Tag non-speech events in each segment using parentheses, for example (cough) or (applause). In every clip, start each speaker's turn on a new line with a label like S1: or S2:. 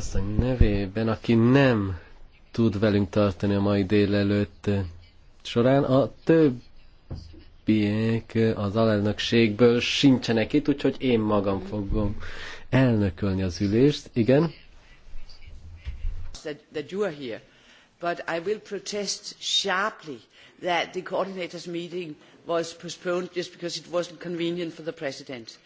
S1: asszony nevében, aki nem tud velünk tartani a mai délelőtt során. A többiek az alelnökségből sincsenek itt, úgyhogy én magam fogom elnökölni az ülést. Igen?
S2: That you are here, but I will protest sharply that the coordinators meeting was postponed just because it wasn't convenient for the president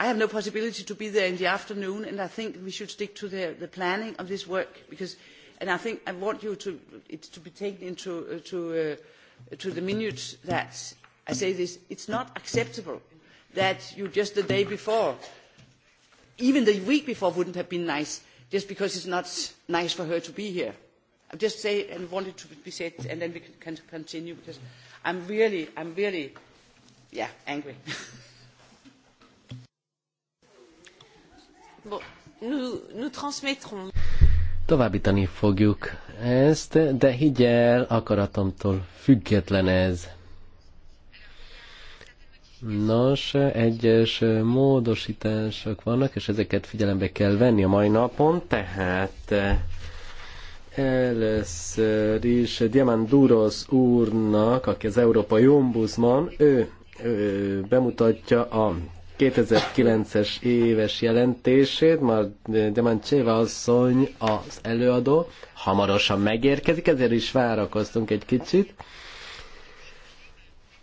S2: I have no possibility to be there in the afternoon, and I think we should stick to the, the planning of this work, because, and I think I want you to, it's to be taken into uh, to, uh, to the minutes that I say this, it's not acceptable that you just the day before, even the week before wouldn't have been nice, just because it's not nice for her to be here. I just say and want it to be said, and then we can continue because I'm really, I'm really, yeah, angry. (laughs)
S1: Továbbítani fogjuk ezt, de higgyel, akaratomtól független ez. Nos, egyes módosítások vannak, és ezeket figyelembe kell venni a mai napon, tehát először is Duros úrnak, aki az Európai Ombudsman, ő, ő bemutatja a 2009-es éves jelentését, már Demancseva asszony az előadó, hamarosan megérkezik, ezért is várakoztunk egy kicsit.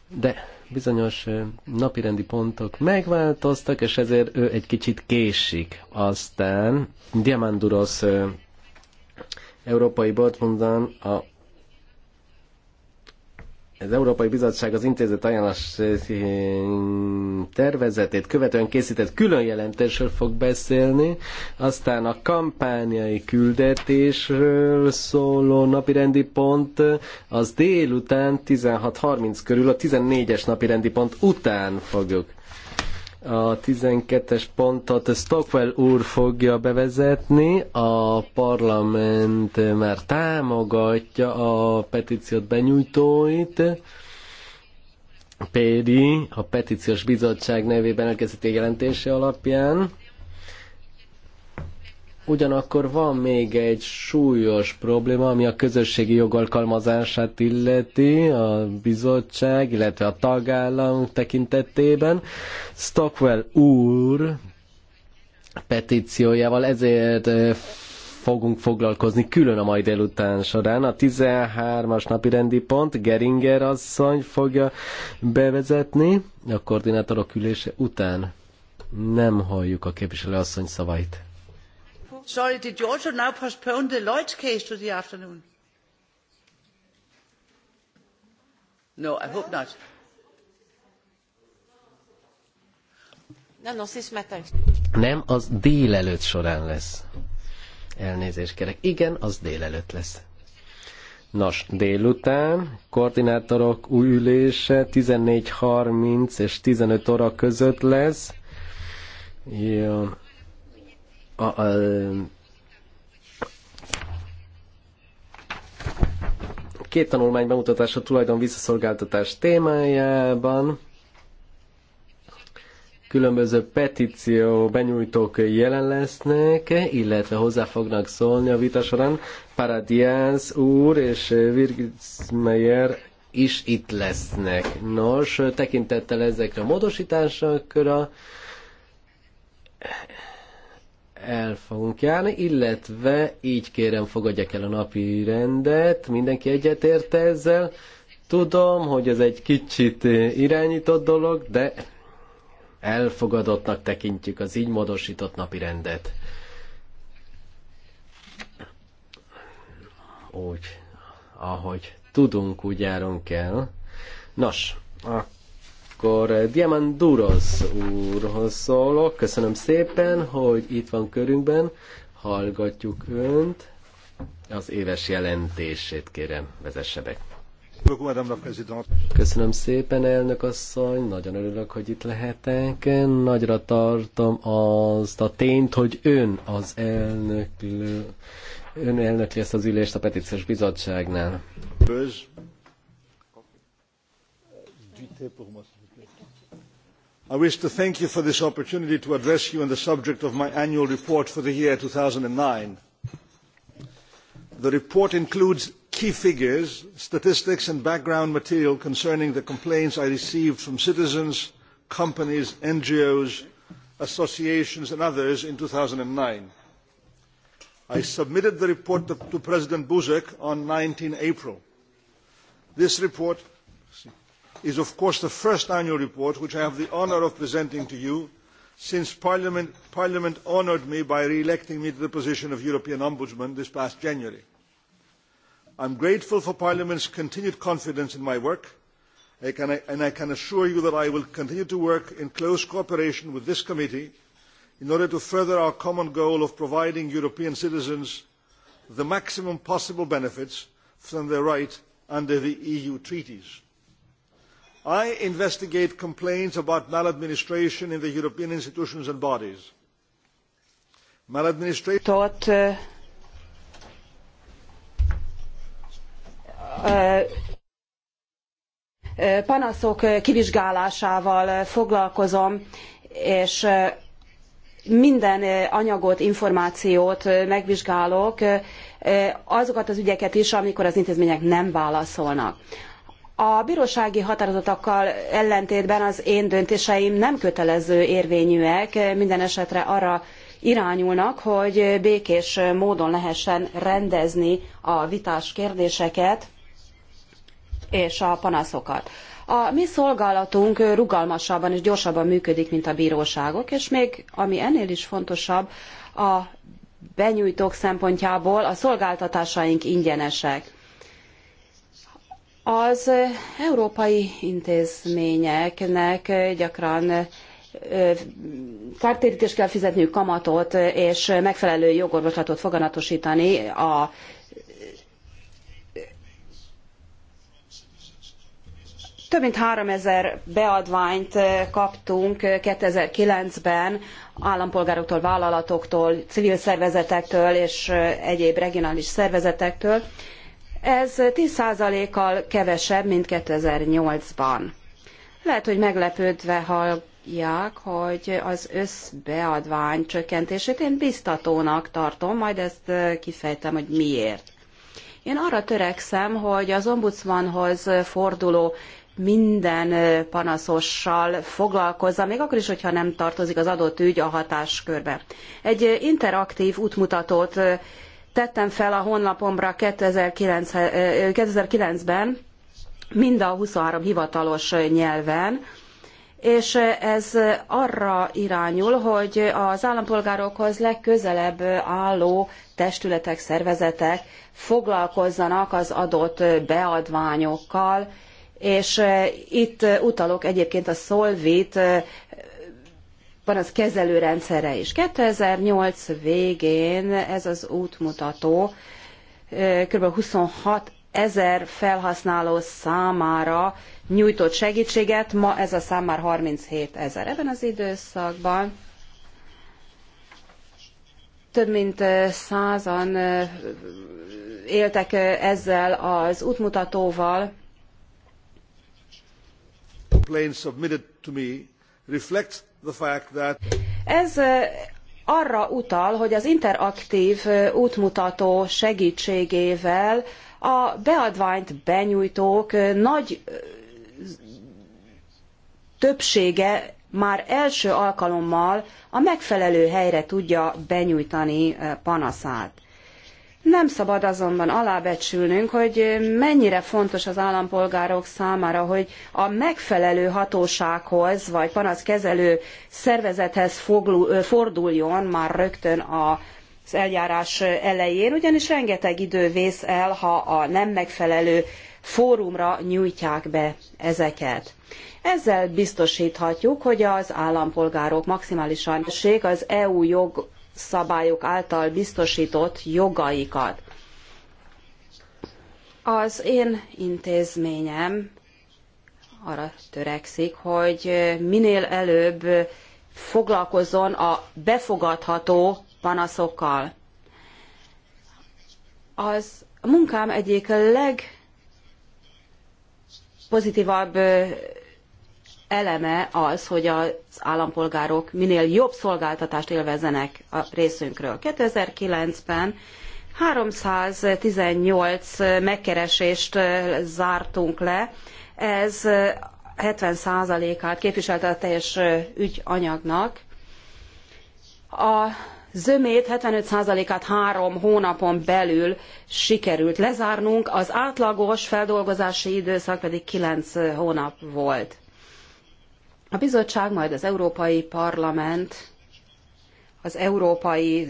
S1: De bizonyos napirendi pontok megváltoztak, és ezért ő egy kicsit késik. Aztán Diamanduros Európai Bortmondán a az Európai Bizottság az intézet ajánlás tervezetét követően készített külön jelentésről fog beszélni, aztán a kampányai küldetésről szóló napirendi pont az délután 16.30 körül a 14-es napirendi pont után fogjuk a 12-es pontot Stockwell úr fogja bevezetni, a parlament már támogatja a petíciót benyújtóit, Pédi a petíciós bizottság nevében elkészíti jelentése alapján. Ugyanakkor van még egy súlyos probléma, ami a közösségi jogalkalmazását illeti, a bizottság, illetve a tagállam tekintetében. Stockwell úr petíciójával ezért eh, fogunk foglalkozni külön a mai délután során. A 13-as napi rendi pont Geringer asszony fogja bevezetni a koordinátorok ülése után. Nem halljuk a képviselő asszony szavait.
S2: Sorry, did you also now postpone the Lloyd's case to the afternoon?
S3: No, I hope not.
S1: Nem, az délelőtt során lesz. Elnézést kérek. Igen, az délelőtt lesz. Nos, délután koordinátorok új ülése 14.30 és 15 óra között lesz. Jó a, a, két tanulmány bemutatása tulajdon visszaszolgáltatás témájában különböző petíció benyújtók jelen lesznek, illetve hozzá fognak szólni a vita során. Paradiász úr és Virgismeyer is itt lesznek. Nos, tekintettel ezekre a módosításokra, el fogunk járni, illetve így kérem fogadják el a napi rendet, mindenki egyetért ezzel. Tudom, hogy ez egy kicsit eh, irányított dolog, de elfogadottnak tekintjük az így módosított napi rendet. Úgy, ahogy tudunk, úgy járunk el. Nos, akkor akkor eh, Diamanduros úrhoz szólok. Köszönöm szépen, hogy itt van körünkben. Hallgatjuk önt. Az éves jelentését kérem, vezesse be. Köszönöm szépen, elnök asszony, nagyon örülök, hogy itt lehetek. Nagyra tartom azt a tényt, hogy ön az elnöklő, ön elnökli ezt az ülést a petíciós bizottságnál. Böz i wish to thank
S3: you for this opportunity to address you on the subject of my annual report for the year. two thousand and nine the report includes key figures statistics and background material concerning the complaints i received from citizens companies ngos associations and others in. two thousand and nine i submitted the report to president buzek on nineteen april. this report is of course the first annual report which I have the honour of presenting to you since Parliament, Parliament honoured me by re-electing me to the position of European Ombudsman this past January. I am grateful for Parliament's continued confidence in my work I can, and I can assure you that I will continue to work in close cooperation with this committee in order to further our common goal of providing European citizens the maximum possible benefits from their right under the EU treaties. I investigate complaints about maladministration in the European institutions and bodies. Tot,
S2: panaszok kivizsgálásával foglalkozom, és minden anyagot, információt megvizsgálok, azokat az ügyeket is, amikor az intézmények nem válaszolnak. A bírósági határozatokkal ellentétben az én döntéseim nem kötelező érvényűek, minden esetre arra irányulnak, hogy békés módon lehessen rendezni a vitás kérdéseket és a panaszokat. A mi szolgálatunk rugalmasabban és gyorsabban működik, mint a bíróságok, és még ami ennél is fontosabb, a benyújtók szempontjából a szolgáltatásaink ingyenesek. Az európai intézményeknek gyakran kártérítést kell fizetniük kamatot, és megfelelő jogorvoslatot foganatosítani a Több mint 3000 beadványt kaptunk 2009-ben állampolgároktól, vállalatoktól, civil szervezetektől és egyéb regionális szervezetektől, ez 10%-kal kevesebb, mint 2008-ban. Lehet, hogy meglepődve hallják, hogy az összbeadvány csökkentését én biztatónak tartom, majd ezt kifejtem, hogy miért. Én arra törekszem, hogy az ombudsmanhoz forduló minden panaszossal foglalkozza, még akkor is, hogyha nem tartozik az adott ügy a hatáskörbe. Egy interaktív útmutatót tettem fel a honlapomra 2009-ben, eh, eh, mind a 23 hivatalos nyelven, és ez arra irányul, hogy az állampolgárokhoz legközelebb álló testületek, szervezetek foglalkozzanak az adott beadványokkal, és eh, itt utalok egyébként a Solvit kezelő rendszerre is. 2008 végén ez az útmutató kb. 26 ezer felhasználó számára nyújtott segítséget, ma ez a szám már 37 ezer. Ebben az időszakban több mint százan éltek ezzel az útmutatóval.
S3: Complaints submitted to me reflect
S2: ez arra utal, hogy az interaktív útmutató segítségével a beadványt benyújtók nagy többsége már első alkalommal a megfelelő helyre tudja benyújtani panaszát. Nem szabad azonban alábecsülnünk, hogy mennyire fontos az állampolgárok számára, hogy a megfelelő hatósághoz vagy panaszkezelő szervezethez forduljon már rögtön a az eljárás elején, ugyanis rengeteg idő vész el, ha a nem megfelelő fórumra nyújtják be ezeket. Ezzel biztosíthatjuk, hogy az állampolgárok maximálisan az EU jog szabályok által biztosított jogaikat. Az én intézményem arra törekszik, hogy minél előbb foglalkozzon a befogadható panaszokkal. Az munkám egyik legpozitívabb eleme az, hogy az állampolgárok minél jobb szolgáltatást élvezzenek a részünkről. 2009-ben 318 megkeresést zártunk le, ez 70%-át képviselte a teljes ügyanyagnak. A zömét 75%-át három hónapon belül sikerült lezárnunk, az átlagos feldolgozási időszak pedig 9 hónap volt. A bizottság, majd az Európai Parlament, az Európai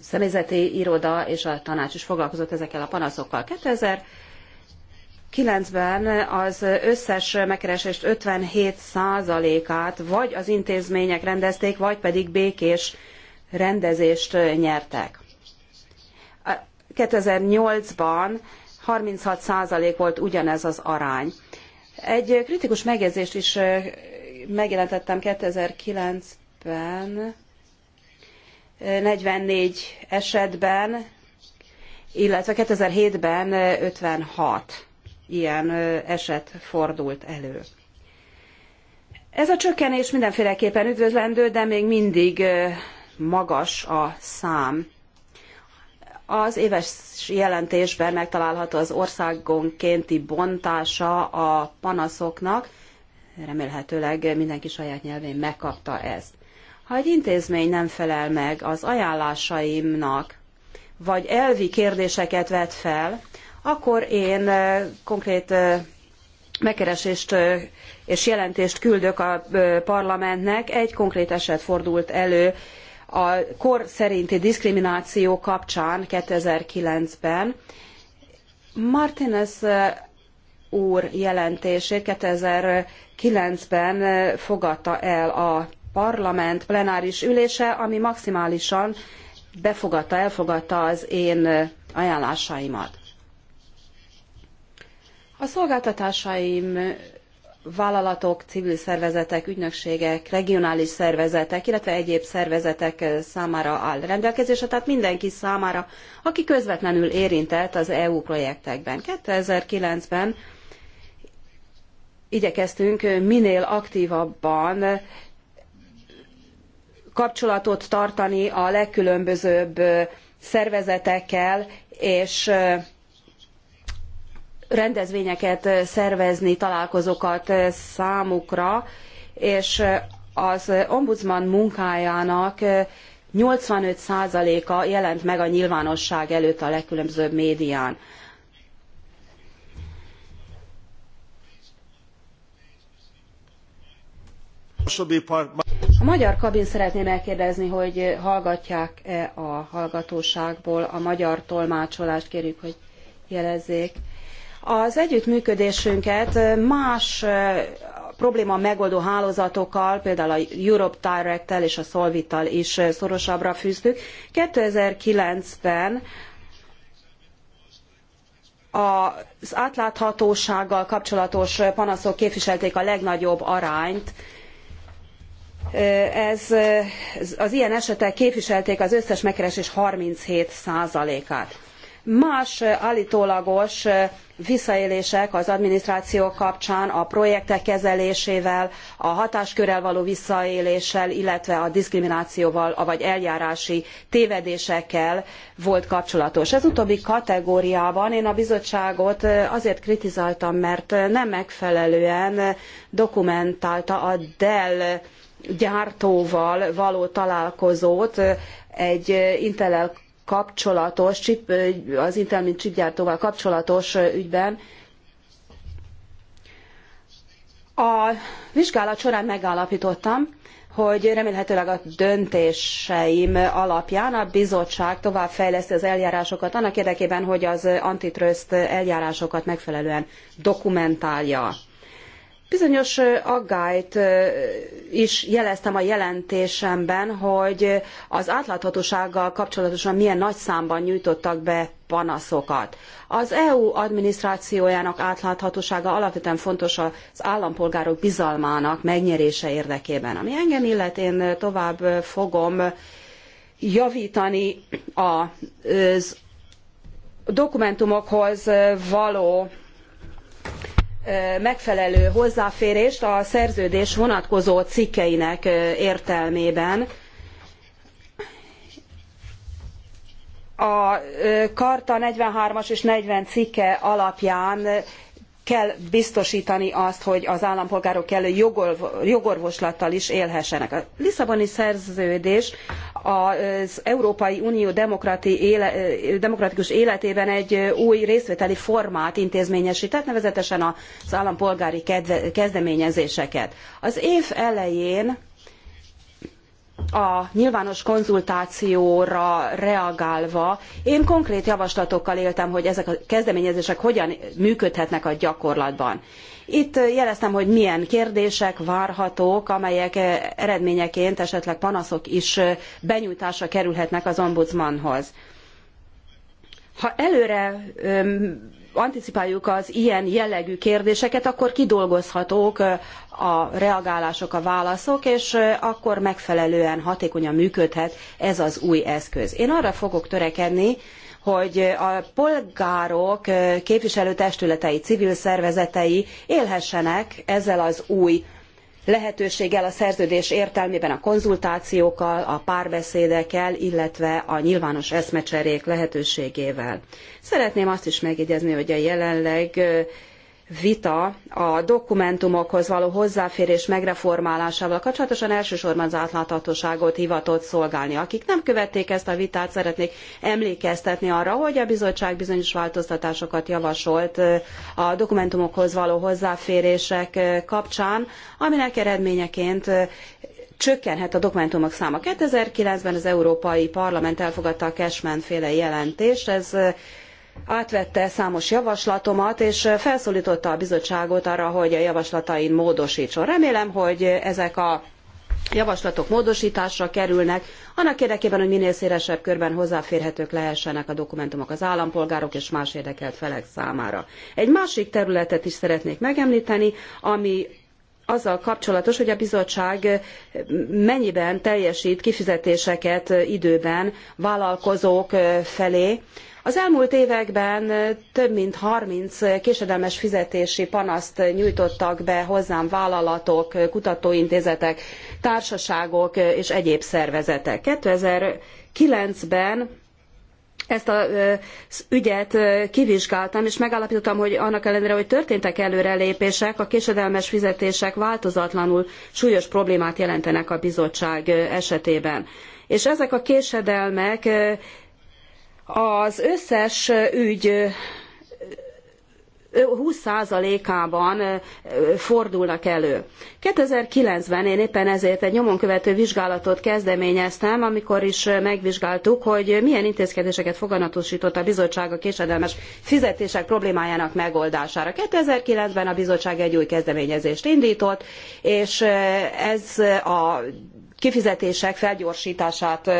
S2: Személyzeti Iroda és a tanács is foglalkozott ezekkel a panaszokkal. 2009-ben az összes megkeresést 57%-át vagy az intézmények rendezték, vagy pedig békés rendezést nyertek. 2008-ban 36% volt ugyanez az arány. Egy kritikus megjegyzést is megjelentettem 2009-ben 44 esetben, illetve 2007-ben 56 ilyen eset fordult elő. Ez a csökkenés mindenféleképpen üdvözlendő, de még mindig magas a szám. Az éves jelentésben megtalálható az országonkénti bontása a panaszoknak, remélhetőleg mindenki saját nyelvén megkapta ezt. Ha egy intézmény nem felel meg az ajánlásaimnak, vagy elvi kérdéseket vet fel, akkor én konkrét megkeresést és jelentést küldök a parlamentnek. Egy konkrét eset fordult elő a kor szerinti diszkrimináció kapcsán 2009-ben. Martinez úr jelentését 2000 nine ben fogadta el a parlament plenáris ülése, ami maximálisan befogadta, elfogadta az én ajánlásaimat. A szolgáltatásaim vállalatok, civil szervezetek, ügynökségek, regionális szervezetek, illetve egyéb szervezetek számára áll rendelkezésre, tehát mindenki számára, aki közvetlenül érintett az EU projektekben. 2009-ben igyekeztünk minél aktívabban kapcsolatot tartani a legkülönbözőbb szervezetekkel, és rendezvényeket szervezni, találkozókat számukra, és az ombudsman munkájának 85%-a jelent meg a nyilvánosság előtt a legkülönbözőbb médián. A magyar kabin szeretné megkérdezni, hogy hallgatják-e a hallgatóságból a magyar tolmácsolást, kérjük, hogy jelezzék. Az együttműködésünket más eh, probléma megoldó hálózatokkal, például a Europe Direct-tel és a Solvit-tal is eh, szorosabbra fűztük. 2009-ben az átláthatósággal kapcsolatos panaszok képviselték a legnagyobb arányt, ez, az ilyen esetek képviselték az összes megkeresés 37%-át. Más állítólagos visszaélések az adminisztráció kapcsán a projektek kezelésével, a hatáskörrel való visszaéléssel, illetve a diszkriminációval, vagy eljárási tévedésekkel volt kapcsolatos. Ez utóbbi kategóriában én a bizottságot azért kritizáltam, mert nem megfelelően dokumentálta a Dell gyártóval való találkozót egy Intel-el kapcsolatos, chip, az Intel mint chipgyártóval kapcsolatos ügyben. A vizsgálat során megállapítottam, hogy remélhetőleg a döntéseim alapján a bizottság továbbfejleszti az eljárásokat annak érdekében, hogy az antitrust eljárásokat megfelelően dokumentálja. Bizonyos aggályt is jeleztem a jelentésemben, hogy az átláthatósággal kapcsolatosan milyen nagy számban nyújtottak be panaszokat. Az EU adminisztrációjának átláthatósága alapvetően fontos az állampolgárok bizalmának megnyerése érdekében. Ami engem illet, én tovább fogom javítani az dokumentumokhoz való megfelelő hozzáférést a szerződés vonatkozó cikkeinek értelmében. A Karta 43-as és 40 cikke alapján kell biztosítani azt, hogy az állampolgárok kellő jogorvoslattal is élhessenek. A Lisszaboni szerződés az Európai Unió demokratikus életében egy új részvételi formát intézményesített, nevezetesen az állampolgári kezdeményezéseket. Az év elején a nyilvános konzultációra reagálva én konkrét javaslatokkal éltem, hogy ezek a kezdeményezések hogyan működhetnek a gyakorlatban. Itt jeleztem, hogy milyen kérdések várhatók, amelyek eredményeként esetleg panaszok is benyújtásra kerülhetnek az ombudsmanhoz. Ha előre anticipáljuk az ilyen jellegű kérdéseket, akkor kidolgozhatók a reagálások, a válaszok, és akkor megfelelően hatékonyan működhet ez az új eszköz. Én arra fogok törekedni, hogy a polgárok képviselőtestületei, civil szervezetei élhessenek ezzel az új lehetőséggel a szerződés értelmében a konzultációkkal, a párbeszédekkel, illetve a nyilvános eszmecserék lehetőségével. Szeretném azt is megjegyezni, hogy a jelenleg vita a dokumentumokhoz való hozzáférés megreformálásával kapcsolatosan elsősorban az átláthatóságot hivatott szolgálni. Akik nem követték ezt a vitát, szeretnék emlékeztetni arra, hogy a bizottság bizonyos változtatásokat javasolt a dokumentumokhoz való hozzáférések kapcsán, aminek eredményeként csökkenhet a dokumentumok száma. 2009-ben az Európai Parlament elfogadta a Cashman féle jelentést, ez átvette számos javaslatomat, és felszólította a bizottságot arra, hogy a javaslatain módosítson. Remélem, hogy ezek a javaslatok módosításra kerülnek, annak érdekében, hogy minél szélesebb körben hozzáférhetők lehessenek a dokumentumok az állampolgárok és más érdekelt felek számára. Egy másik területet is szeretnék megemlíteni, ami azzal kapcsolatos, hogy a bizottság mennyiben teljesít kifizetéseket időben vállalkozók felé, az elmúlt években több mint 30 késedelmes fizetési panaszt nyújtottak be hozzám vállalatok, kutatóintézetek, társaságok és egyéb szervezetek. 2009-ben ezt az ügyet kivizsgáltam, és megállapítottam, hogy annak ellenére, hogy történtek előrelépések, a késedelmes fizetések változatlanul súlyos problémát jelentenek a bizottság esetében. És ezek a késedelmek az összes ügy 20%-ában fordulnak elő. 2009-ben én éppen ezért egy nyomon követő vizsgálatot kezdeményeztem, amikor is megvizsgáltuk, hogy milyen intézkedéseket foganatosított a bizottság a késedelmes fizetések problémájának megoldására. 2009-ben a bizottság egy új kezdeményezést indított, és ez a kifizetések felgyorsítását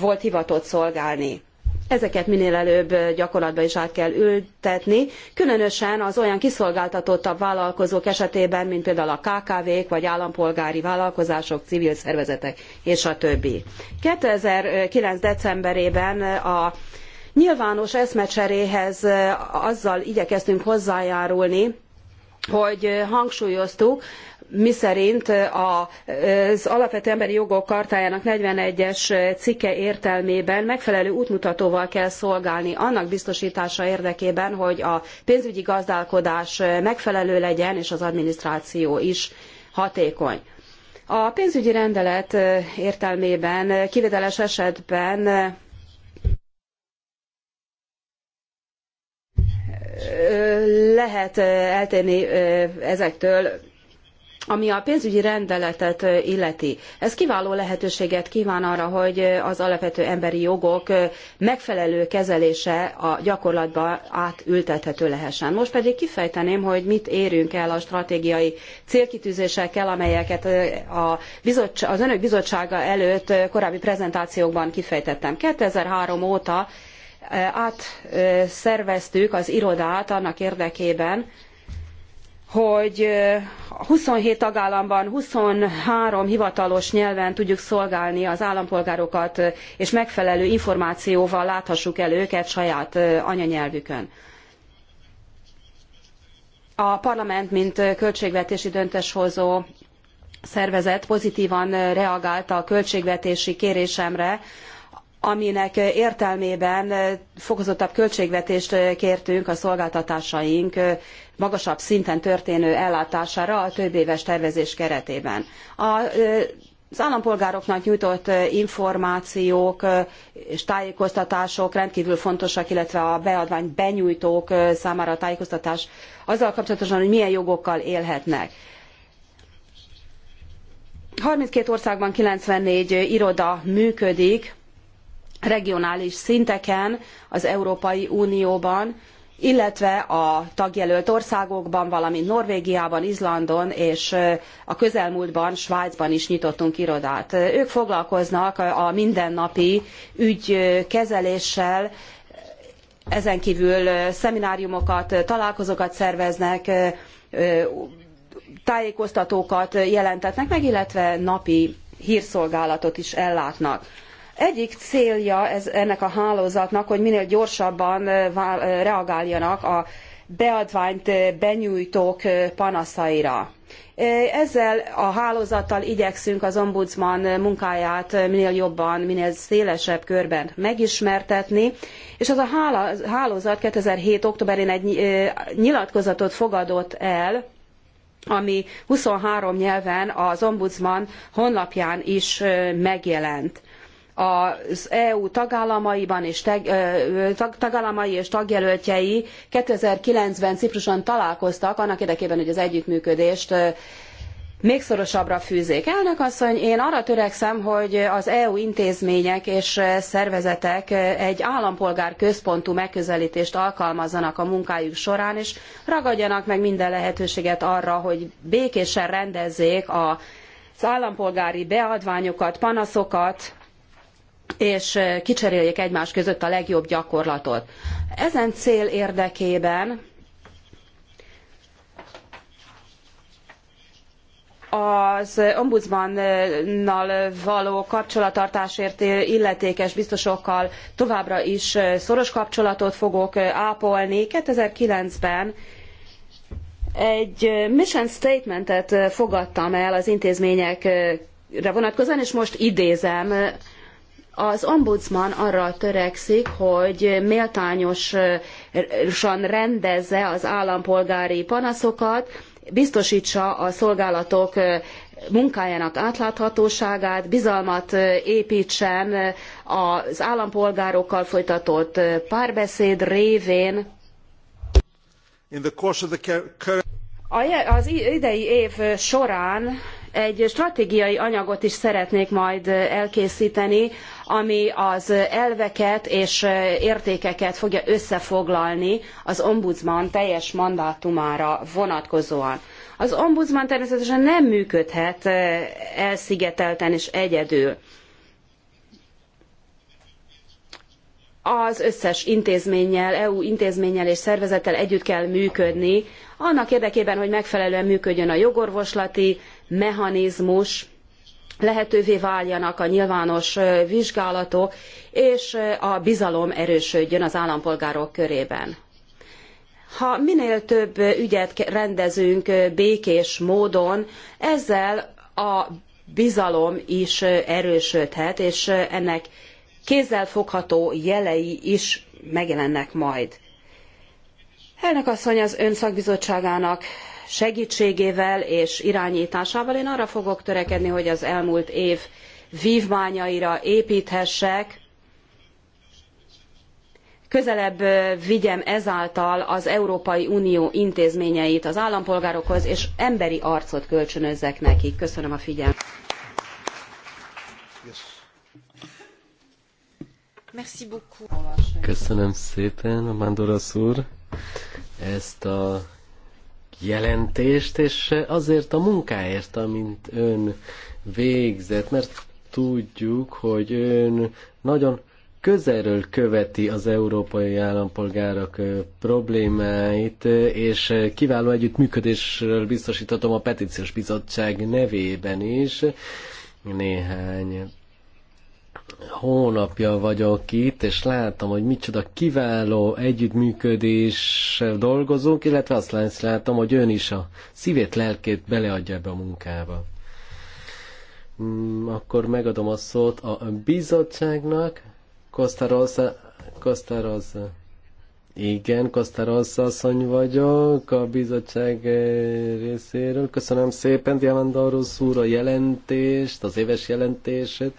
S2: volt hivatott szolgálni ezeket minél előbb gyakorlatba is át kell ültetni, különösen az olyan kiszolgáltatottabb vállalkozók esetében, mint például a KKV-k, vagy állampolgári vállalkozások, civil szervezetek, és a többi. 2009. decemberében a nyilvános eszmecseréhez azzal igyekeztünk hozzájárulni, hogy hangsúlyoztuk, miszerint az alapvető emberi jogok kartájának 41-es cikke értelmében megfelelő útmutatóval kell szolgálni annak biztosítása érdekében, hogy a pénzügyi gazdálkodás megfelelő legyen, és az adminisztráció is hatékony. A pénzügyi rendelet értelmében kivételes esetben lehet eltérni ezektől ami a pénzügyi rendeletet illeti. Ez kiváló lehetőséget kíván arra, hogy az alapvető emberi jogok megfelelő kezelése a gyakorlatba átültethető lehessen. Most pedig kifejteném, hogy mit érünk el a stratégiai célkitűzésekkel, amelyeket a bizottság, az önök bizottsága előtt korábbi prezentációkban kifejtettem. 2003 óta átszerveztük az irodát annak érdekében, hogy 27 tagállamban 23 hivatalos nyelven tudjuk szolgálni az állampolgárokat, és megfelelő információval láthassuk el őket saját anyanyelvükön. A parlament, mint költségvetési döntéshozó szervezet pozitívan reagált a költségvetési kérésemre, aminek értelmében fokozottabb költségvetést kértünk a szolgáltatásaink magasabb szinten történő ellátására a többéves tervezés keretében. A az állampolgároknak nyújtott információk és tájékoztatások rendkívül fontosak, illetve a beadvány benyújtók számára a tájékoztatás azzal kapcsolatosan, hogy milyen jogokkal élhetnek. 32 országban 94 iroda működik regionális szinteken az Európai Unióban, illetve a tagjelölt országokban, valamint Norvégiában, Izlandon és a közelmúltban Svájcban is nyitottunk irodát. Ők foglalkoznak a mindennapi ügykezeléssel, ezen kívül szemináriumokat, találkozókat szerveznek, tájékoztatókat jelentetnek meg, illetve napi hírszolgálatot is ellátnak. Egyik célja ez, ennek a hálózatnak, hogy minél gyorsabban reagáljanak a beadványt benyújtók panaszaira. Ezzel a hálózattal igyekszünk az ombudsman munkáját minél jobban, minél szélesebb körben megismertetni, és az a hálózat 2007. októberén egy nyilatkozatot fogadott el, ami 23 nyelven az ombudsman honlapján is megjelent az EU tagállamaiban és tag, tag, tagállamai és tagjelöltjei 2009-ben Cipruson találkoztak annak érdekében, hogy az együttműködést még szorosabbra fűzzék. Elnök asszony, én arra törekszem, hogy az EU intézmények és szervezetek egy állampolgár központú megközelítést alkalmazzanak a munkájuk során, és ragadjanak meg minden lehetőséget arra, hogy békésen rendezzék az állampolgári beadványokat, panaszokat, és eh, kicseréljék egymás között a legjobb gyakorlatot. Ezen cél érdekében az ombudsmannal való kapcsolattartásért illetékes biztosokkal továbbra is eh, szoros kapcsolatot fogok eh, ápolni. 2009-ben egy mission statementet fogadtam el az intézményekre vonatkozóan, és most idézem az ombudsman arra törekszik, hogy méltányosan rendezze az állampolgári panaszokat, biztosítsa a szolgálatok munkájának átláthatóságát, bizalmat építsen az állampolgárokkal folytatott párbeszéd révén. Az idei év során egy stratégiai anyagot is szeretnék majd elkészíteni ami az elveket és értékeket fogja összefoglalni az ombudsman teljes mandátumára vonatkozóan. Az ombudsman természetesen nem működhet elszigetelten és egyedül. az összes intézménnyel, EU intézménnyel és szervezettel együtt kell működni, annak érdekében, hogy megfelelően működjön a jogorvoslati mechanizmus, lehetővé váljanak a nyilvános vizsgálatok, és a bizalom erősödjön az állampolgárok körében. Ha minél több ügyet rendezünk békés módon, ezzel a bizalom is erősödhet, és ennek kézzelfogható jelei is megjelennek majd. Elnök asszony az ön szakbizottságának segítségével és irányításával én arra fogok törekedni, hogy az elmúlt év vívmányaira építhessek, közelebb vigyem ezáltal az Európai Unió intézményeit az állampolgárokhoz, és emberi arcot kölcsönözzek nekik. Köszönöm a figyelmet. Köszönöm
S1: szépen, Amándorasz úr, ezt a jelentést, és azért a munkáért, amint ön végzett, mert tudjuk, hogy ön nagyon közelről követi az európai állampolgárok problémáit, és kiváló együttműködésről biztosítatom a petíciós bizottság nevében is néhány hónapja vagyok itt, és látom, hogy micsoda kiváló együttműködés dolgozunk, illetve azt látom, hogy ön is a szívét, lelkét beleadja ebbe a munkába. Mm, akkor megadom a szót a bizottságnak, Kosztarosa, Rosa Igen, Rosa asszony vagyok a bizottság eh, részéről. Köszönöm szépen Diamandorus úr a jelentést, az éves jelentését.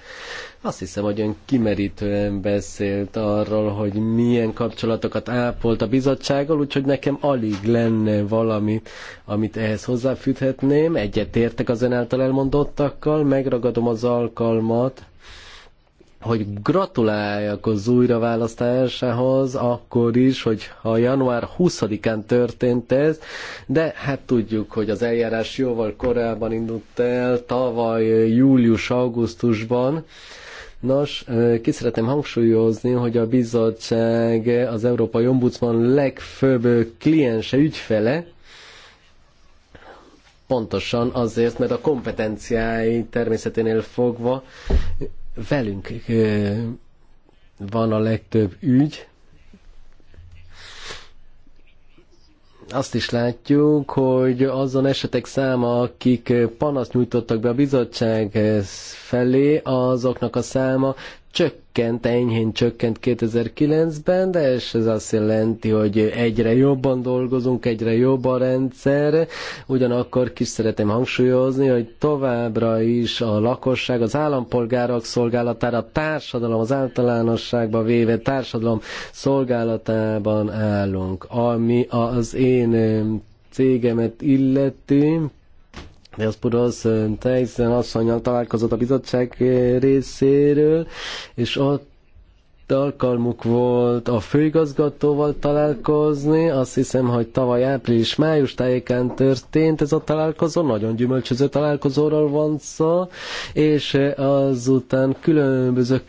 S1: Azt hiszem, hogy ön kimerítően beszélt arról, hogy milyen kapcsolatokat ápolt a bizottsággal, úgyhogy nekem alig lenne valami, amit ehhez hozzáfűthetném. Egyetértek az ön által elmondottakkal, megragadom az alkalmat, hogy gratuláljak az újraválasztásához, akkor is, hogy ha január 20-án történt ez, de hát tudjuk, hogy az eljárás jóval korábban indult el, tavaly július-augusztusban, Nos, ki szeretném hangsúlyozni, hogy a bizottság az Európai Ombudsman legfőbb kliense, ügyfele, pontosan azért, mert a kompetenciái természeténél fogva velünk van a legtöbb ügy, azt is látjuk, hogy azon esetek száma, akik panaszt nyújtottak be a bizottság eh, felé, azoknak a száma csökkent, enyhén csökkent 2009-ben, de és ez azt jelenti, hogy egyre jobban dolgozunk, egyre jobb a rendszer. Ugyanakkor kis szeretném hangsúlyozni, hogy továbbra is a lakosság, az állampolgárok szolgálatára, a társadalom, az általánosságba véve társadalom szolgálatában állunk. Ami az én cégemet illeti, Dioszpurosz Teixen asszonyal találkozott a bizottság részéről, és ott alkalmuk volt a főigazgatóval találkozni, azt hiszem, hogy tavaly április-május tájékán történt ez a találkozó, nagyon gyümölcsöző találkozóról van szó, és azután különböző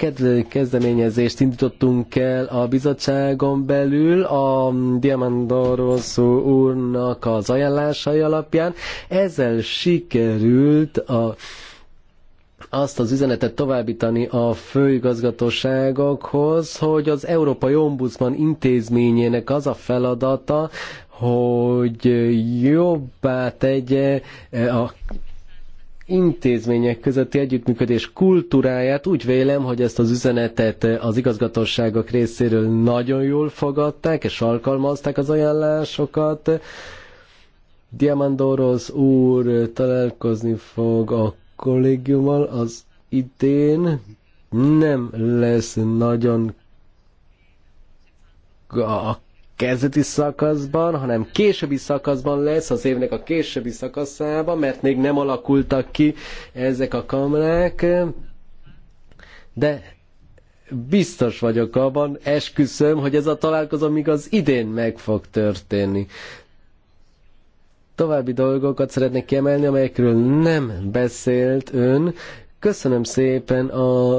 S1: kezdeményezést indítottunk el a bizottságon belül a Diamandorosz úrnak az ajánlásai alapján. Ezzel sikerült a azt az üzenetet továbbítani a főigazgatóságokhoz, hogy az Európai Ombudsman intézményének az a feladata, hogy jobbá tegye eh, a intézmények közötti együttműködés kultúráját. Úgy vélem, hogy ezt az üzenetet eh, az igazgatóságok részéről nagyon jól fogadták, és alkalmazták az ajánlásokat. Diamandoros úr találkozni fog a kollégiummal az idén nem lesz nagyon a kezdeti szakaszban, hanem későbbi szakaszban lesz, az évnek a későbbi szakaszában, mert még nem alakultak ki ezek a kamrák, de biztos vagyok abban, esküszöm, hogy ez a találkozó még az idén meg fog történni. További dolgokat szeretnék kiemelni, amelyekről nem beszélt ön. Köszönöm szépen a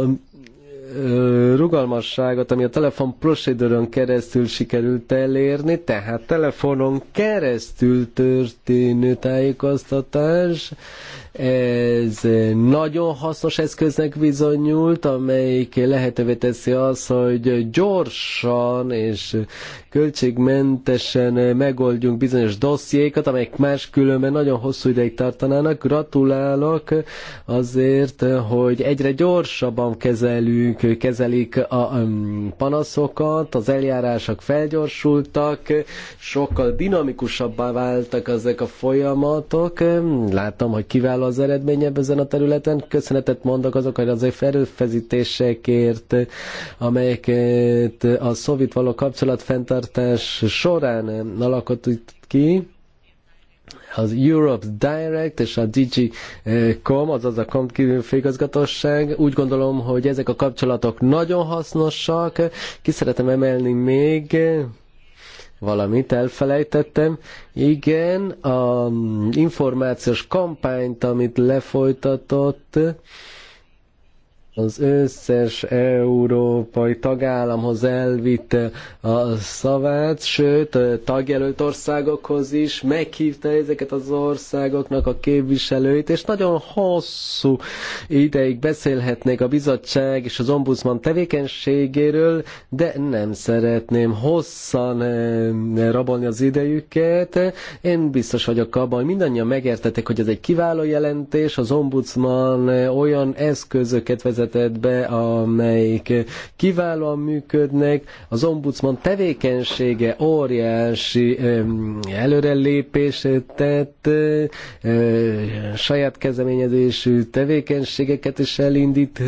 S1: rugalmasságot, ami a telefon procedőrön keresztül sikerült elérni, tehát telefonon keresztül történő tájékoztatás, ez nagyon hasznos eszköznek bizonyult, amelyik lehetővé teszi azt, hogy gyorsan és költségmentesen megoldjunk bizonyos dossziékat, amelyek máskülönben nagyon hosszú ideig tartanának. Gratulálok azért, hogy egyre gyorsabban kezelünk, kezelik a panaszokat, az eljárások felgyorsultak, sokkal dinamikusabbá váltak ezek a folyamatok. Látom, hogy kiváló az eredményebb ezen a területen. Köszönetet mondok azokat az erőfezítésekért, amelyeket a szovjet való kapcsolatfenntartás során itt ki az Europe Direct és a DG.com, eh, azaz a Comp főigazgatóság. Úgy gondolom, hogy ezek a kapcsolatok nagyon hasznosak. Ki szeretem emelni még, valamit elfelejtettem. Igen, az információs kampányt, amit lefolytatott, az összes európai tagállamhoz elvitte a szavát, sőt, tagjelölt országokhoz is meghívta ezeket az országoknak a képviselőit, és nagyon hosszú ideig beszélhetnék a bizottság és az ombudsman tevékenységéről, de nem szeretném hosszan eh, rabolni az idejüket. Én biztos vagyok abban, hogy mindannyian megértetek, hogy ez egy kiváló jelentés, az ombudsman eh, olyan eszközöket vezet vezetett be, amelyik kiválóan működnek. Az ombudsman tevékenysége óriási előrelépést tett, saját kezeményezésű tevékenységeket is elindít,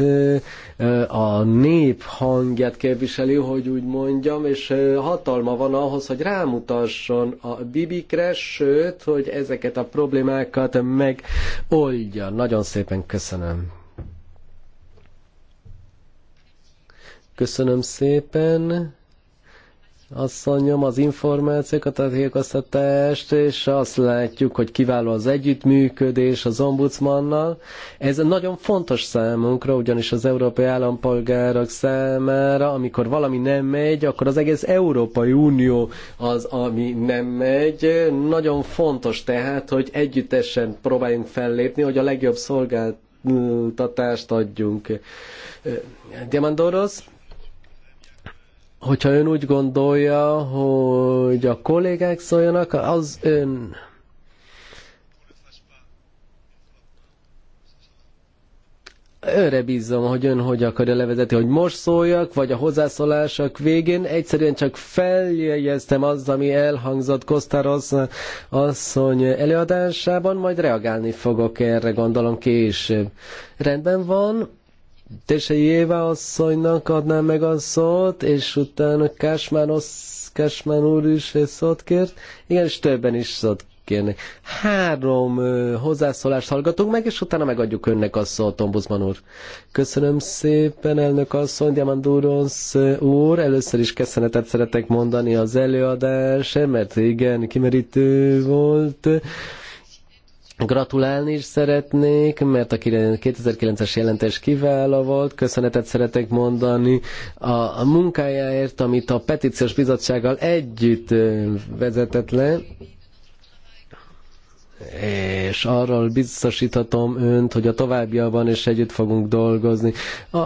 S1: a nép hangját képviseli, hogy úgy mondjam, és hatalma van ahhoz, hogy rámutasson a bibikre, sőt, hogy ezeket a problémákat megoldja. Nagyon szépen köszönöm. Köszönöm szépen mondjam, az információkat, a tájékoztatást, és azt látjuk, hogy kiváló az együttműködés az ombudsmannal. Ez nagyon fontos számunkra, ugyanis az európai állampolgárok számára, amikor valami nem megy, akkor az egész Európai Unió az, ami nem megy. Nagyon fontos tehát, hogy együttesen próbáljunk fellépni, hogy a legjobb szolgáltatást adjunk. Diamandoros, hogyha ön úgy gondolja, hogy a kollégák szóljanak, az ön önre bízom, hogy ön hogy akarja levezetni, hogy most szóljak, vagy a hozzászólások végén. Egyszerűen csak feljegyeztem az, ami elhangzott Kosztáros asszony előadásában, majd reagálni fogok erre, gondolom később. Rendben van, Jéva asszonynak adná meg a szót, és utána Kásmán, osz, Kásmán úr is szót kért. Igen, és többen is szót kérnek. Három ö, hozzászólást hallgatunk meg, és utána megadjuk önnek a szót, Ombudsman úr. Köszönöm szépen, elnök asszony, Diamandúronsz úr. Először is köszönetet szeretek mondani az előadás, mert igen, kimerítő volt. Ö, Gratulálni is szeretnék, mert a 2009-es jelentés kiváló volt. Köszönetet szeretek mondani a, munkájáért, amit a petíciós bizottsággal együtt vezetett le és arról biztosíthatom önt, hogy a továbbiakban is együtt fogunk dolgozni. A,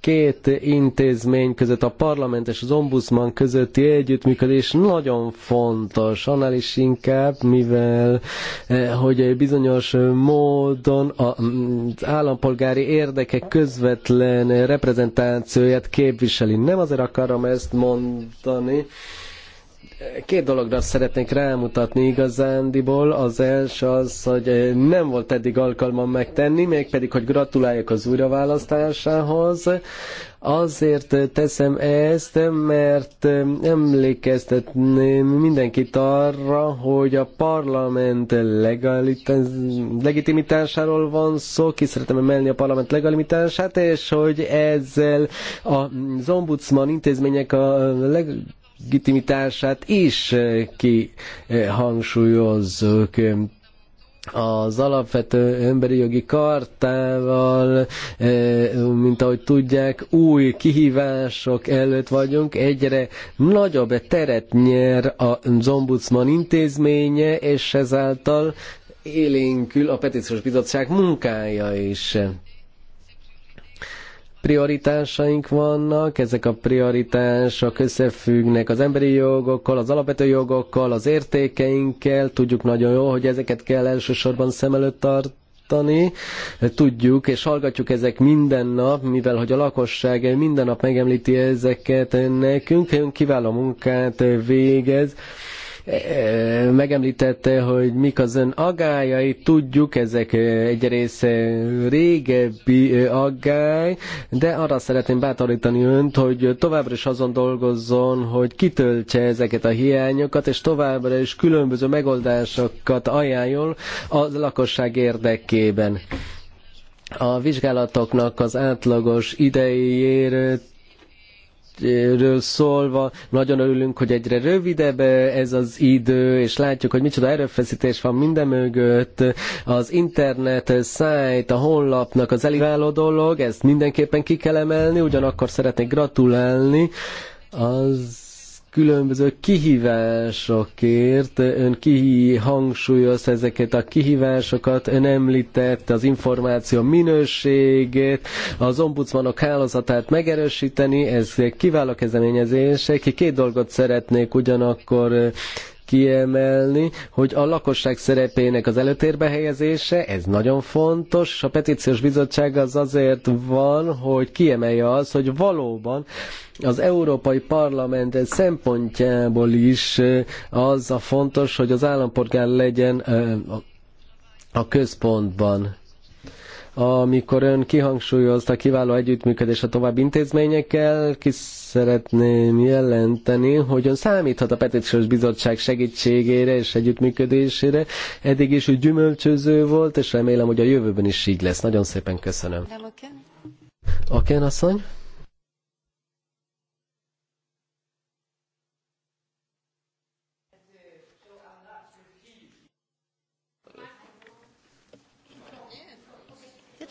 S1: két intézmény között, a parlament és az ombudsman közötti együttműködés nagyon fontos, annál is inkább, mivel eh, hogy egy bizonyos módon mm, az állampolgári érdekek közvetlen reprezentációját képviseli. Nem azért akarom ezt mondani, Két dologra szeretnék rámutatni igazándiból. Az első az, hogy eh, nem volt eddig alkalmam megtenni, mégpedig, hogy gratuláljak az újraválasztásához. Azért eh, teszem ezt, mert eh, emlékeztetném mindenkit arra, hogy a parlament legitimitásáról van szó, ki szeretem emelni a parlament legalimitását, és hogy ezzel az ombudsman intézmények a leg legitimitását is eh, kihangsúlyozzuk az alapvető emberi jogi kartával, eh, mint ahogy tudják, új kihívások előtt vagyunk, egyre nagyobb teret nyer a Zombudsman intézménye, és ezáltal élénkül a petíciós bizottság munkája is prioritásaink vannak, ezek a prioritások összefüggnek az emberi jogokkal, az alapvető jogokkal, az értékeinkkel, tudjuk nagyon jól, hogy ezeket kell elsősorban szem előtt tartani, Tudjuk és hallgatjuk ezek minden nap, mivel hogy a lakosság minden nap megemlíti ezeket nekünk. Ön kiváló munkát végez megemlítette, hogy mik az ön agályai, tudjuk, ezek egyrészt régebbi agály, de arra szeretném bátorítani önt, hogy továbbra is azon dolgozzon, hogy kitöltse ezeket a hiányokat, és továbbra is különböző megoldásokat ajánljon a lakosság érdekében. A vizsgálatoknak az átlagos idejéről ről szólva, nagyon örülünk, hogy egyre rövidebb eh, ez az idő, és látjuk, hogy micsoda erőfeszítés van minden mögött. Az internet eh, szájt, a honlapnak az eliváló dolog, ezt mindenképpen ki kell emelni, ugyanakkor szeretnék gratulálni az különböző kihívásokért, ön ki hangsúlyoz ezeket a kihívásokat, ön említett az információ minőségét, az ombudsmanok hálózatát megerősíteni, ez kiváló kezdeményezések. Két dolgot szeretnék ugyanakkor kiemelni, hogy a lakosság szerepének az előtérbe helyezése, ez nagyon fontos. A petíciós bizottság az azért van, hogy kiemelje az, hogy valóban az Európai Parlament szempontjából is az a fontos, hogy az állampolgár legyen a központban amikor ön kihangsúlyozta kiváló együttműködés a további intézményekkel, ki szeretném jelenteni, hogy ön számíthat a Petíciós Bizottság segítségére és együttműködésére. Eddig is úgy gyümölcsöző volt, és remélem, hogy a jövőben is így lesz. Nagyon szépen köszönöm. Oké, okay, asszony?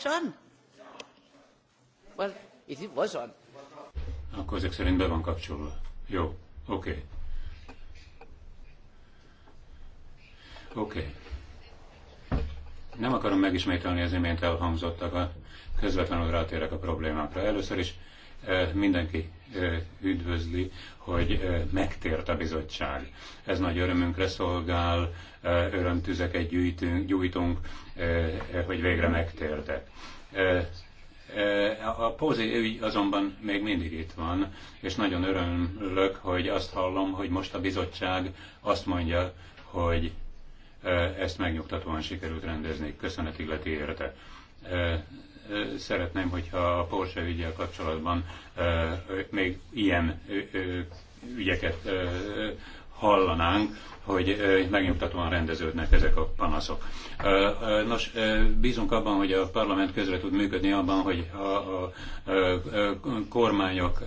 S4: it's on. Well, if it was on. Akkor ezek szerint be van kapcsolva. Jó, oké. Okay. Oké. Okay. Nem akarom megismételni az imént elhangzottakat, közvetlenül rátérek a problémákra. Először is mindenki üdvözli, hogy megtért a bizottság. Ez nagy örömünkre szolgál, örömtüzeket gyűjtünk, gyújtunk, hogy végre megtértek. A Pózi ügy azonban még mindig itt van, és nagyon örömlök, hogy azt hallom, hogy most a bizottság azt mondja, hogy ezt megnyugtatóan sikerült rendezni. Köszönet illeti érte szeretném, hogyha a Porsche ügyel kapcsolatban még ilyen ügyeket hallanánk, hogy megnyugtatóan rendeződnek ezek a panaszok. Nos, bízunk abban, hogy a parlament közre tud működni abban, hogy a, a, a kormányok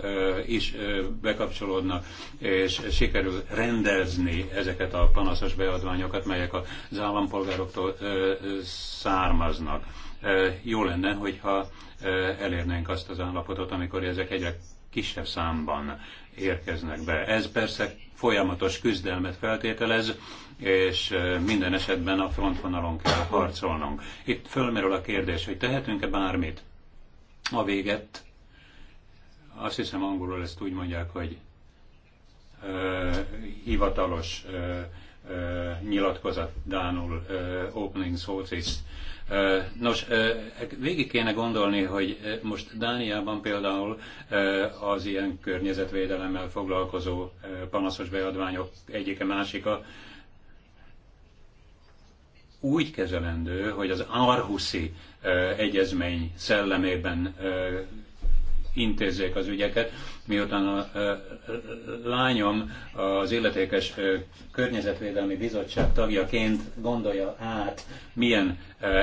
S4: is bekapcsolódnak, és sikerül rendezni ezeket a panaszos beadványokat, melyek az állampolgároktól származnak jó lenne, hogyha elérnénk azt az állapotot, amikor ezek egyre kisebb számban érkeznek be. Ez persze folyamatos küzdelmet feltételez, és minden esetben a frontvonalon kell harcolnunk. Itt fölmerül a kérdés, hogy tehetünk-e bármit? A véget, azt hiszem angolul ezt úgy mondják, hogy ö, hivatalos ö, ö, nyilatkozat, Dánul ö, opening sources, Nos, végig kéne gondolni, hogy most Dániában például az ilyen környezetvédelemmel foglalkozó panaszos beadványok egyike másika úgy kezelendő, hogy az Arhuszi egyezmény szellemében intézzék az ügyeket, miután a lányom az illetékes környezetvédelmi bizottság tagjaként gondolja át, milyen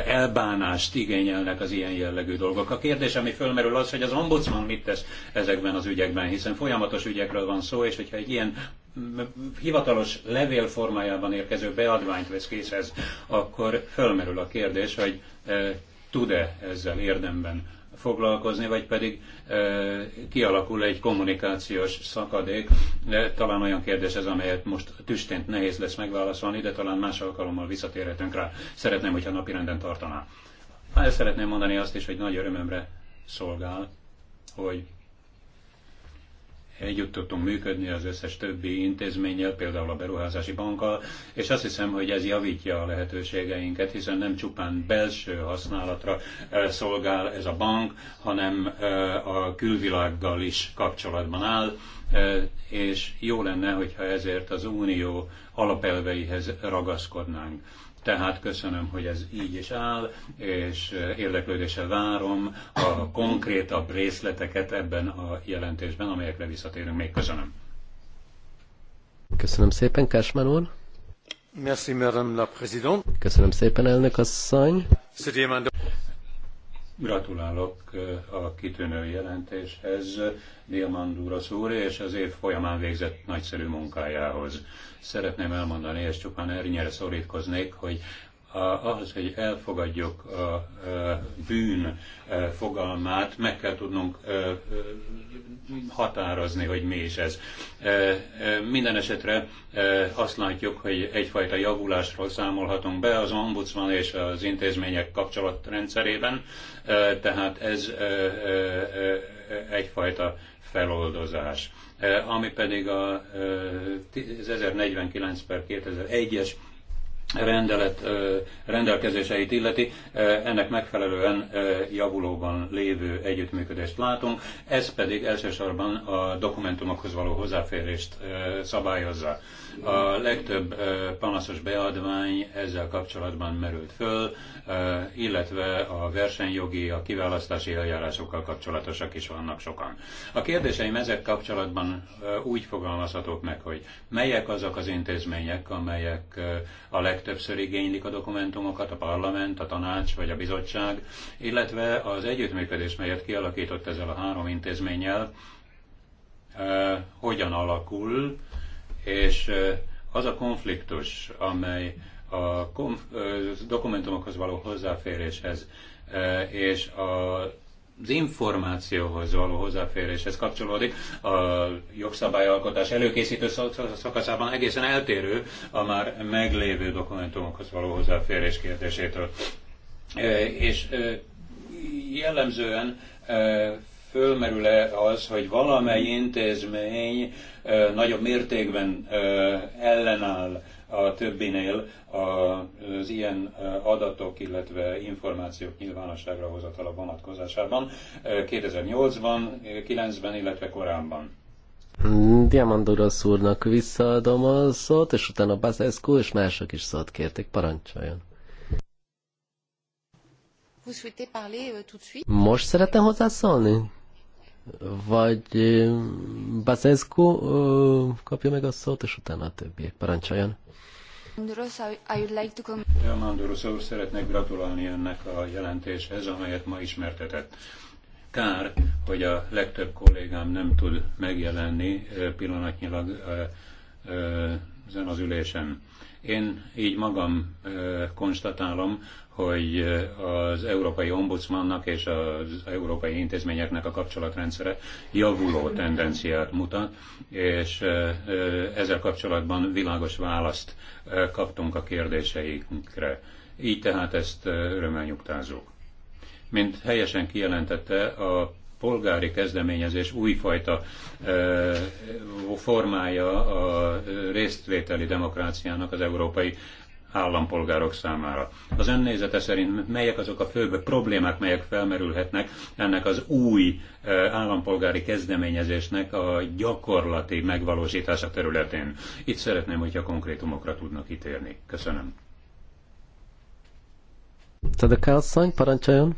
S4: elbánást igényelnek az ilyen jellegű dolgok. A kérdés, ami fölmerül az, hogy az ombudsman mit tesz ezekben az ügyekben, hiszen folyamatos ügyekről van szó, és hogyha egy ilyen hivatalos levél formájában érkező beadványt vesz készhez, akkor fölmerül a kérdés, hogy tud-e ezzel érdemben foglalkozni, vagy pedig kialakul egy kommunikációs szakadék. De talán olyan kérdés ez, amelyet most tüstént nehéz lesz megválaszolni, de talán más alkalommal visszatérhetünk rá. Szeretném, hogyha napirenden tartaná. El szeretném mondani azt is, hogy nagy örömömre szolgál, hogy együtt tudtunk működni az összes többi intézménnyel, például a beruházási bankkal, és azt hiszem, hogy ez javítja a lehetőségeinket, hiszen nem csupán belső használatra szolgál ez a bank, hanem a külvilággal is kapcsolatban áll, és jó lenne, hogyha ezért az unió alapelveihez ragaszkodnánk. Tehát köszönöm, hogy ez így is áll, és eh, érdeklődéssel várom a konkrétabb részleteket ebben a jelentésben, amelyekre visszatérünk még. Köszönöm.
S1: Köszönöm szépen, Kásmán úr.
S4: Merci, Madame la
S1: Köszönöm szépen, elnök asszony.
S4: Gratulálok eh, a kitűnő jelentéshez, Diamandúra úr, és az év folyamán végzett nagyszerű munkájához. Szeretném elmondani, és csupán ernyire szorítkoznék, hogy ahhoz, hogy elfogadjuk a bűn e, fogalmát, meg kell tudnunk e, e, határozni, hogy mi is ez. Minden esetre azt látjuk, hogy egyfajta javulásról számolhatunk be az ombudsman és az intézmények kapcsolatrendszerében, tehát ez egyfajta feloldozás. Ami pedig az 1049 per 2001-es rendelet rendelkezéseit illeti, ennek megfelelően javulóban lévő együttműködést látunk, ez pedig elsősorban a dokumentumokhoz való hozzáférést szabályozza. A legtöbb panaszos beadvány ezzel kapcsolatban merült föl, illetve a versenyjogi, a kiválasztási eljárásokkal kapcsolatosak is vannak sokan. A kérdéseim ezek kapcsolatban úgy fogalmazhatók meg, hogy melyek azok az intézmények, amelyek a leg legtöbbször igénylik a dokumentumokat, a parlament, a tanács vagy a bizottság, illetve az együttműködés, melyet kialakított ezzel a három intézménnyel, hogyan alakul, és az a konfliktus, amely a dokumentumokhoz való hozzáféréshez és a az információhoz való hozzáféréshez kapcsolódik. A jogszabályalkotás előkészítő szakaszában egészen eltérő a már meglévő dokumentumokhoz való hozzáférés kérdésétől. E, és e, jellemzően e, fölmerül-e az, hogy valamely intézmény nagyobb mértékben ellenáll a többinél az ilyen adatok, illetve információk nyilvánosságra hozatala vonatkozásában 2008-ban, 9-ben, illetve korábban.
S1: Diamandurosz úrnak visszaadom a szót, és utána Baszeszkó és mások is szót kérték. Parancsoljon! Euh, Most szeretne hozzászólni? Vagy Bazescu kapja meg a szót, és utána a többiek parancsoljon.
S4: Diamandouros úr, szeretnék gratulálni ennek a jelentéshez, amelyet ma ismertetett. Kár, hogy a legtöbb kollégám nem tud megjelenni pillanatnyilag ezen az ülésen. Én így magam konstatálom, hogy eh, az európai ombudsmannak és az európai intézményeknek a kapcsolatrendszere javuló tendenciát mutat, és eh, eh, ezzel kapcsolatban világos választ kaptunk a kérdéseinkre. Így tehát ezt örömmel nyugtázunk. Mint helyesen kijelentette, a polgári kezdeményezés újfajta formája a résztvételi demokráciának az európai állampolgárok számára. Az önnézete szerint melyek azok a főbb problémák, melyek felmerülhetnek ennek az új eh, állampolgári kezdeményezésnek a gyakorlati megvalósítása területén. Itt szeretném, hogyha konkrétumokra tudnak ítélni. Köszönöm.
S1: Tadeka asszony, parancsoljon!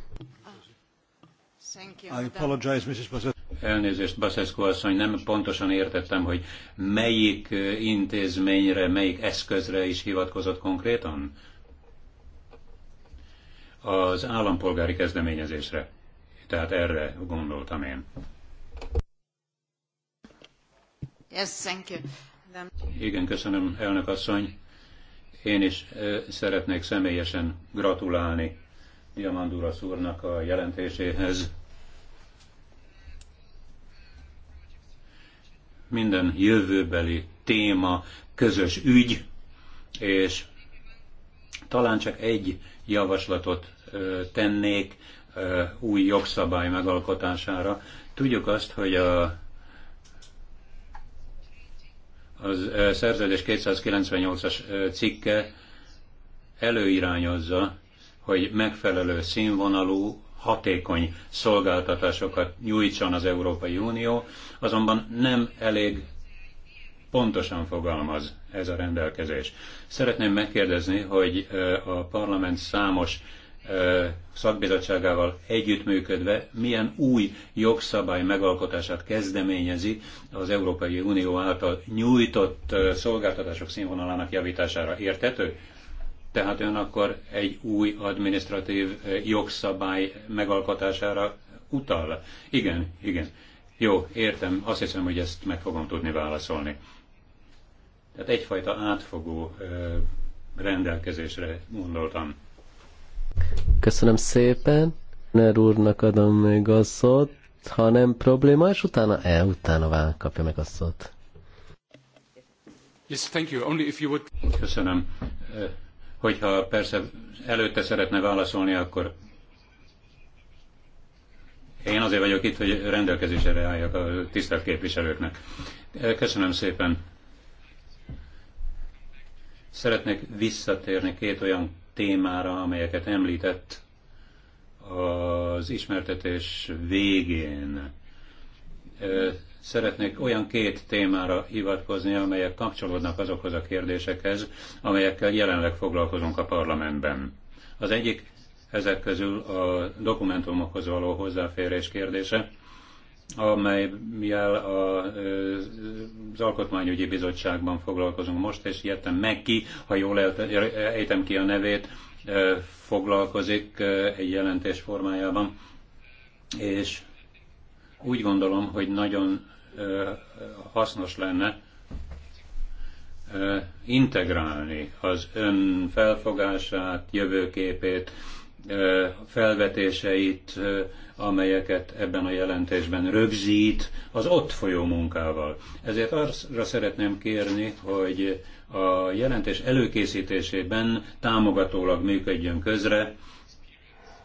S4: Ah, I apologize, Mrs. Elnézést, Baszeszko asszony, nem pontosan értettem, hogy melyik intézményre, melyik eszközre is hivatkozott konkrétan? Az állampolgári kezdeményezésre. Tehát erre gondoltam én.
S2: Yes, thank you.
S4: Nem. Igen, köszönöm, elnök asszony. Én is szeretnék személyesen gratulálni Diamandura úrnak a jelentéséhez minden jövőbeli téma közös ügy, és talán csak egy javaslatot tennék új jogszabály megalkotására. Tudjuk azt, hogy a az szerződés 298-as cikke előirányozza, hogy megfelelő színvonalú hatékony szolgáltatásokat nyújtson az Európai Unió, azonban nem elég pontosan fogalmaz ez a rendelkezés. Szeretném megkérdezni, hogy a parlament számos szakbizottságával együttműködve milyen új jogszabály megalkotását kezdeményezi az Európai Unió által nyújtott szolgáltatások színvonalának javítására. Értető? tehát ön akkor egy új administratív eh, jogszabály megalkotására utal? Igen, igen. Jó, értem. Azt hiszem, hogy ezt meg fogom tudni válaszolni. Tehát egyfajta átfogó eh, rendelkezésre gondoltam.
S1: Köszönöm szépen. Ner úrnak adom még a szót, ha nem probléma, és utána, e, utána vál, kapja meg a szót.
S4: Yes, thank you. Only if you would... Köszönöm. Eh, Hogyha persze előtte szeretne válaszolni, akkor én azért vagyok itt, hogy rendelkezésre álljak a tisztelt képviselőknek. Köszönöm szépen. Szeretnék visszatérni két olyan témára, amelyeket említett az ismertetés végén Szeretnék olyan két témára hivatkozni, amelyek kapcsolódnak azokhoz a kérdésekhez, amelyekkel jelenleg foglalkozunk a parlamentben. Az egyik ezek közül a dokumentumokhoz való hozzáférés kérdése, amelyel az Alkotmányügyi Bizottságban foglalkozunk most, és ilyettem meg ki, ha jól ejtem ki a nevét, foglalkozik egy jelentés formájában, és úgy gondolom, hogy nagyon hasznos lenne integrálni az ön felfogását, jövőképét, felvetéseit, amelyeket ebben a jelentésben rögzít az ott folyó munkával. Ezért arra szeretném kérni, hogy a jelentés előkészítésében támogatólag működjön közre,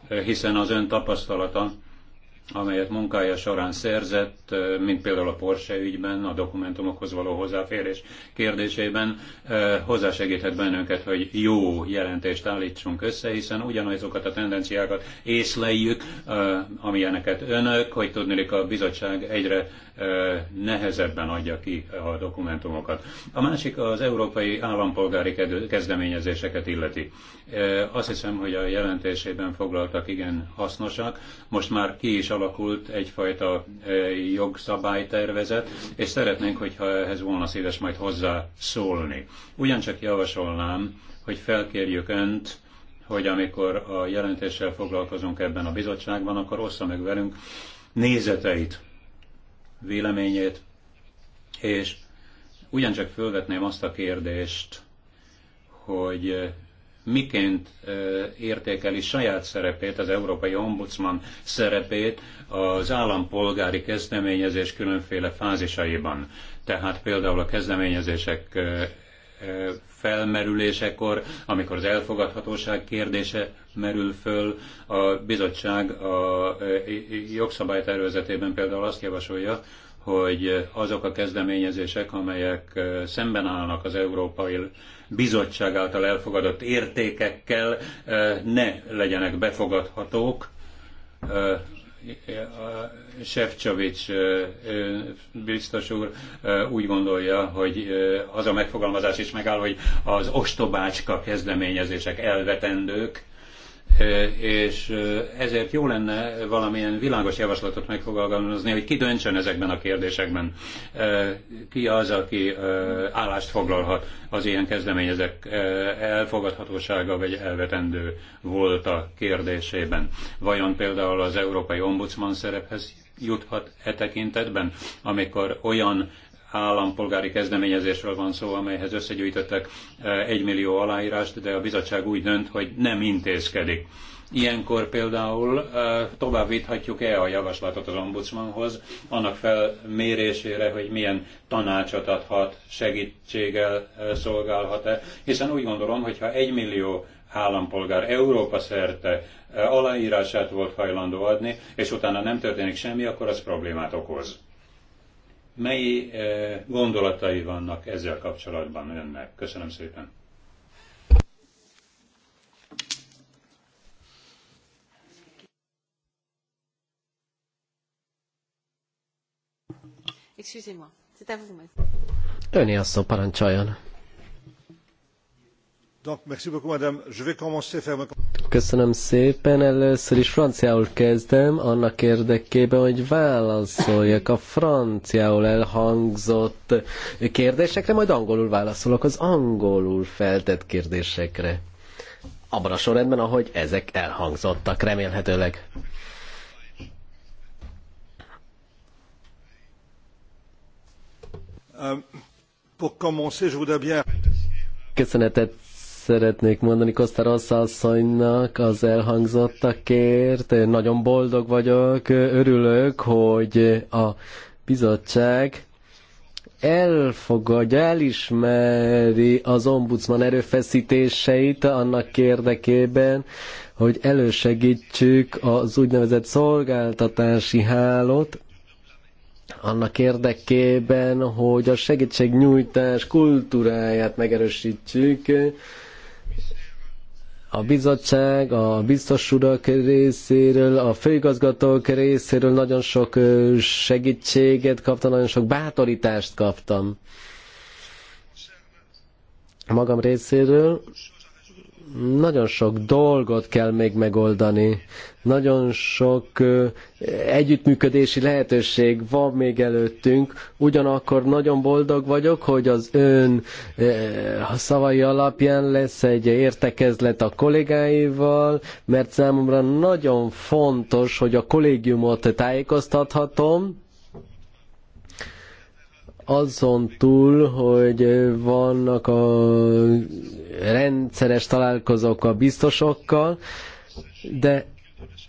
S4: hiszen az ön tapasztalata amelyet munkája során szerzett, mint például a Porsche ügyben, a dokumentumokhoz való hozzáférés kérdésében, hozzásegíthet bennünket, hogy jó jelentést állítsunk össze, hiszen ugyanazokat a tendenciákat észleljük, amilyeneket önök, hogy tudnélik a bizottság egyre nehezebben adja ki a dokumentumokat. A másik az európai állampolgári kezdeményezéseket illeti. Azt hiszem, hogy a jelentésében foglaltak igen hasznosak. Most már ki is kialakult egyfajta eh, jogszabálytervezet, és szeretnénk, hogyha ehhez volna szíves majd hozzá szólni. Ugyancsak javasolnám, hogy felkérjük Önt, hogy amikor a jelentéssel foglalkozunk ebben a bizottságban, akkor ossza meg velünk nézeteit, véleményét, és ugyancsak fölvetném azt a kérdést, hogy eh, miként értékeli saját szerepét, az Európai Ombudsman szerepét az állampolgári kezdeményezés különféle fázisaiban. Tehát például a kezdeményezések felmerülésekor, amikor az elfogadhatóság kérdése merül föl, a bizottság a jogszabálytervezetében például azt javasolja, hogy azok a kezdeményezések, amelyek szemben állnak az európai bizottság által elfogadott értékekkel eh, ne legyenek befogadhatók. Eh, Sefcsovics eh, biztos úr úgy gondolja, hogy az a megfogalmazás is megáll, hogy az ostobácska kezdeményezések elvetendők, és ezért jó lenne valamilyen világos javaslatot megfogalmazni, hogy ki döntsön ezekben a kérdésekben. Ki az, aki állást foglalhat az ilyen kezdeményezek elfogadhatósága vagy elvetendő volt a kérdésében. Vajon például az Európai Ombudsman szerephez juthat e tekintetben, amikor olyan állampolgári kezdeményezésről van szó, amelyhez összegyűjtöttek e, egymillió aláírást, de a bizottság úgy dönt, hogy nem intézkedik. Ilyenkor például e, tovább vithatjuk-e a javaslatot az ombudsmanhoz, annak felmérésére, hogy milyen tanácsot adhat, segítséggel e, szolgálhat-e, hiszen úgy gondolom, hogy ha egy millió állampolgár Európa szerte aláírását volt hajlandó adni, és utána nem történik semmi, akkor az problémát okoz mely eh, gondolatai vannak ezzel kapcsolatban önnek? Köszönöm szépen.
S2: Excusez-moi, c'est à vous,
S1: Öné a szó, parancsoljon. Köszönöm szépen. Először is franciául kezdem, annak érdekében, hogy válaszoljak a franciául elhangzott kérdésekre, majd angolul válaszolok az angolul feltett kérdésekre. Abban a sorrendben, ahogy ezek elhangzottak, remélhetőleg.
S3: Um, pour commencer, je voudrais bien...
S1: Köszönetet szeretnék mondani Kosztár asszonynak az elhangzottakért. Én nagyon boldog vagyok, örülök, hogy a bizottság elfogadja, elismeri az ombudsman erőfeszítéseit annak érdekében, hogy elősegítsük az úgynevezett szolgáltatási hálót, annak érdekében, hogy a segítségnyújtás kultúráját megerősítsük, a bizottság, a biztos urak részéről, a főigazgatók részéről nagyon sok segítséget kaptam, nagyon sok bátorítást kaptam magam részéről nagyon sok dolgot kell még megoldani, nagyon sok együttműködési lehetőség van még előttünk, ugyanakkor nagyon boldog vagyok, hogy az ön a szavai alapján lesz egy értekezlet a kollégáival, mert számomra nagyon fontos, hogy a kollégiumot tájékoztathatom, azon túl, hogy vannak a rendszeres találkozók a biztosokkal, de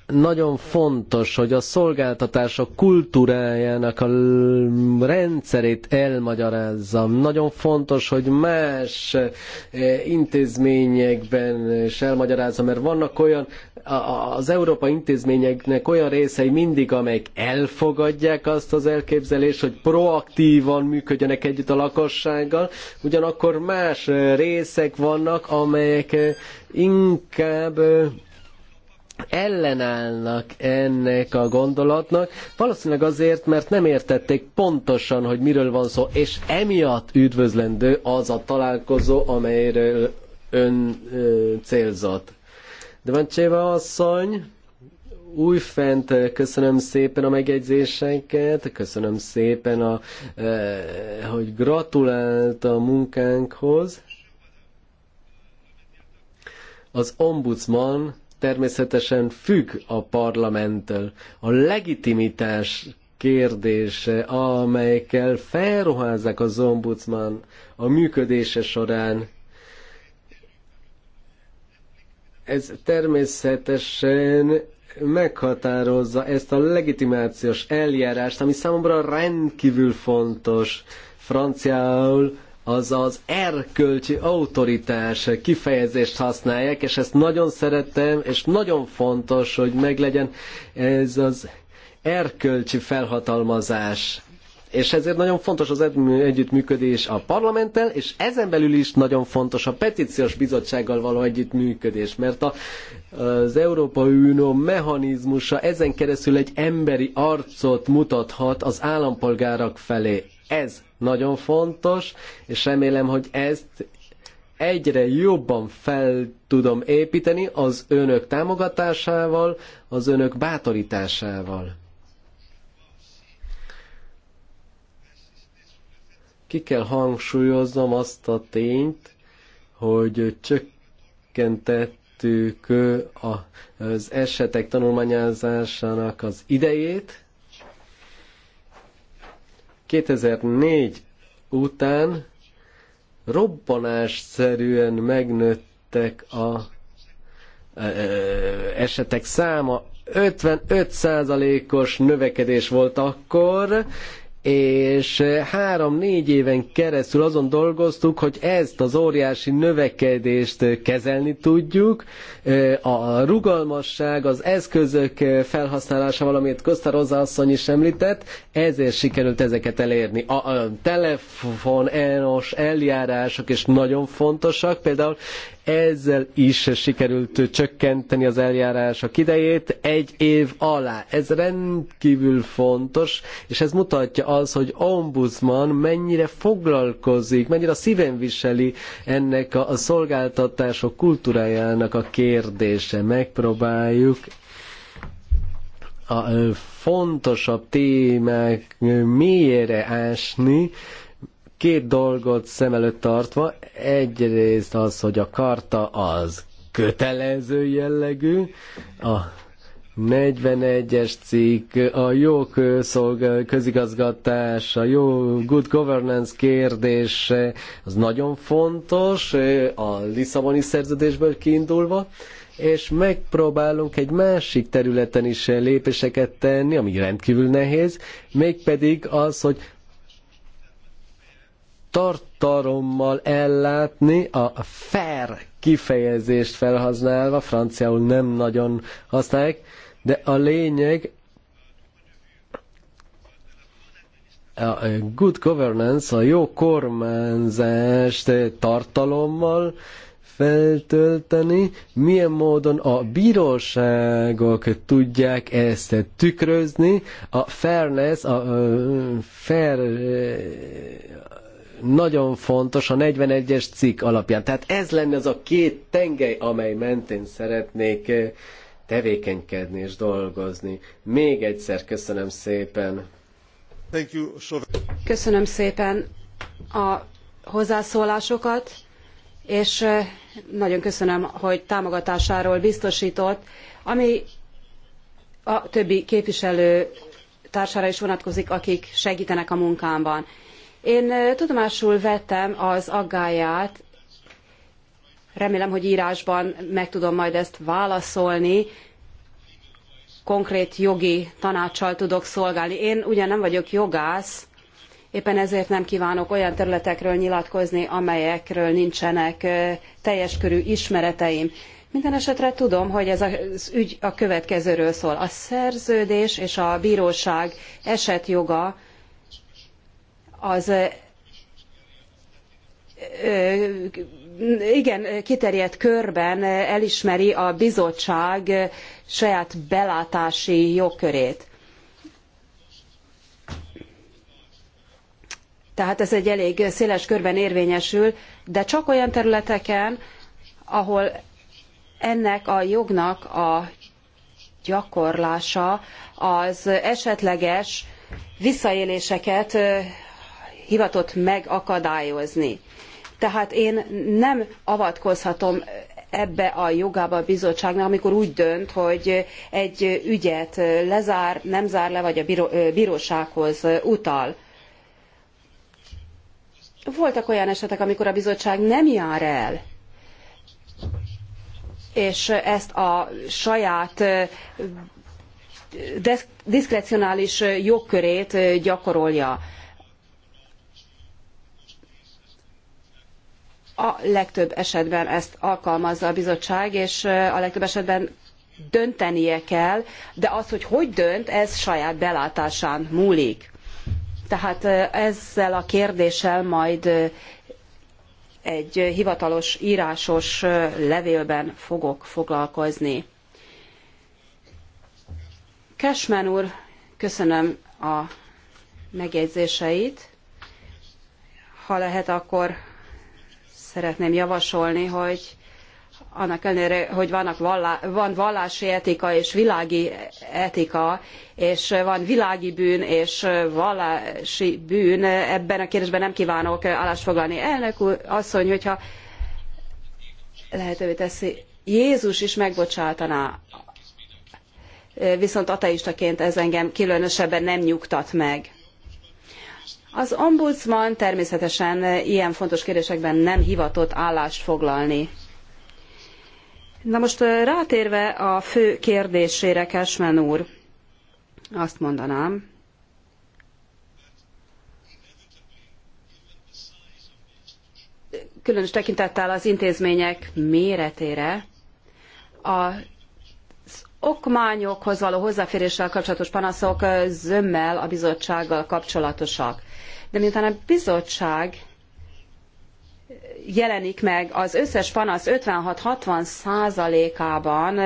S1: nagyon fontos, hogy a szolgáltatások kultúrájának a rendszerét elmagyarázzam. Nagyon fontos, hogy más eh, intézményekben is elmagyarázzam, mert vannak olyan, az Európa intézményeknek olyan részei mindig, amelyek elfogadják azt az elképzelést, hogy proaktívan működjenek együtt a lakossággal, ugyanakkor más eh, részek vannak, amelyek eh, inkább ellenállnak ennek a gondolatnak, valószínűleg azért, mert nem értették pontosan, hogy miről van szó, és emiatt üdvözlendő az a találkozó, amelyről ön ö, célzott. De van Cséva asszony, újfent köszönöm szépen a megjegyzéseket, köszönöm szépen, a, ö, hogy gratulált a munkánkhoz. Az ombudsman természetesen függ a parlamenttől. A legitimitás kérdése, amelyekkel felruházzák az ombudsman a működése során. Ez természetesen meghatározza ezt a legitimációs eljárást, ami számomra rendkívül fontos. Franciául az az erkölcsi autoritás kifejezést használják, és ezt nagyon szeretem, és nagyon fontos, hogy meglegyen ez az erkölcsi felhatalmazás. És ezért nagyon fontos az együttműködés a parlamenttel, és ezen belül is nagyon fontos a petíciós bizottsággal való együttműködés, mert a, az Európa Unió mechanizmusa ezen keresztül egy emberi arcot mutathat az állampolgárok felé ez nagyon fontos, és remélem, hogy ezt egyre jobban fel tudom építeni az önök támogatásával, az önök bátorításával. Ki kell hangsúlyoznom azt a tényt, hogy csökkentettük az esetek tanulmányozásának az idejét, 2004 után robbanásszerűen megnőttek a e, e, esetek száma 55%-os növekedés volt akkor, és eh, három-négy éven keresztül azon dolgoztuk, hogy ezt az óriási növekedést eh, kezelni tudjuk. Eh, a rugalmasság, az eszközök felhasználása, valamit Kosta Roza asszony is említett, ezért sikerült ezeket elérni. A, a eljárások is nagyon fontosak, például ezzel is sikerült csökkenteni az eljárások idejét egy év alá. Ez rendkívül fontos, és ez mutatja az, hogy ombudsman mennyire foglalkozik, mennyire szíven viseli ennek a, a szolgáltatások kultúrájának a kérdése. Megpróbáljuk a fontosabb témák mélyére ásni, két dolgot szem előtt tartva. Egyrészt az, hogy a karta az kötelező jellegű, a 41-es cikk, a jó közigazgatás, a jó good governance kérdése, az nagyon fontos, a Lisszaboni szerződésből kiindulva, és megpróbálunk egy másik területen is lépéseket tenni, ami rendkívül nehéz, mégpedig az, hogy tartalommal ellátni, a fair kifejezést felhasználva, franciául nem nagyon használják, de a lényeg a good governance, a jó kormányzást tartalommal feltölteni, milyen módon a bíróságok tudják ezt tükrözni, a fairness, a, a fair nagyon fontos a 41-es cikk alapján. Tehát ez lenne az a két tengely, amely mentén szeretnék eh, tevékenykedni és dolgozni. Még egyszer köszönöm szépen.
S2: Köszönöm szépen a hozzászólásokat, és eh, nagyon köszönöm, hogy támogatásáról biztosított, ami a többi képviselő társára is vonatkozik, akik segítenek a munkámban. Én tudomásul vettem az aggáját, remélem, hogy írásban meg tudom majd ezt válaszolni, konkrét jogi tanácssal tudok szolgálni. Én ugyan nem vagyok jogász, éppen ezért nem kívánok olyan területekről nyilatkozni, amelyekről nincsenek teljes körű ismereteim. Minden esetre tudom, hogy ez az ügy a következőről szól. A szerződés és a bíróság esetjoga az igen kiterjedt körben elismeri a bizottság saját belátási jogkörét. Tehát ez egy elég széles körben érvényesül, de csak olyan területeken, ahol ennek a jognak a gyakorlása az esetleges visszaéléseket hivatott megakadályozni. Tehát én nem avatkozhatom ebbe a jogába a bizottságnak, amikor úgy dönt, hogy egy ügyet lezár, nem zár le, vagy a bíró, bírósághoz utal. Voltak olyan esetek, amikor a bizottság nem jár el, és ezt a saját diszkrecionális jogkörét gyakorolja. a legtöbb esetben ezt alkalmazza a bizottság, és a legtöbb esetben döntenie kell, de az, hogy hogy dönt, ez saját belátásán múlik. Tehát ezzel a kérdéssel majd egy hivatalos írásos levélben fogok foglalkozni. Cashman úr, köszönöm a megjegyzéseit. Ha lehet, akkor szeretném javasolni, hogy annak ellenére, hogy vannak vallá, van vallási etika és világi etika, és van világi bűn és vallási bűn, ebben a kérdésben nem kívánok állást foglalni. Elnök úr, asszony, hogyha lehetővé teszi, Jézus is megbocsátaná, viszont ateistaként ez engem különösebben nem nyugtat meg. Az ombudsman természetesen eh, ilyen fontos kérdésekben nem hivatott állást foglalni. Na most eh, rátérve a fő kérdésére, Kesmen úr, azt mondanám, különös tekintettel az intézmények méretére, a okmányokhoz való hozzáféréssel kapcsolatos panaszok zömmel a bizottsággal kapcsolatosak. De miután a bizottság jelenik meg az összes panasz 56-60 százalékában,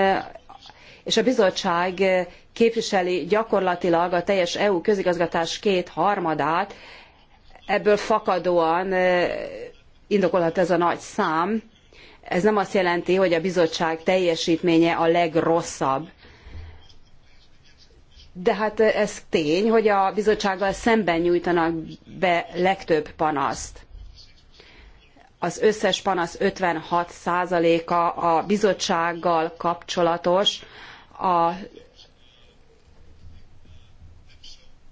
S2: és a bizottság képviseli gyakorlatilag a teljes EU közigazgatás két harmadát, ebből fakadóan indokolhat ez a nagy szám, ez nem azt jelenti, hogy a bizottság teljesítménye a legrosszabb. De hát ez tény, hogy a bizottsággal szemben nyújtanak be legtöbb panaszt. Az összes panasz 56%-a a bizottsággal kapcsolatos, a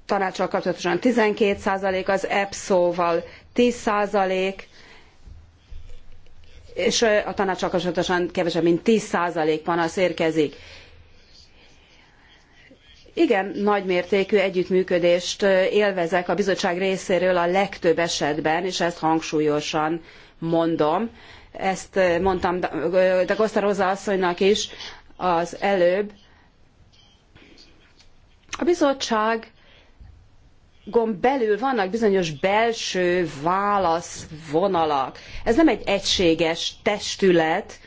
S2: tanácssal kapcsolatosan 12%, az epsz val 10%, és a tanácsal kapcsolatosan kevesebb, mint 10% panasz érkezik. Igen, nagymértékű együttműködést élvezek a bizottság részéről a legtöbb esetben, és ezt hangsúlyosan mondom. Ezt mondtam de Costa Rosa asszonynak is az előbb. A bizottság gon belül vannak bizonyos belső válaszvonalak. Ez nem egy egységes testület,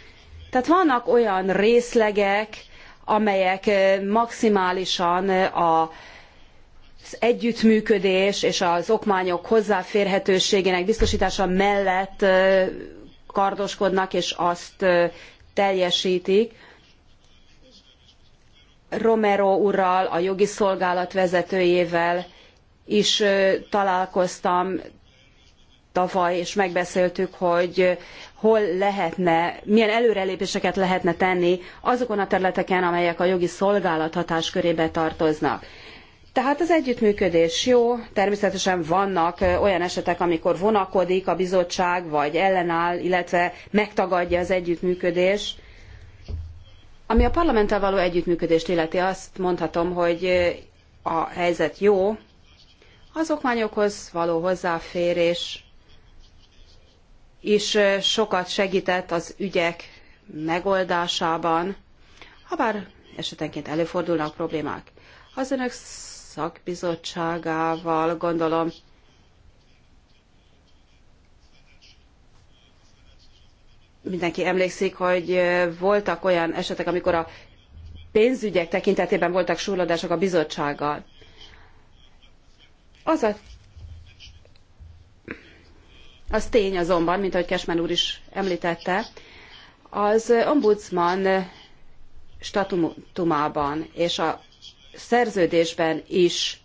S2: tehát vannak olyan részlegek, amelyek maximálisan a az együttműködés és az okmányok hozzáférhetőségének biztosítása mellett kardoskodnak és azt teljesítik. Romero urral, a jogi szolgálat vezetőjével is találkoztam tavaly, és megbeszéltük, hogy hol lehetne, milyen előrelépéseket lehetne tenni azokon a területeken, amelyek a jogi szolgálat hatáskörébe tartoznak. Tehát az együttműködés jó, természetesen vannak olyan esetek, amikor vonakodik a bizottság, vagy ellenáll, illetve megtagadja az együttműködés. Ami a parlamenttel való együttműködést illeti, azt mondhatom, hogy a helyzet jó, az okmányokhoz való hozzáférés is sokat segített az ügyek megoldásában, habár esetenként előfordulnak problémák. Az önök szakbizottságával gondolom mindenki emlékszik, hogy voltak olyan esetek, amikor a pénzügyek tekintetében voltak súrlódások a bizottsággal. Az a az tény azonban, mint ahogy Kesmen úr is említette, az ombudsman statumában és a szerződésben is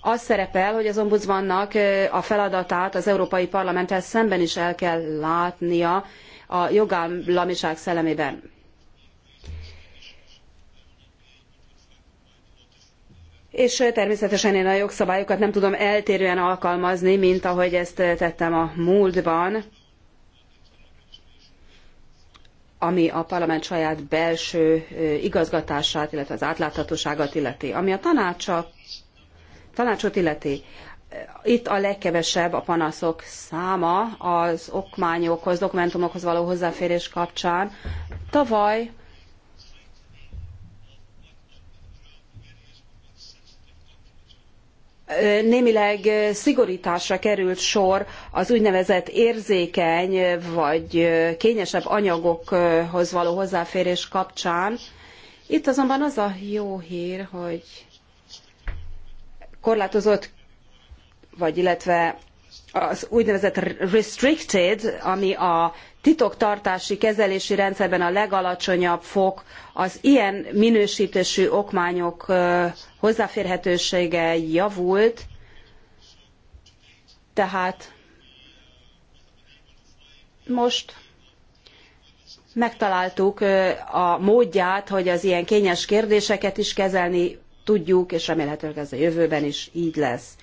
S2: az szerepel, hogy az ombudsmannak a feladatát az Európai Parlamenttel szemben is el kell látnia a jogállamiság szellemében. és természetesen én a jogszabályokat nem tudom eltérően alkalmazni, mint ahogy ezt tettem a múltban, ami a parlament saját belső igazgatását, illetve az átláthatóságát illeti. Ami a tanácsa, tanácsot illeti, itt a legkevesebb a panaszok száma az okmányokhoz, dokumentumokhoz való hozzáférés kapcsán. Tavaly némileg szigorításra került sor az úgynevezett érzékeny vagy kényesebb anyagokhoz való hozzáférés kapcsán. Itt azonban az a jó hír, hogy korlátozott, vagy illetve az úgynevezett restricted, ami a titoktartási kezelési rendszerben a legalacsonyabb fok, az ilyen minősítésű okmányok hozzáférhetősége javult, tehát most megtaláltuk a módját, hogy az ilyen kényes kérdéseket is kezelni tudjuk, és remélhetőleg ez a jövőben is így lesz.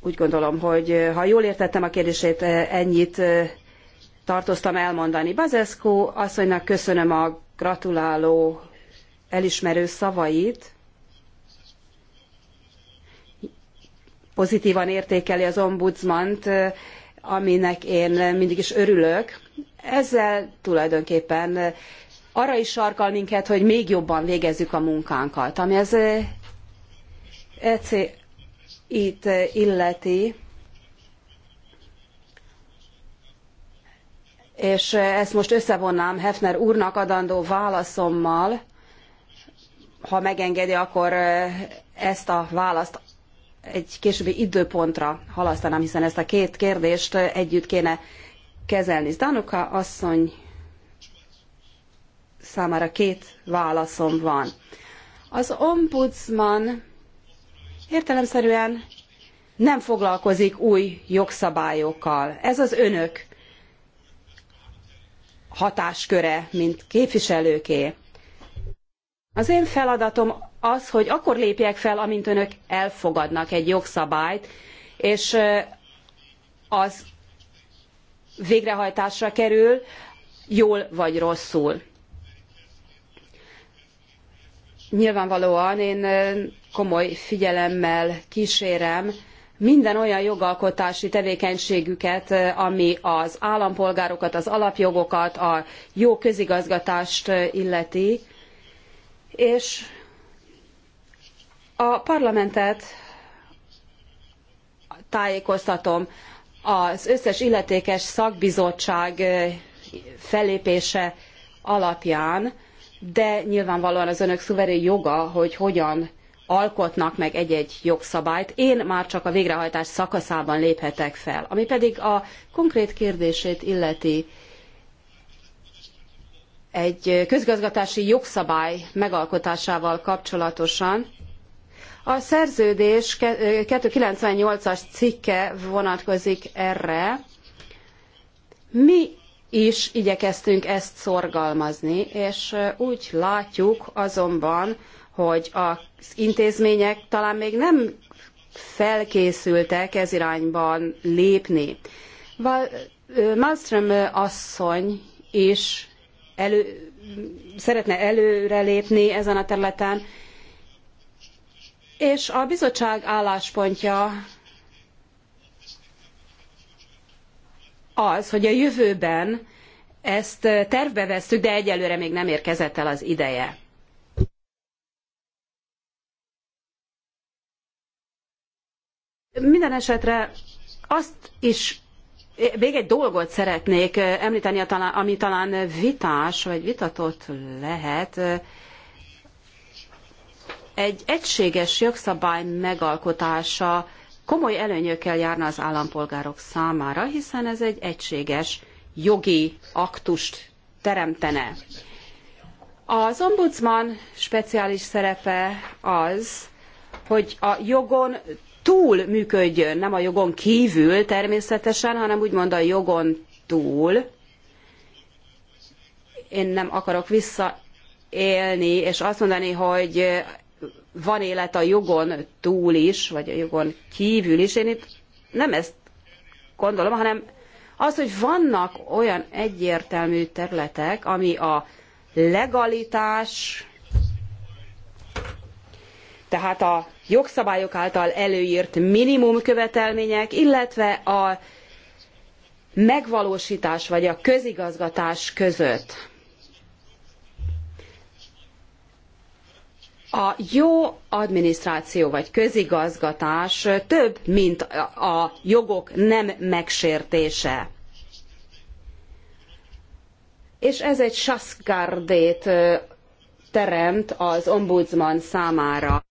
S2: Úgy gondolom, hogy ha jól értettem a kérdését, ennyit tartoztam elmondani. Bazeszkó asszonynak köszönöm a gratuláló elismerő szavait, pozitívan értékeli az ombudsmant, aminek én mindig is örülök. Ezzel tulajdonképpen arra is sarkal minket, hogy még jobban végezzük a munkánkat. Ami az ECI-t illeti, és ezt most összevonnám Hefner úrnak adandó válaszommal, ha megengedi, akkor ezt a választ egy későbbi időpontra halasztanám, hiszen ezt a két kérdést együtt kéne kezelni. Danuka asszony számára két válaszom van. Az ombudsman értelemszerűen nem foglalkozik új jogszabályokkal. Ez az önök hatásköre, mint képviselőké. Az én feladatom az, hogy akkor lépjek fel, amint önök elfogadnak egy jogszabályt, és az végrehajtásra kerül, jól vagy rosszul. Nyilvánvalóan én komoly figyelemmel kísérem minden olyan jogalkotási tevékenységüket, ami az állampolgárokat, az alapjogokat, a jó közigazgatást illeti, és a parlamentet tájékoztatom az összes illetékes szakbizottság fellépése alapján, de nyilvánvalóan az önök szuverén joga, hogy hogyan alkotnak meg egy-egy jogszabályt. Én már csak a végrehajtás szakaszában léphetek fel. Ami pedig a konkrét kérdését illeti, egy közgazgatási jogszabály megalkotásával kapcsolatosan. A szerződés 298-as cikke vonatkozik erre. Mi is igyekeztünk ezt szorgalmazni, és úgy látjuk azonban, hogy az intézmények talán még nem felkészültek ez irányban lépni. Malmström asszony is elő, szeretne előrelépni ezen a területen, és a bizottság álláspontja az, hogy a jövőben ezt tervbe vesszük, de egyelőre még nem érkezett el az ideje. Minden esetre azt is még egy dolgot szeretnék említeni, ami talán vitás vagy vitatott lehet. Egy egységes jogszabály megalkotása komoly előnyökkel járna az állampolgárok számára, hiszen ez egy egységes jogi aktust teremtene. Az ombudsman speciális szerepe az, hogy a jogon túl működjön, nem a jogon kívül természetesen, hanem úgymond a jogon túl. Én nem akarok visszaélni, és azt mondani, hogy van élet a jogon túl is, vagy a jogon kívül is. Én itt nem ezt gondolom, hanem az, hogy vannak olyan egyértelmű területek, ami a legalitás, tehát a jogszabályok által előírt minimumkövetelmények, illetve a megvalósítás vagy a közigazgatás között. A jó adminisztráció vagy közigazgatás több, mint a jogok nem megsértése. És ez egy saszkárdét teremt az ombudsman számára.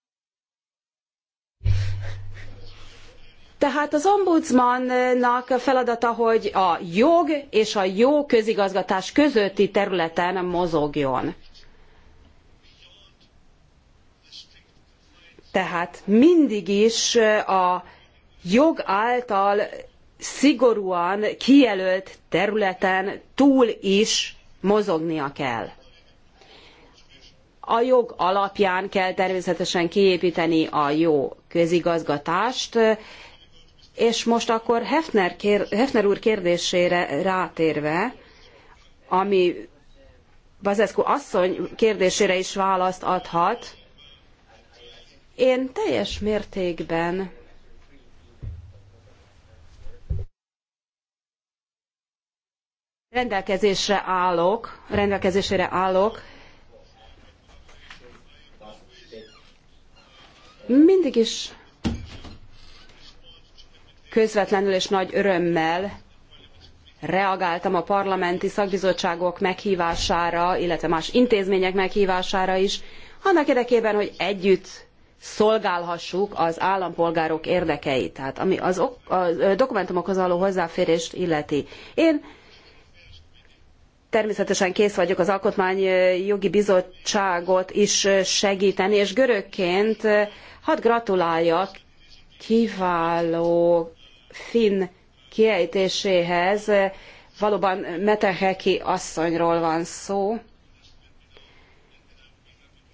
S2: Tehát az ombudsmannak feladata, hogy a jog és a jó közigazgatás közötti területen mozogjon. Tehát mindig is a jog által szigorúan kijelölt területen túl is mozognia kell. A jog alapján kell természetesen kiépíteni a jó közigazgatást, és most akkor Hefner, kér, Hefner úr kérdésére rátérve, ami Bazescu asszony kérdésére is választ adhat, én teljes mértékben rendelkezésre állok, rendelkezésére állok. Mindig is közvetlenül és nagy örömmel reagáltam a parlamenti szakbizottságok meghívására, illetve más intézmények meghívására is, annak érdekében, hogy együtt szolgálhassuk az állampolgárok érdekeit, tehát ami az a dokumentumokhoz való hozzáférést illeti. Én természetesen kész vagyok az Alkotmányjogi Bizottságot is segíteni, és görögként hadd gratuláljak kiváló finn kiejtéséhez valóban Meteheki asszonyról van szó.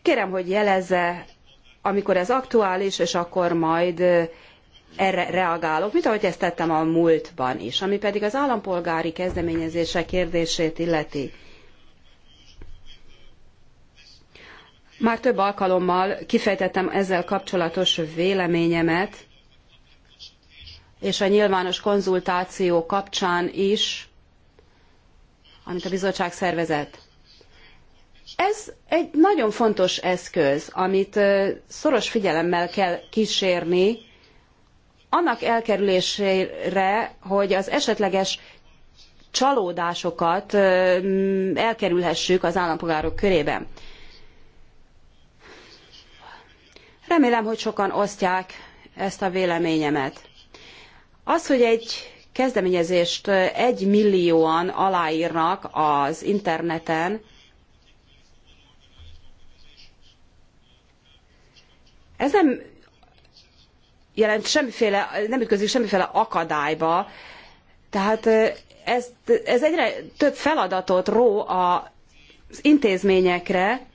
S2: Kérem, hogy jelezze, amikor ez aktuális, és akkor majd erre reagálok, mint ahogy ezt tettem a múltban is, ami pedig az állampolgári kezdeményezések kérdését illeti. Már több alkalommal kifejtettem ezzel kapcsolatos véleményemet, és a nyilvános konzultáció kapcsán is, amit a bizottság szervezett. Ez egy nagyon fontos eszköz, amit szoros figyelemmel kell kísérni, annak elkerülésére, hogy az esetleges csalódásokat elkerülhessük az állampolgárok körében. Remélem, hogy sokan osztják ezt a véleményemet. Az, hogy egy kezdeményezést egy millióan aláírnak az interneten, ez nem jelent semmiféle, nem ütközik semmiféle akadályba, tehát ez, ez egyre több feladatot ró az intézményekre,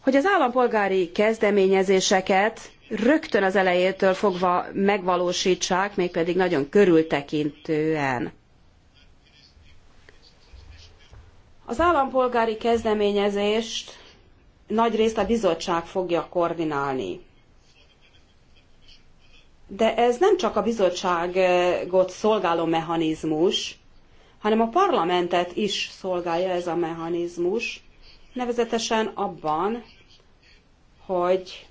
S2: hogy az állampolgári kezdeményezéseket rögtön az elejétől fogva megvalósítsák, mégpedig nagyon körültekintően. Az állampolgári kezdeményezést nagyrészt a bizottság fogja koordinálni. De ez nem csak a bizottságot szolgáló mechanizmus, hanem a parlamentet is szolgálja ez a mechanizmus, nevezetesen abban, hogy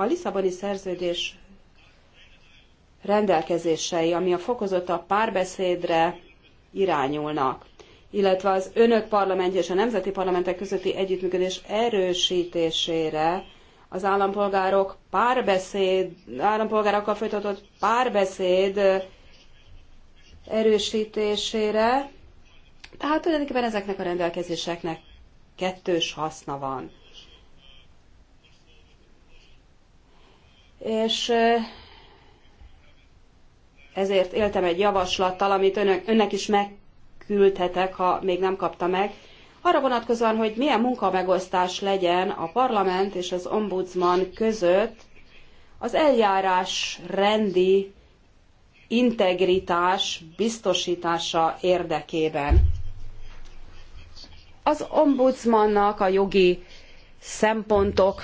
S2: a Lisszaboni szerződés rendelkezései, ami a fokozottabb párbeszédre irányulnak, illetve az önök parlamentje és a nemzeti parlamentek közötti együttműködés erősítésére, az állampolgárok párbeszéd, állampolgárokkal folytatott párbeszéd erősítésére. Tehát tulajdonképpen ezeknek a rendelkezéseknek kettős haszna van. és ezért éltem egy javaslattal, amit önök, önnek is megküldhetek, ha még nem kapta meg, arra vonatkozóan, hogy milyen munkamegosztás legyen a parlament és az ombudsman között az eljárás rendi integritás biztosítása érdekében. Az ombudsmannak a jogi szempontok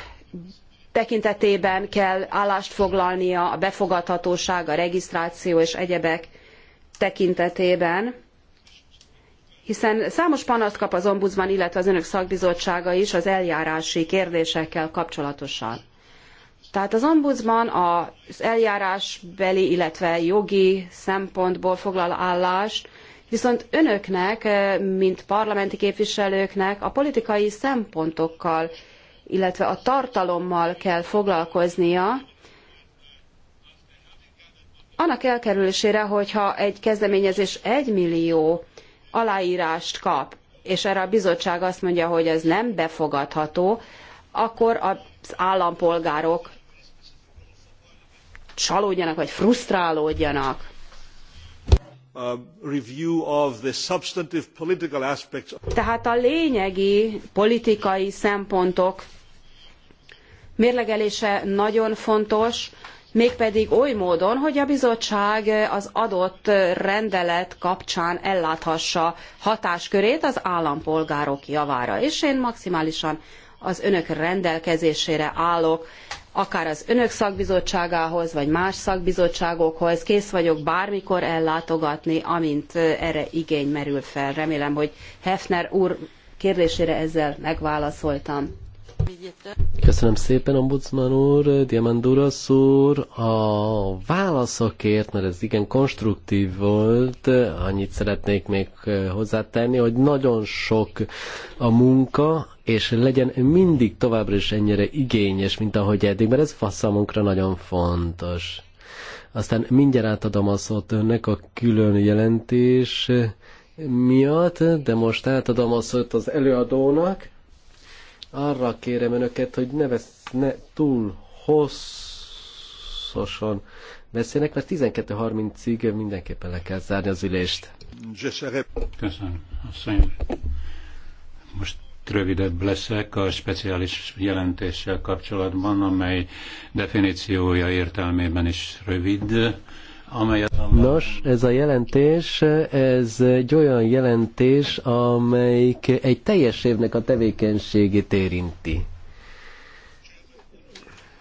S2: tekintetében kell állást foglalnia a befogadhatóság, a regisztráció és egyebek tekintetében, hiszen számos panaszt kap az ombudsman, illetve az önök szakbizottsága is az eljárási kérdésekkel kapcsolatosan. Tehát az ombudsman az eljárásbeli, illetve jogi szempontból foglal állást, viszont önöknek, mint parlamenti képviselőknek a politikai szempontokkal illetve a tartalommal kell foglalkoznia, annak elkerülésére, hogyha egy kezdeményezés 1 millió aláírást kap, és erre a bizottság azt mondja, hogy ez nem befogadható, akkor az állampolgárok csalódjanak vagy frusztrálódjanak. Tehát a lényegi politikai szempontok mérlegelése nagyon fontos, mégpedig oly módon, hogy a bizottság az adott rendelet kapcsán elláthassa hatáskörét az állampolgárok javára. És én maximálisan az önök rendelkezésére állok, akár az önök szakbizottságához, vagy más szakbizottságokhoz. Kész vagyok bármikor ellátogatni, amint erre igény merül fel. Remélem, hogy Hefner úr kérdésére ezzel megválaszoltam.
S1: Köszönöm szépen, Ombudsman úr, Diamandurasz úr. A válaszokért, mert ez igen konstruktív volt, annyit szeretnék még hozzátenni, hogy nagyon sok a munka, és legyen mindig továbbra is ennyire igényes, mint ahogy eddig, mert ez faszamunkra nagyon fontos. Aztán mindjárt átadom a szót önnek a külön jelentés miatt, de most átadom a szót az előadónak arra kérem önöket, hogy ne, vesz, ne túl hosszosan beszélnek, mert 12.30-ig mindenképpen le kell
S4: zárni az ülést.
S3: Köszönöm, asszonyom.
S4: Most rövidebb leszek a speciális jelentéssel kapcsolatban, amely definíciója értelmében is rövid amely
S1: Nos, ez a jelentés, ez egy olyan jelentés, amelyik egy teljes évnek a tevékenységét érinti.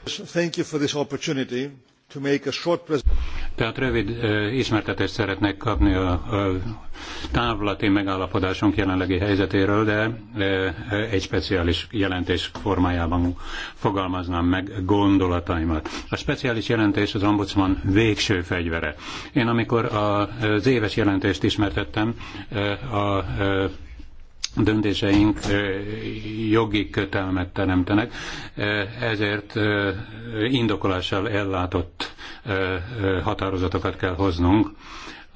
S3: Thank you for this opportunity to make a short
S4: Tehát rövid ismertetést szeretnék kapni a, a távlati megállapodásunk jelenlegi helyzetéről, de egy speciális jelentés formájában fogalmaznám meg gondolataimat. A speciális jelentés az ombudsman végső fegyvere. Én amikor az éves jelentést ismertettem, a döntéseink jogi kötelmet teremtenek, ezért indokolással ellátott határozatokat kell hoznunk.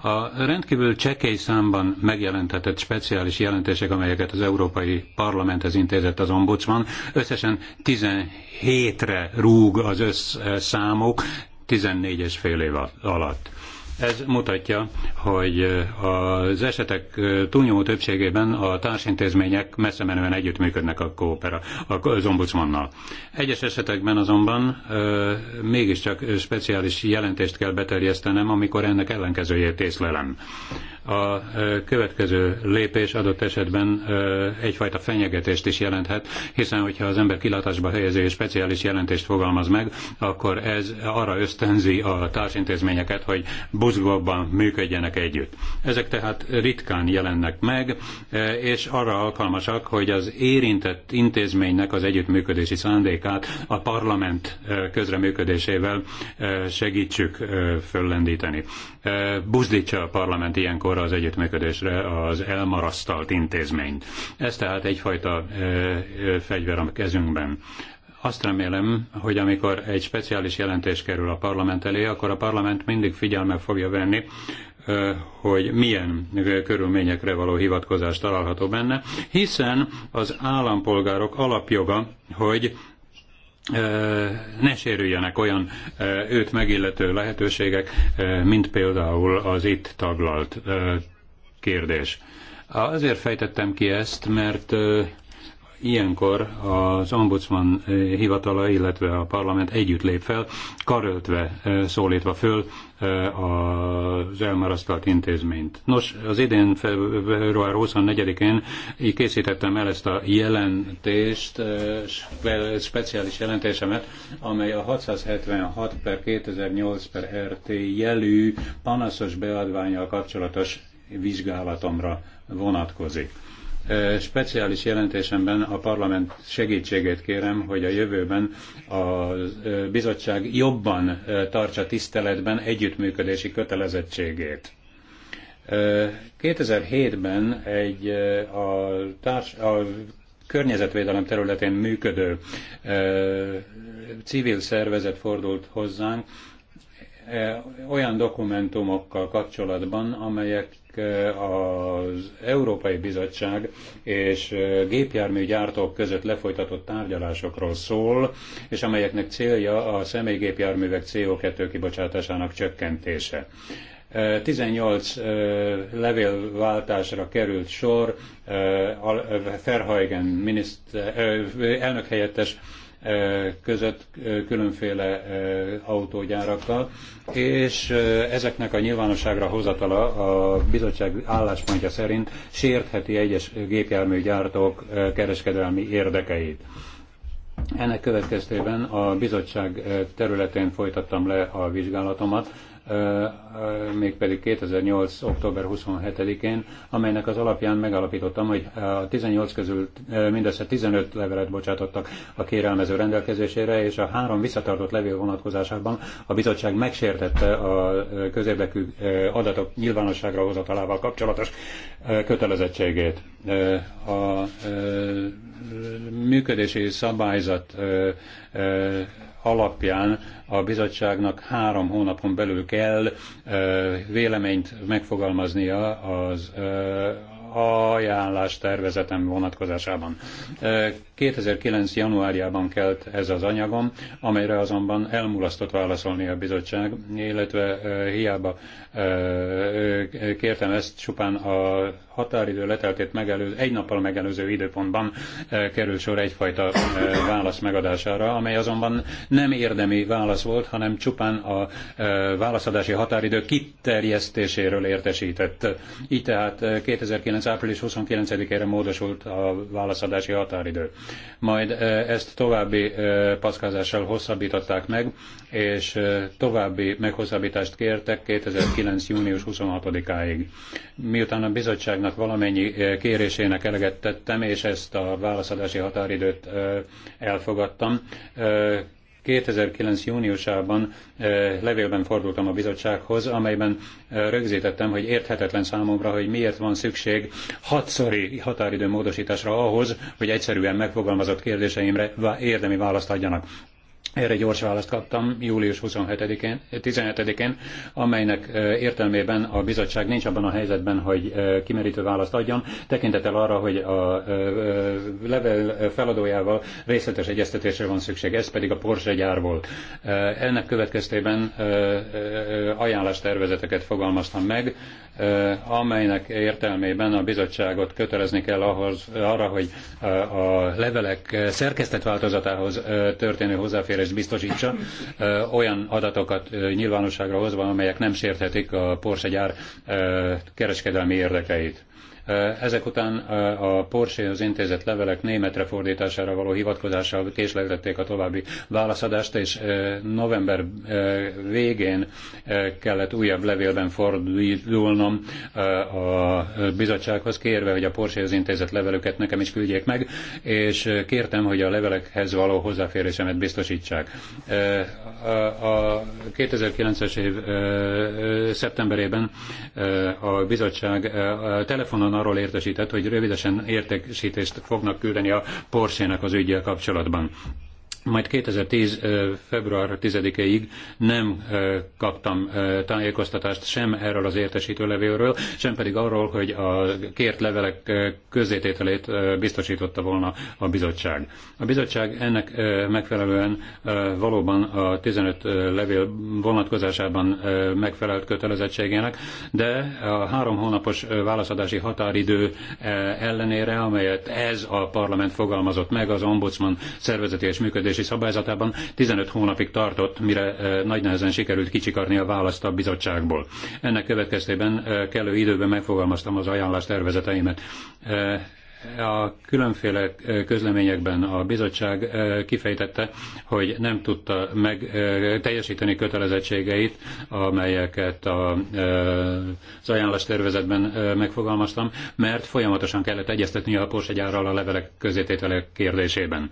S4: A rendkívül csekély számban megjelentetett speciális jelentések, amelyeket az Európai Parlamenthez intézett az ombudsman, összesen 17-re rúg az összszámuk 14 és fél év alatt. Ez mutatja, hogy az esetek túlnyomó többségében a társintézmények messze menően együttműködnek a kópera, az ombudsmannal. Egyes esetekben azonban mégiscsak speciális jelentést kell beterjesztenem, amikor ennek ellenkezőjét észlelem. A következő lépés adott esetben egyfajta fenyegetést is jelenthet, hiszen hogyha az ember kilátásba helyező és speciális jelentést fogalmaz meg, akkor ez arra ösztönzi a társintézményeket, hogy mozgóban működjenek együtt. Ezek tehát ritkán jelennek meg, e, és arra alkalmasak, hogy az érintett intézménynek az együttműködési szándékát a parlament e, közreműködésével e, segítsük föllendíteni. Buzdítsa a parlament ilyenkor az együttműködésre az elmarasztalt intézményt. Ez tehát egyfajta fegyver a kezünkben azt remélem, hogy amikor egy speciális jelentés kerül a parlament elé, akkor a parlament mindig figyelme fogja venni, hogy milyen körülményekre való hivatkozás található benne, hiszen az állampolgárok alapjoga, hogy ne sérüljenek olyan őt megillető lehetőségek, mint például az itt taglalt kérdés. Azért fejtettem ki ezt, mert Ilyenkor az ombudsman eh, hivatala, illetve a parlament együtt lép fel, karöltve eh, szólítva föl eh, az elmarasztalt intézményt. Nos, az idén február 24-én készítettem el ezt a jelentést, speciális jelentésemet, amely a 676 per 2008 per RT jelű panaszos beadványjal kapcsolatos vizsgálatomra vonatkozik Speciális jelentésemben a parlament segítségét kérem, hogy a jövőben a bizottság jobban tartsa tiszteletben együttműködési kötelezettségét. 2007-ben egy a, társ, a környezetvédelem területén működő civil szervezet fordult hozzánk, olyan dokumentumokkal kapcsolatban, amelyek Eh, az Európai Bizottság és eh, gépjárműgyártók között lefolytatott tárgyalásokról szól, és amelyeknek célja a személygépjárművek CO2 kibocsátásának csökkentése. 18 eh, levélváltásra került sor, Verheugen elnökhelyettes között különféle autógyárakkal, és ezeknek a nyilvánosságra hozatala a bizottság álláspontja szerint sértheti egyes gépjárműgyártók kereskedelmi érdekeit. Ennek következtében a bizottság területén folytattam le a vizsgálatomat, mégpedig 2008. október 27-én, amelynek az alapján megalapítottam, hogy a 18 közül mindössze 15 levelet bocsátottak a kérelmező rendelkezésére, és a három visszatartott levél vonatkozásában a bizottság megsértette a közérdekű adatok nyilvánosságra hozatalával kapcsolatos kötelezettségét. A működési szabályzat alapján a bizottságnak három hónapon belül kell véleményt megfogalmaznia az ajánlás tervezetem vonatkozásában. 2009. januárjában kelt ez az anyagom, amelyre azonban elmulasztott válaszolni a bizottság, illetve hiába kértem ezt csupán a határidő leteltét megelőző, egy nappal megelőző időpontban kerül sor egyfajta válasz megadására, amely azonban nem érdemi válasz volt, hanem csupán a válaszadási határidő kiterjesztéséről értesített. Így tehát 2009 2009. április 29-ére módosult a válaszadási határidő. Majd ezt további packázással hosszabbították meg, és további meghosszabbítást kértek 2009. június 26-áig. Miután a bizottságnak valamennyi kérésének eleget tettem, és ezt a válaszadási határidőt elfogadtam, 2009. júniusában eh, levélben fordultam a bizottsághoz, amelyben eh, rögzítettem, hogy érthetetlen számomra, hogy miért van szükség hatszori határidő módosításra ahhoz, hogy egyszerűen megfogalmazott kérdéseimre érdemi választ adjanak erre gyors választ kaptam július 27-én, 17-én, amelynek értelmében a bizottság nincs abban a helyzetben, hogy kimerítő választ adjon, tekintettel arra, hogy a level feladójával részletes egyeztetésre van szükség, ez pedig a Porsche gyár volt. Ennek következtében tervezeteket fogalmaztam meg, amelynek értelmében a bizottságot kötelezni kell ahhoz, arra, hogy a levelek szerkesztett változatához történő hozzáférés hozzáférést biztosítsa, olyan adatokat nyilvánosságra hozva, amelyek nem sérthetik a Porsche gyár kereskedelmi érdekeit. Ezek után a Porséhoz intézett levelek németre fordítására való hivatkozással késleltették a további válaszadást, és november végén kellett újabb levélben fordulnom a bizottsághoz, kérve, hogy a Porséhoz intézett levelüket nekem is küldjék meg, és kértem, hogy a levelekhez való hozzáférésemet biztosítsák. A 2009-es év szeptemberében a bizottság telefonon arról értesített, hogy rövidesen értesítést fognak küldeni a Porsche-nak az ügyel kapcsolatban majd 2010. február 10-ig nem kaptam tájékoztatást sem erről az értesítő levélről, sem pedig arról, hogy a kért levelek közzétételét biztosította volna a bizottság. A bizottság ennek megfelelően valóban a 15 levél vonatkozásában megfelelt kötelezettségének, de a három hónapos válaszadási határidő ellenére, amelyet ez a parlament fogalmazott meg, az ombudsman szervezeti és működési működési szabályzatában 15 hónapig tartott, mire e, nagy nehezen sikerült kicsikarni a választ a bizottságból. Ennek következtében e, kellő időben megfogalmaztam az ajánlás tervezeteimet. E, a különféle közleményekben a bizottság kifejtette, hogy nem tudta meg teljesíteni kötelezettségeit, amelyeket az ajánlás tervezetben megfogalmaztam, mert folyamatosan kellett egyeztetni a porsegyárral a levelek közétételek kérdésében.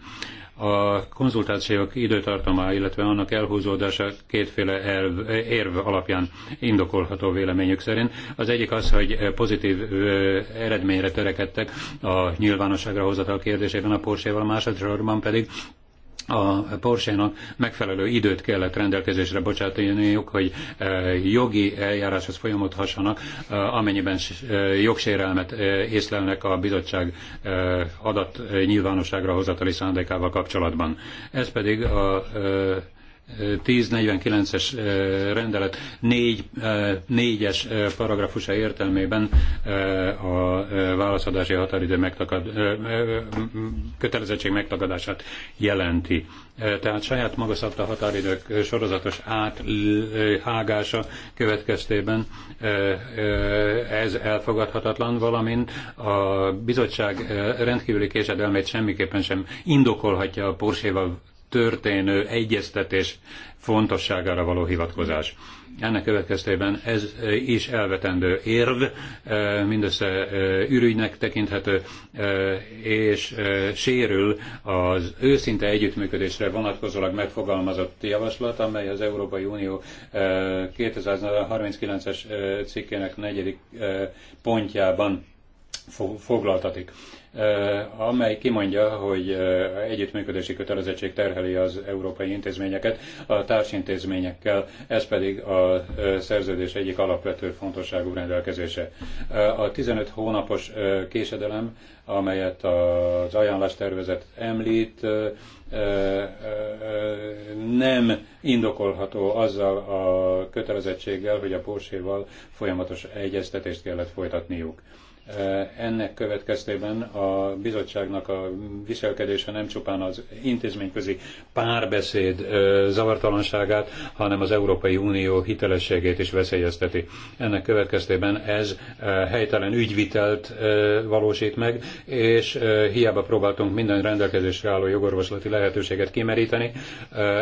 S4: A konzultációk időtartama illetve annak elhúzódása kétféle elv, érv alapján indokolható véleményük szerint. Az egyik az, hogy pozitív eredményre törekedtek a nyilvánosságra hozatal kérdésében a Porséval, másodszorban pedig a Porsche-nak megfelelő időt kellett rendelkezésre bocsátaniuk, hogy e, jogi eljáráshoz folyamodhassanak, e, amennyiben e, jogsérelmet észlelnek a bizottság adat nyilvánosságra hozatali szándékával kapcsolatban. Ez pedig a 1049-es rendelet négy, 4-es paragrafusa értelmében a válaszadási határidő megtakad, kötelezettség megtagadását jelenti. Tehát saját maga szabta határidők sorozatos áthágása következtében ez elfogadhatatlan, valamint a bizottság rendkívüli késedelmét semmiképpen sem indokolhatja a Porséval történő egyeztetés fontosságára való hivatkozás. Ennek következtében ez e, is elvetendő érv, e, mindössze e, ürügynek tekinthető, és sérül az őszinte együttműködésre vonatkozólag megfogalmazott javaslat, amely az Európai Unió 2039-es cikkének negyedik pontjában foglaltatik. Eh, amely kimondja, hogy eh, együttműködési kötelezettség terheli az európai intézményeket a társintézményekkel, ez pedig a eh, szerződés egyik alapvető fontosságú rendelkezése. A 15 hónapos késedelem, amelyet az ajánlástervezet említ, nem indokolható azzal a kötelezettséggel, hogy a Porséval folyamatos egyeztetést kellett folytatniuk. Eh, ennek következtében a bizottságnak a viselkedése nem csupán az intézményközi párbeszéd eh, zavartalanságát, hanem az Európai Unió hitelességét is veszélyezteti. Ennek következtében ez eh, helytelen ügyvitelt valósít meg, és hiába próbáltunk minden rendelkezésre álló jogorvoslati lehetőséget kimeríteni,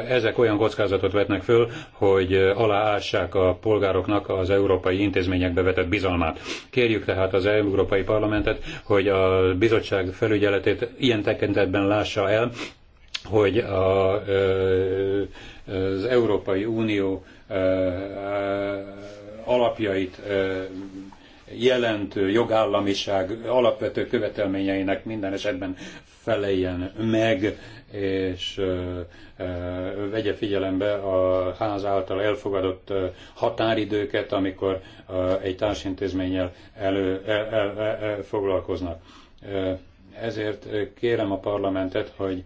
S4: ezek olyan kockázatot vetnek föl, hogy aláássák a polgároknak az európai intézményekbe vetett bizalmát. Kérjük tehát az EU Európai Parlamentet, hogy a bizottság felügyeletét ilyen tekintetben lássa el, hogy a, az Európai Unió alapjait jelentő jogállamiság alapvető követelményeinek minden esetben feleljen meg és vegye figyelembe a ház által elfogadott határidőket, amikor egy társintézménnyel elő, el, el, el, foglalkoznak. Ezért kérem a parlamentet, hogy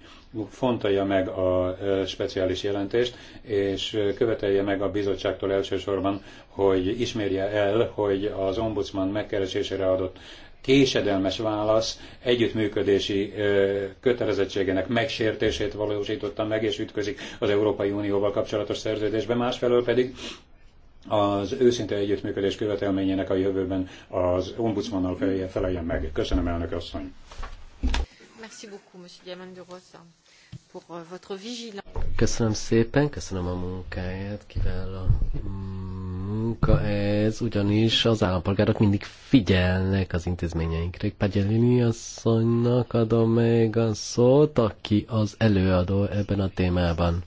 S4: fontolja meg a speciális jelentést, és követelje meg a bizottságtól elsősorban, hogy ismerje el, hogy az ombudsman megkeresésére adott késedelmes válasz együttműködési kötelezettségének megsértését valósította meg, és ütközik az Európai Unióval kapcsolatos szerződésben, másfelől pedig az őszinte együttműködés követelményének a jövőben az ombudsmannal feleljen meg. Köszönöm, elnök asszony.
S1: Euh, köszönöm szépen, köszönöm a munkáját, kiváló mm, munka ez, ugyanis az állampolgárok mindig figyelnek az intézményeinkre. Pagyelini asszonynak adom meg a szót, aki az előadó ebben a témában.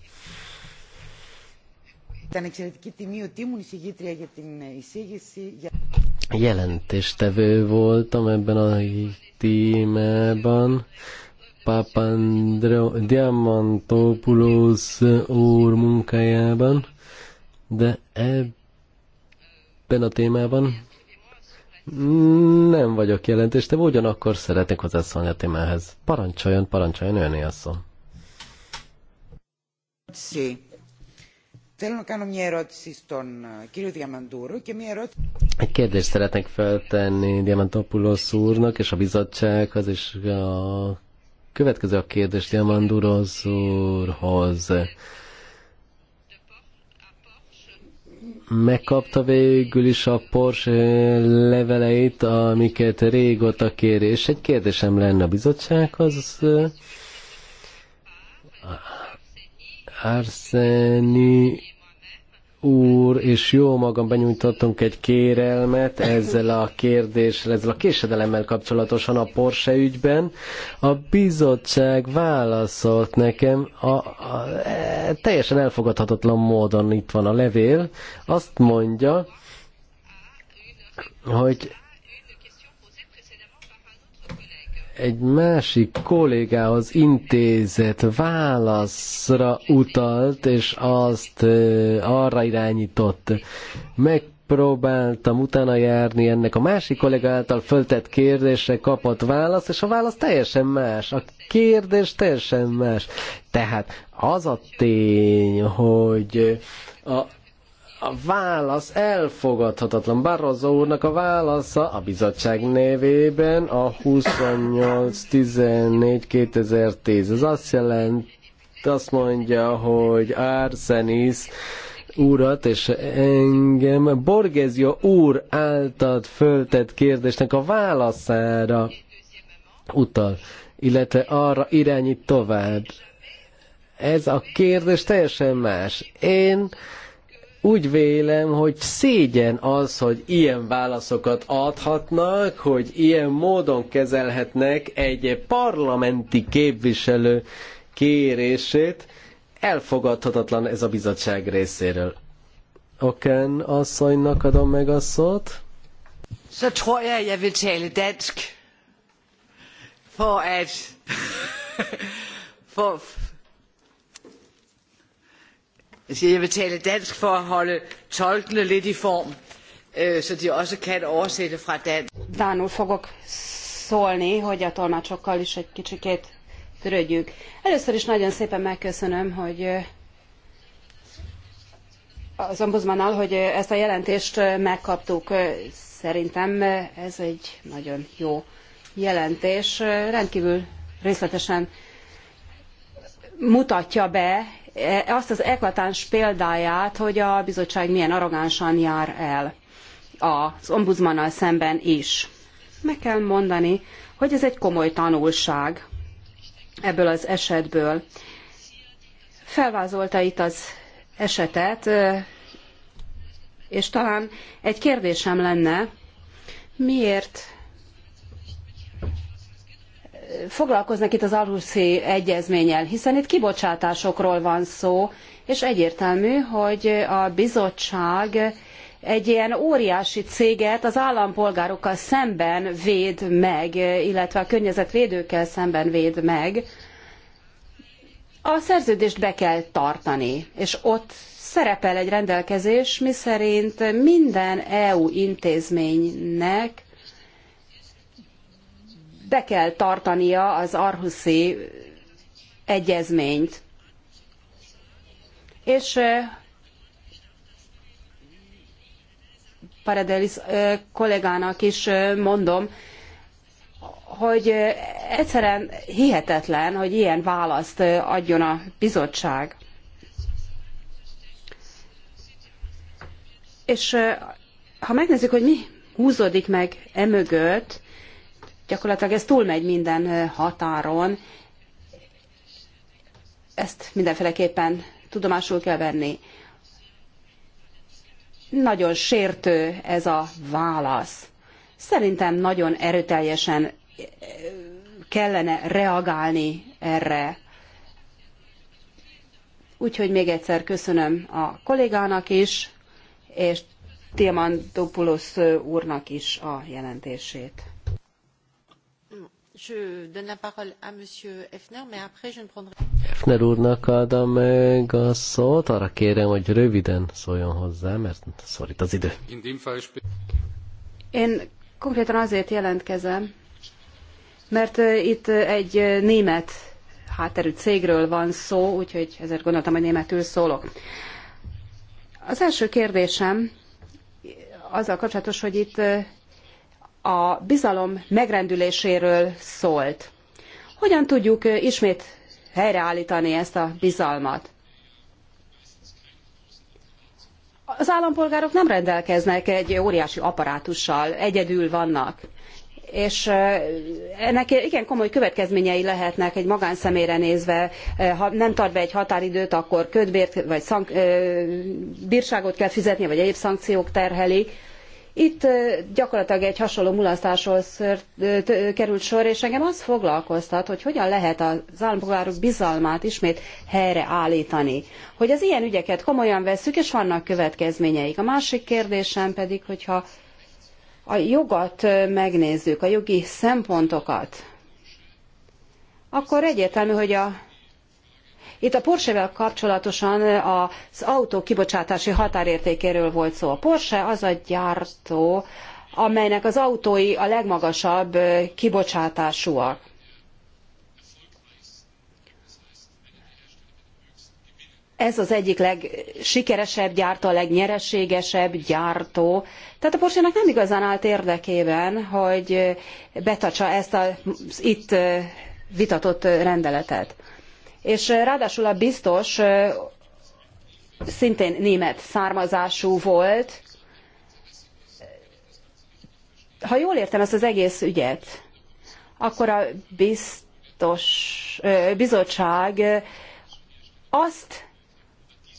S1: Jelentéstevő voltam ebben a témában. Papandreou Diamantopoulos úr munkájában, de ebben ebben a témában? Nem vagyok jelentős, de ugyanakkor szeretnék hozzászólni a témához. Parancsoljon, parancsoljon, önné a szó. Sí. Egy kérdést szeretnék feltenni Diamantopoulos úrnak és a bizottsághoz, és a következő a kérdés Diamandouros úrhoz. megkapta végül is a Porsche leveleit, amiket régóta kér, és egy kérdésem lenne a bizottsághoz. Arseni úr és jó magam benyújtottunk egy kérelmet ezzel a kérdéssel, ezzel a késedelemmel kapcsolatosan a Porsche ügyben. A bizottság válaszolt nekem a, a, a e, teljesen elfogadhatatlan módon itt van a levél. Azt mondja, hogy egy másik kollégához intézett válaszra utalt, és azt arra irányított. Megpróbáltam utána járni ennek a másik kollega által föltett kérdésre kapott választ, és a válasz teljesen más. A kérdés teljesen más. Tehát az a tény, hogy a a válasz elfogadhatatlan. Barroso úrnak a válasza a bizottság névében a 28.14.2010. Ez azt jelent, azt mondja, hogy Arsenis urat és engem Borgezio úr által föltett kérdésnek a válaszára utal, illetve arra irányít tovább. Ez a kérdés teljesen más. Én úgy vélem, hogy szégyen az, hogy ilyen válaszokat adhatnak, hogy ilyen módon kezelhetnek egy parlamenti képviselő kérését. Elfogadhatatlan ez a bizottság részéről. Oken asszonynak adom meg a szót.
S3: Så tror jeg, jeg vil tale dansk. For at... (laughs) for, Jeg siger, jeg vil tale dansk for at holde tolkene lidt i form, øh, så de også kan oversætte
S2: fra dansk. Dánul fogok szólni, hogy a tolmácsokkal is egy kicsikét törődjük. Először is nagyon szépen megköszönöm, hogy az ombudsmannal, hogy ezt a jelentést megkaptuk. Szerintem ez egy nagyon jó jelentés. Rendkívül részletesen mutatja be E, azt az eklatáns példáját, hogy a bizottság milyen arrogánsan jár el az ombudsmannal szemben is. Meg kell mondani, hogy ez egy komoly tanulság ebből az esetből. Felvázolta itt az esetet, e, és talán egy kérdésem lenne, miért foglalkoznak itt az Alhuszi egyezménnyel, hiszen itt kibocsátásokról van szó, és egyértelmű, hogy a bizottság egy ilyen óriási céget az állampolgárokkal szemben véd meg, illetve a környezetvédőkkel szemben véd meg. A szerződést be kell tartani, és ott szerepel egy rendelkezés, miszerint minden EU intézménynek be kell tartania az Arhuszi egyezményt. És Paradelis kollégának is mondom, hogy egyszerűen hihetetlen, hogy ilyen választ adjon a bizottság. És ha megnézzük, hogy mi húzódik meg emögött, gyakorlatilag ez túlmegy minden határon. Ezt mindenféleképpen tudomásul kell venni. Nagyon sértő ez a válasz. Szerintem nagyon erőteljesen kellene reagálni erre. Úgyhogy még egyszer köszönöm a kollégának is, és Diamantopoulos úrnak is a jelentését je donne la parole à Monsieur Hefner, mais après je ne prendrai...
S1: Hefner úrnak adom meg a szót, arra kérem, hogy röviden szóljon hozzá, mert szorít az idő.
S2: Én konkrétan azért jelentkezem, mert itt egy német hátterű cégről van szó, úgyhogy ezért gondoltam, hogy németül szólok. Az első kérdésem azzal kapcsolatos, hogy itt a bizalom megrendüléséről szólt. Hogyan tudjuk ismét helyreállítani ezt a bizalmat? Az állampolgárok nem rendelkeznek egy óriási apparátussal, egyedül vannak. És ennek igen komoly következményei lehetnek egy magánszemélyre nézve. Ha nem tart be egy határidőt, akkor ködbért vagy szank, bírságot kell fizetni, vagy egyéb szankciók terhelik itt gyakorlatilag egy hasonló mulasztásról került sor, és engem az foglalkoztat, hogy hogyan lehet az állampolgárok bizalmát ismét helyreállítani. Hogy az ilyen ügyeket komolyan vesszük, és vannak következményeik. A másik kérdésem pedig, hogyha a jogat megnézzük, a jogi szempontokat, akkor egyértelmű, hogy a itt a Porsche-vel kapcsolatosan az autó kibocsátási határértékéről volt szó. A Porsche az a gyártó, amelynek az autói a legmagasabb kibocsátásúak. ez az egyik legsikeresebb gyártó, a legnyereségesebb gyártó. Tehát a Porsche-nak nem igazán állt érdekében, hogy betartsa ezt az itt vitatott rendeletet és eh, ráadásul a biztos eh, szintén német származású volt. Ha jól értem ezt az egész ügyet, akkor a biztos, eh, bizottság azt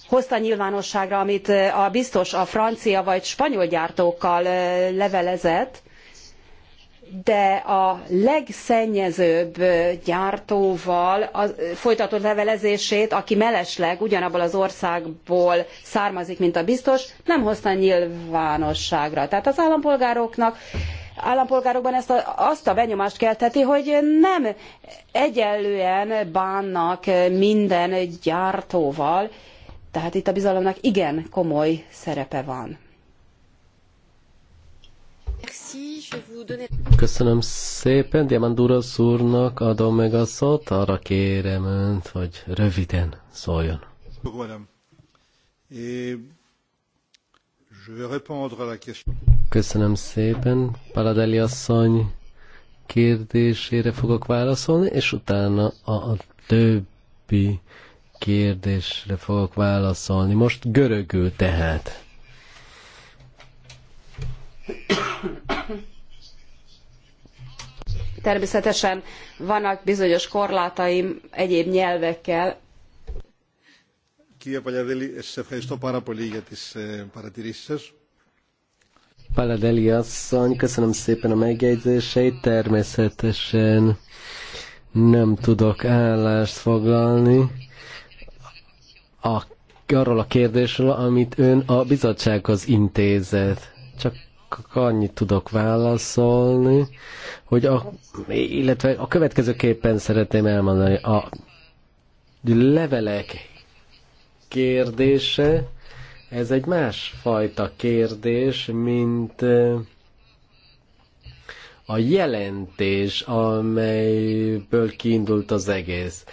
S2: hozta nyilvánosságra, amit a biztos a francia vagy spanyol gyártókkal levelezett, de a legszennyezőbb gyártóval folytatott levelezését, aki melesleg ugyanabból az országból származik, mint a biztos, nem hozta nyilvánosságra. Tehát az állampolgároknak állampolgárokban ezt a, azt a benyomást keltheti, hogy nem egyenlően bánnak minden gyártóval, tehát itt a bizalomnak igen komoly szerepe van.
S1: Köszönöm szépen, Diamanduros úrnak adom meg a szót, arra kérem önt, hogy röviden szóljon. Köszönöm szépen, Paladeli asszony kérdésére fogok válaszolni, és utána a többi kérdésre fogok válaszolni. Most görögül tehát.
S2: Természetesen vannak bizonyos korlátaim egyéb nyelvekkel.
S3: Κυρία Παλιαδέλη, σας ευχαριστώ πάρα πολύ για τις παρατηρήσεις σας.
S1: Paladeli asszony, köszönöm szépen a megjegyzéseit, természetesen nem tudok állást foglalni a, arról a kérdésről, amit ön a bizottsághoz intézett. Csak csak annyit tudok válaszolni, hogy a, illetve a következőképpen szeretném elmondani. A levelek kérdése, ez egy másfajta kérdés, mint a jelentés, amelyből kiindult az egész.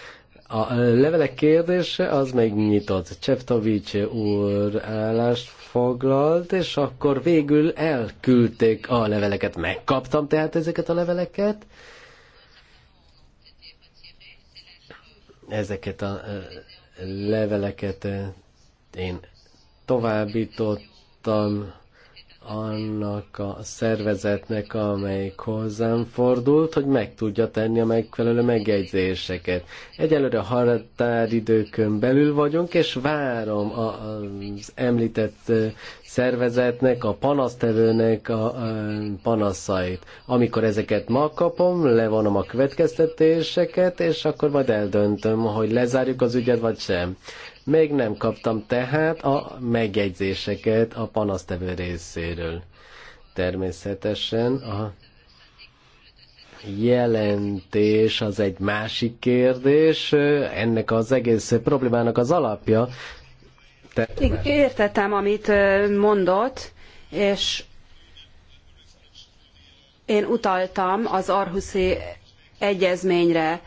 S1: A levelek kérdése az még Cseftovics úr állást foglalt, és akkor végül elküldték a leveleket. Megkaptam tehát ezeket a leveleket. Ezeket a leveleket én továbbítottam annak a szervezetnek, amelyik hozzám fordult, hogy meg tudja tenni a megfelelő megjegyzéseket. Egyelőre a határidőkön belül vagyunk, és várom az említett szervezetnek, a panasztevőnek a panaszait. Amikor ezeket megkapom, levonom a következtetéseket, és akkor majd eldöntöm, hogy lezárjuk az ügyet, vagy sem. Még nem kaptam tehát a megjegyzéseket a panasztevő részéről. Természetesen a jelentés az egy másik kérdés, ennek az egész problémának az alapja. Te...
S2: Értettem, amit mondott, és én utaltam az Arhuszi egyezményre.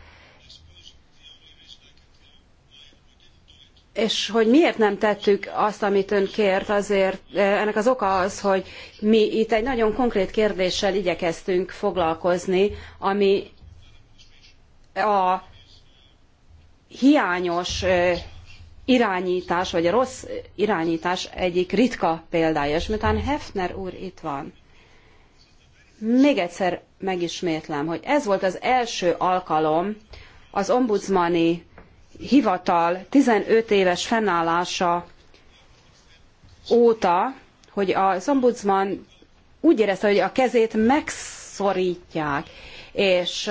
S2: és hogy miért nem tettük azt, amit ön kért, azért eh, ennek az oka az, hogy mi itt egy nagyon konkrét kérdéssel igyekeztünk foglalkozni, ami a hiányos eh, irányítás, vagy a rossz irányítás egyik ritka példája. És miután Hefner úr itt van, még egyszer megismétlem, hogy ez volt az első alkalom az ombudsmani hivatal 15 éves fennállása óta, hogy az ombudsman úgy érezte, hogy a kezét megszorítják, és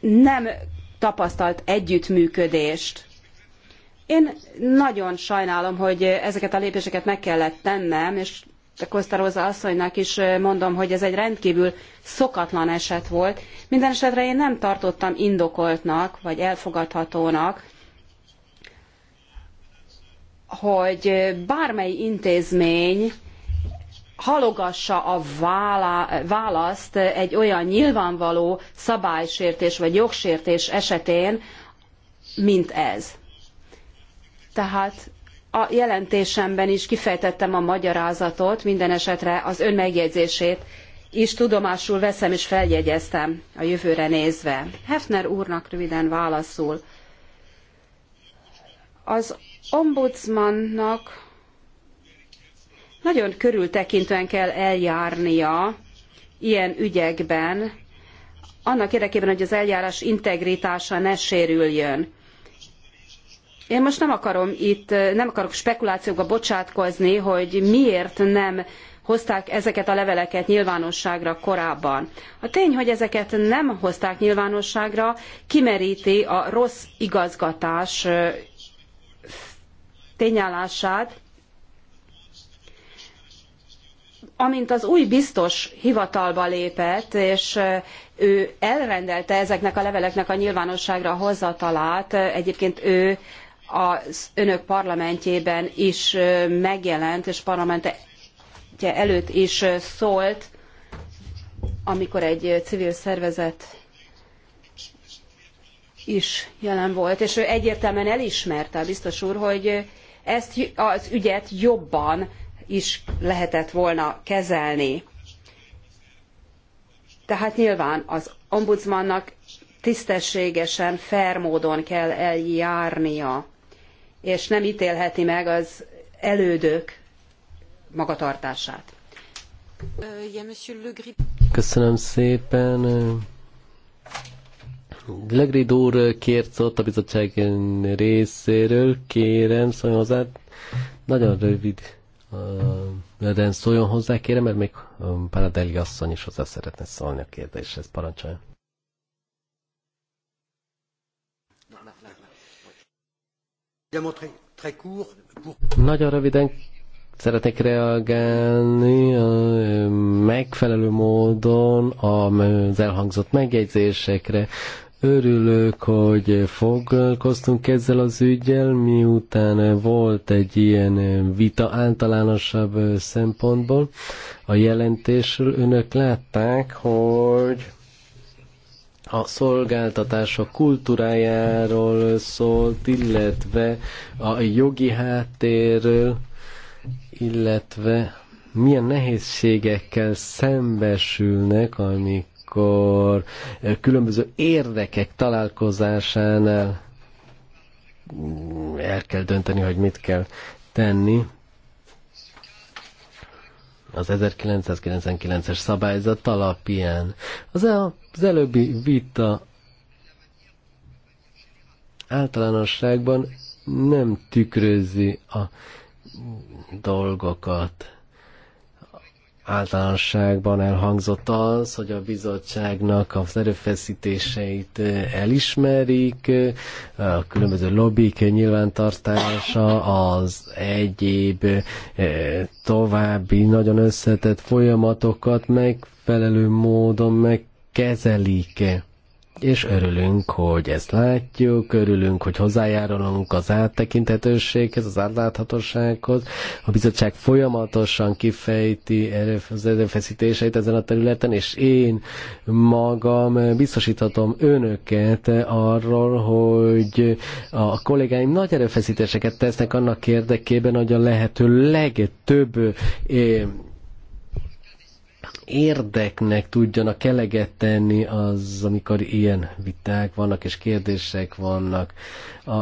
S2: nem tapasztalt együttműködést. Én nagyon sajnálom, hogy ezeket a lépéseket meg kellett tennem, és Kosztaróza asszonynak is mondom, hogy ez egy rendkívül szokatlan eset volt. Mindenesetre én nem tartottam indokoltnak, vagy elfogadhatónak, hogy bármely intézmény halogassa a választ egy olyan nyilvánvaló szabálysértés vagy jogsértés esetén, mint ez. Tehát a jelentésemben is kifejtettem a magyarázatot, minden esetre az ön megjegyzését is tudomásul veszem és feljegyeztem a jövőre nézve. Hefner úrnak röviden válaszul. Az ombudsmannak nagyon körültekintően kell eljárnia ilyen ügyekben, annak érdekében, hogy az eljárás integritása ne sérüljön. Én most nem akarom itt, nem akarok spekulációkba bocsátkozni, hogy miért nem hozták ezeket a leveleket nyilvánosságra korábban. A tény, hogy ezeket nem hozták nyilvánosságra, kimeríti a rossz igazgatás tényállását, amint az új biztos hivatalba lépett, és ő elrendelte ezeknek a leveleknek a nyilvánosságra hozatalát, egyébként ő az önök parlamentjében is megjelent, és parlamentje előtt is szólt, amikor egy civil szervezet is jelen volt, és ő egyértelműen elismerte, biztos úr, hogy ezt az ügyet jobban is lehetett volna kezelni. Tehát nyilván az ombudsmannak tisztességesen, fair módon kell eljárnia és nem ítélheti meg az elődök magatartását.
S1: Köszönöm szépen. Legrid úr kért szót a bizottság részéről, kérem, szóljon hozzá. Nagyon rövid de szóljon hozzá, kérem, mert még Paradeli asszony is hozzá szeretne szólni a kérdéshez, parancsoljon. Nagyon röviden szeretnék reagálni megfelelő módon az elhangzott megjegyzésekre. Örülök, hogy foglalkoztunk ezzel az ügyel, miután volt egy ilyen vita általánosabb szempontból a jelentésről. Önök látták, hogy a szolgáltatások kultúrájáról szólt, illetve a jogi háttérről, illetve milyen nehézségekkel szembesülnek, amikor eh, különböző érdekek találkozásánál mm, el kell dönteni, hogy mit kell tenni az 1999-es szabályzat alapján. Az, el, az előbbi vita általánosságban nem tükrözi a dolgokat általánosságban elhangzott az, hogy a bizottságnak az erőfeszítéseit elismerik, a különböző lobbik nyilvántartása, az egyéb további nagyon összetett folyamatokat megfelelő módon megkezelik és örülünk, hogy ezt látjuk, örülünk, hogy hozzájárulunk az áttekintetőséghez, az átláthatósághoz. A bizottság folyamatosan kifejti az erőfeszítéseit ezen a területen, és én magam biztosíthatom önöket arról, hogy a kollégáim nagy erőfeszítéseket tesznek annak érdekében, hogy a lehető legtöbb eh, érdeknek tudjanak eleget tenni az, amikor ilyen viták vannak és kérdések vannak. A,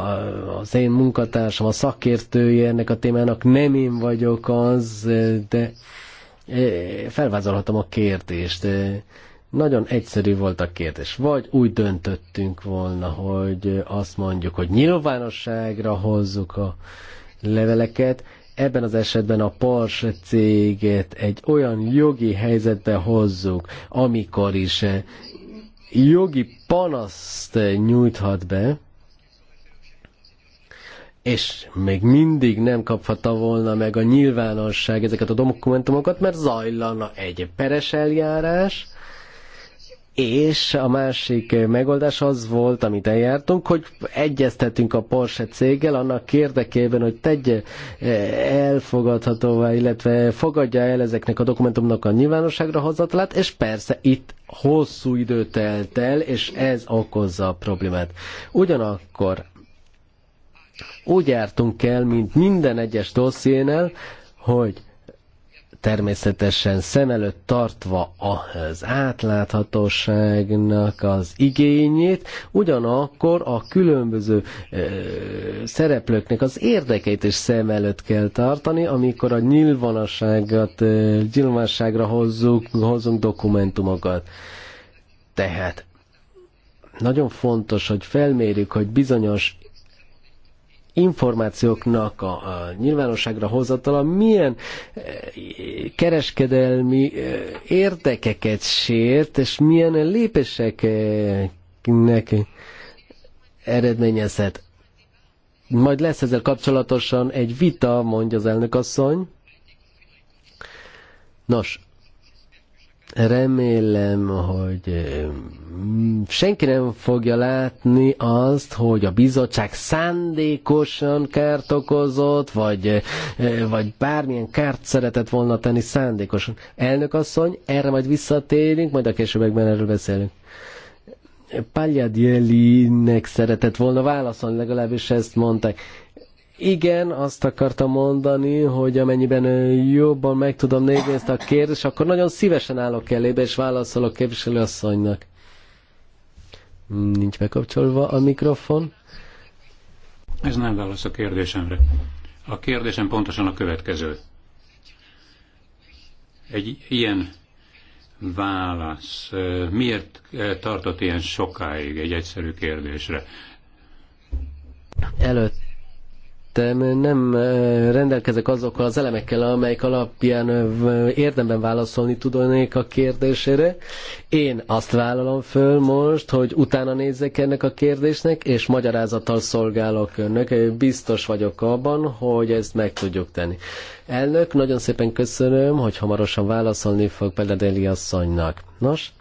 S1: az én munkatársam, a szakértője ennek a témának nem én vagyok az, de e, felvázolhatom a kérdést. E, nagyon egyszerű volt a kérdés. Vagy úgy döntöttünk volna, hogy azt mondjuk, hogy nyilvánosságra hozzuk a leveleket, ebben az esetben a Porsche céget egy olyan jogi helyzetbe hozzuk, amikor is eh, jogi panaszt nyújthat be, és még mindig nem kaphatta volna meg a nyilvánosság ezeket a dokumentumokat, mert zajlana egy peres eljárás, és a másik eh, megoldás az volt, amit eljártunk, hogy egyeztetünk a Porsche céggel annak érdekében, hogy tegye eh, elfogadhatóvá, illetve fogadja el ezeknek a dokumentumnak a nyilvánosságra hozatalát, és persze itt hosszú idő telt el, és ez okozza a problémát. Ugyanakkor úgy jártunk el, mint minden egyes dossziénel, hogy természetesen szem előtt tartva az átláthatóságnak az igényét, ugyanakkor a különböző ö, szereplőknek az érdekeit is szem előtt kell tartani, amikor a nyilvánosságot, nyilvánosságra hozzuk, hozunk dokumentumokat. Tehát nagyon fontos, hogy felmérjük, hogy bizonyos információknak a, a nyilvánosságra hozatala milyen e, kereskedelmi e, értekeket sért, és milyen lépéseknek eredményezhet. Majd lesz ezzel kapcsolatosan egy vita, mondja az elnök asszony. Nos, remélem, hogy mm, senki nem fogja látni azt, hogy a bizottság szándékosan kárt okozott, vagy, eh, vagy bármilyen kárt szeretett volna tenni szándékosan. Elnök asszony, erre majd visszatérünk, majd a későbbekben erről beszélünk. Pagliadiellinek szeretett volna válaszolni, legalábbis ezt mondták. Igen, azt akartam mondani, hogy amennyiben jobban meg tudom nézni ezt a kérdést, akkor nagyon szívesen állok elébe, és válaszolok képviselőasszonynak. Nincs bekapcsolva a mikrofon.
S4: Ez nem válasz a kérdésemre. A kérdésem pontosan a következő. Egy ilyen válasz miért tartott ilyen sokáig egy egyszerű kérdésre?
S1: Előtt említettem, nem eh, rendelkezek azokkal az elemekkel, amelyek alapján eh, érdemben válaszolni tudnék a kérdésére. Én azt vállalom föl most, hogy utána nézzek ennek a kérdésnek, és magyarázattal szolgálok önnek. Biztos vagyok abban, hogy ezt meg tudjuk tenni. Elnök, nagyon szépen köszönöm, hogy hamarosan válaszolni fog például asszonynak. Nos,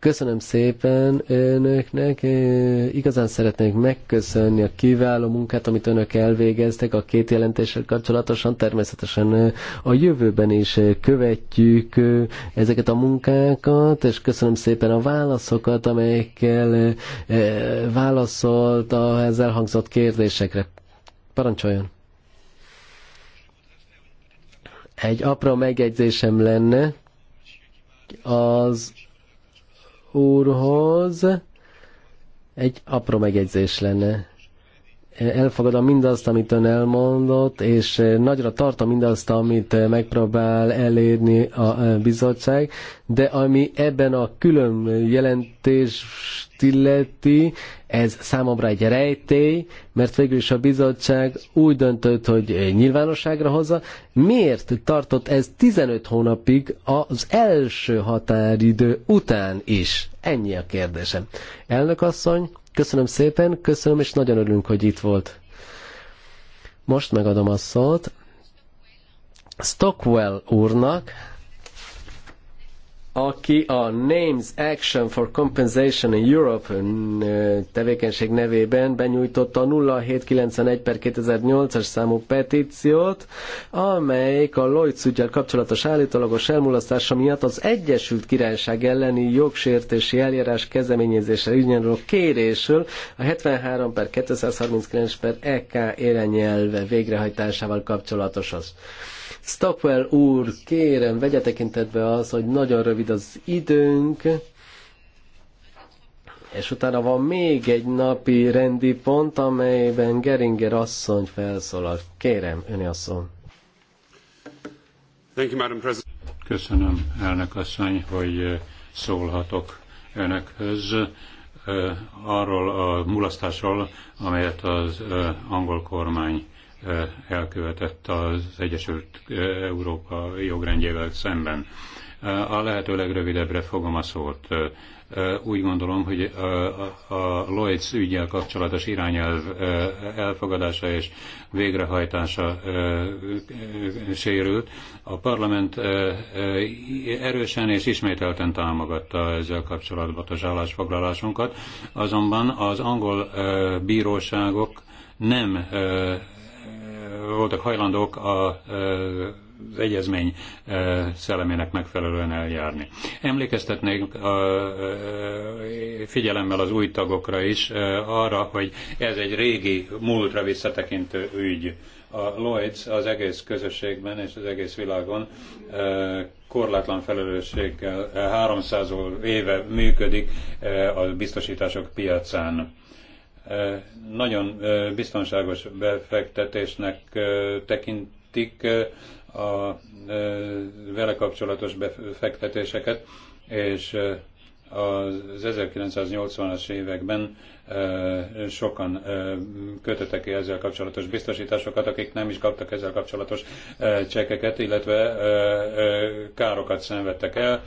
S1: Köszönöm szépen önöknek, igazán szeretnék megköszönni a kiváló munkát, amit önök elvégeztek a két jelentéssel kapcsolatosan, természetesen a jövőben is követjük ezeket a munkákat, és köszönöm szépen a válaszokat, amelyekkel válaszolt a ezzel hangzott kérdésekre. Parancsoljon! Egy apró megjegyzésem lenne, az úrhoz egy apró megjegyzés lenne elfogadom mindazt, amit ön elmondott, és eh, nagyra tartom mindazt, amit eh, megpróbál elérni a eh, bizottság, de ami ebben a külön jelentést illeti, ez számomra egy rejtély, mert végül is a bizottság úgy döntött, hogy nyilvánosságra hozza. Miért tartott ez 15 hónapig az első határidő után is? Ennyi a kérdésem. Elnök asszony, Köszönöm szépen, köszönöm, és nagyon örülünk, hogy itt volt. Most megadom a szót Stockwell úrnak, aki a Names Action for Compensation in Europe tevékenység nevében benyújtotta a 0791 per 2008-as számú petíciót, amelyik a Lloyds ügyel kapcsolatos állítólagos elmulasztása miatt az Egyesült Királyság elleni jogsértési eljárás kezdeményezésre ügyenről kérésül a 73 per 239 per EK érenyelve végrehajtásával kapcsolatos az. Stockwell úr, kérem, vegye tekintetbe az, hogy nagyon rövid az időnk, és utána van még egy napi rendi pont, amelyben Geringer asszony felszólal. Kérem, öni a
S4: Köszönöm, elnök asszony, hogy szólhatok önökhöz arról a mulasztásról, amelyet az angol kormány elkövetett az Egyesült Európa jogrendjével szemben. A lehető legrövidebbre fogom a szót. Úgy gondolom, hogy a Lloyds ügyel kapcsolatos irányelv elfogadása és végrehajtása sérült. A parlament erősen és ismételten támogatta ezzel az állásfoglalásunkat, azonban az angol bíróságok nem voltak hajlandók a, az egyezmény szellemének megfelelően eljárni. Emlékeztetnék a, figyelemmel az új tagokra is arra, hogy ez egy régi múltra visszatekintő ügy. A Lloyds az egész közösségben és az egész világon korlátlan felelősséggel 300 éve működik a biztosítások piacán nagyon biztonságos befektetésnek tekintik a vele kapcsolatos befektetéseket, és az 1980-as években eh, sokan eh, kötöttek ki ezzel kapcsolatos biztosításokat, akik nem is kaptak ezzel kapcsolatos eh, csekeket, illetve károkat szenvedtek el.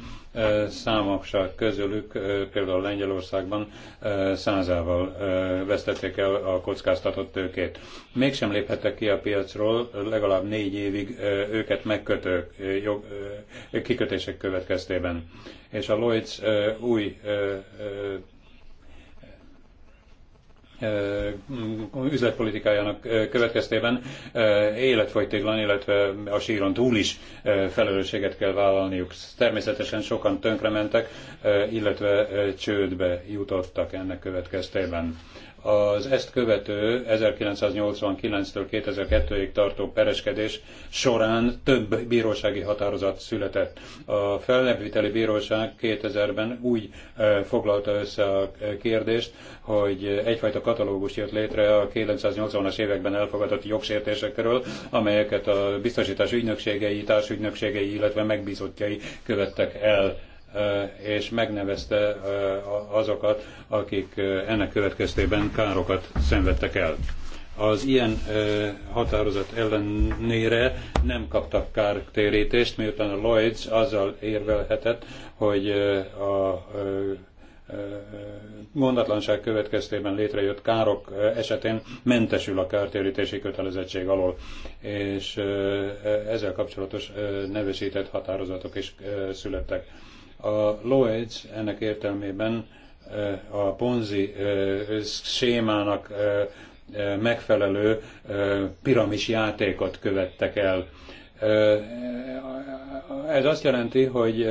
S4: Számoksak közülük például Lengyelországban százával vesztették el a kockáztatott tőkét. Mégsem léphettek ki a piacról, legalább négy évig őket megkötők, jog, kikötések következtében és a Lloyds új üzletpolitikájának következtében életfogytiglan, illetve a síron túl is felelősséget kell vállalniuk. Természetesen sokan tönkrementek, illetve csődbe jutottak ennek következtében. Az ezt követő 1989-től 2002-ig tartó pereskedés során több bírósági határozat született. A felneviteli bíróság 2000-ben úgy e, foglalta össze a kérdést, hogy egyfajta katalógus jött létre a 1980-as években elfogadott jogsértésekről, amelyeket a biztosítás ügynökségei, társügynökségei, illetve megbízottjai követtek el és megnevezte azokat, akik ennek következtében károkat szenvedtek el. Az ilyen határozat ellenére nem kaptak kártérítést, miután a Lloyds azzal érvelhetett, hogy a gondatlanság következtében létrejött károk esetén mentesül a kártérítési kötelezettség alól, és ezzel kapcsolatos nevesített határozatok is születtek a Lloyds ennek értelmében eh, a Ponzi eh, sémának eh, megfelelő piramis játékot követtek el. Ez azt jelenti, hogy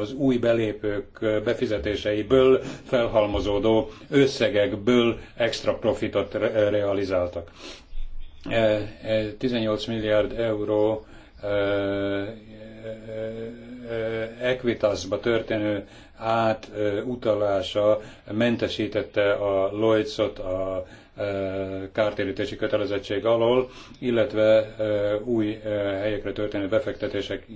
S4: az új belépők befizetéseiből felhalmozódó összegekből extra profitot realizáltak. 18 milliárd euró Equitasba történő átutalása mentesítette a Lloydsot a e, kártérítési kötelezettség alól, illetve e, új e, helyekre történő befektetések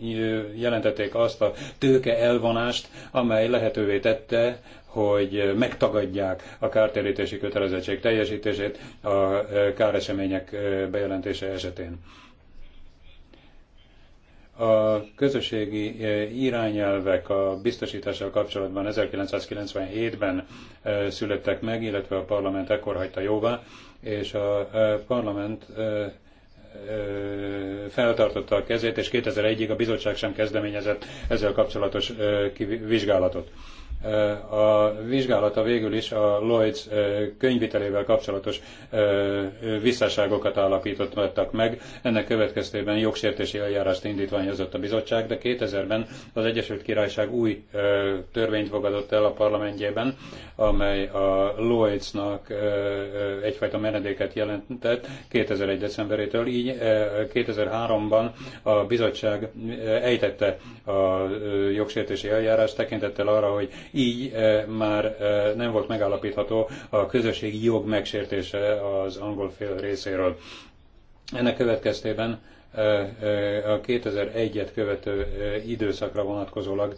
S4: jelentették azt a tőke elvonást, amely lehetővé tette, hogy megtagadják a kártérítési kötelezettség teljesítését a káresemények bejelentése esetén a közösségi e, irányelvek a biztosítással kapcsolatban 1997-ben e, születtek meg, illetve a parlament ekkor hagyta jóvá, és a e, parlament feltartotta a kezét, és 2001-ig a bizottság sem kezdeményezett ezzel kapcsolatos vizsgálatot a vizsgálata végül is a Lloyds könyvvitelével kapcsolatos visszaságokat állapítottak meg. Ennek következtében jogsértési eljárást indítványozott a bizottság, de 2000-ben az Egyesült Királyság új törvényt fogadott el a parlamentjében, amely a Lloydsnak egyfajta menedéket jelentett 2001. decemberétől. Így 2003-ban a bizottság ejtette a jogsértési eljárást tekintettel arra, hogy így eh, már eh, nem volt megállapítható a közösségi jog megsértése az angol fél részéről. Ennek következtében eh, a 2001-et követő időszakra vonatkozólag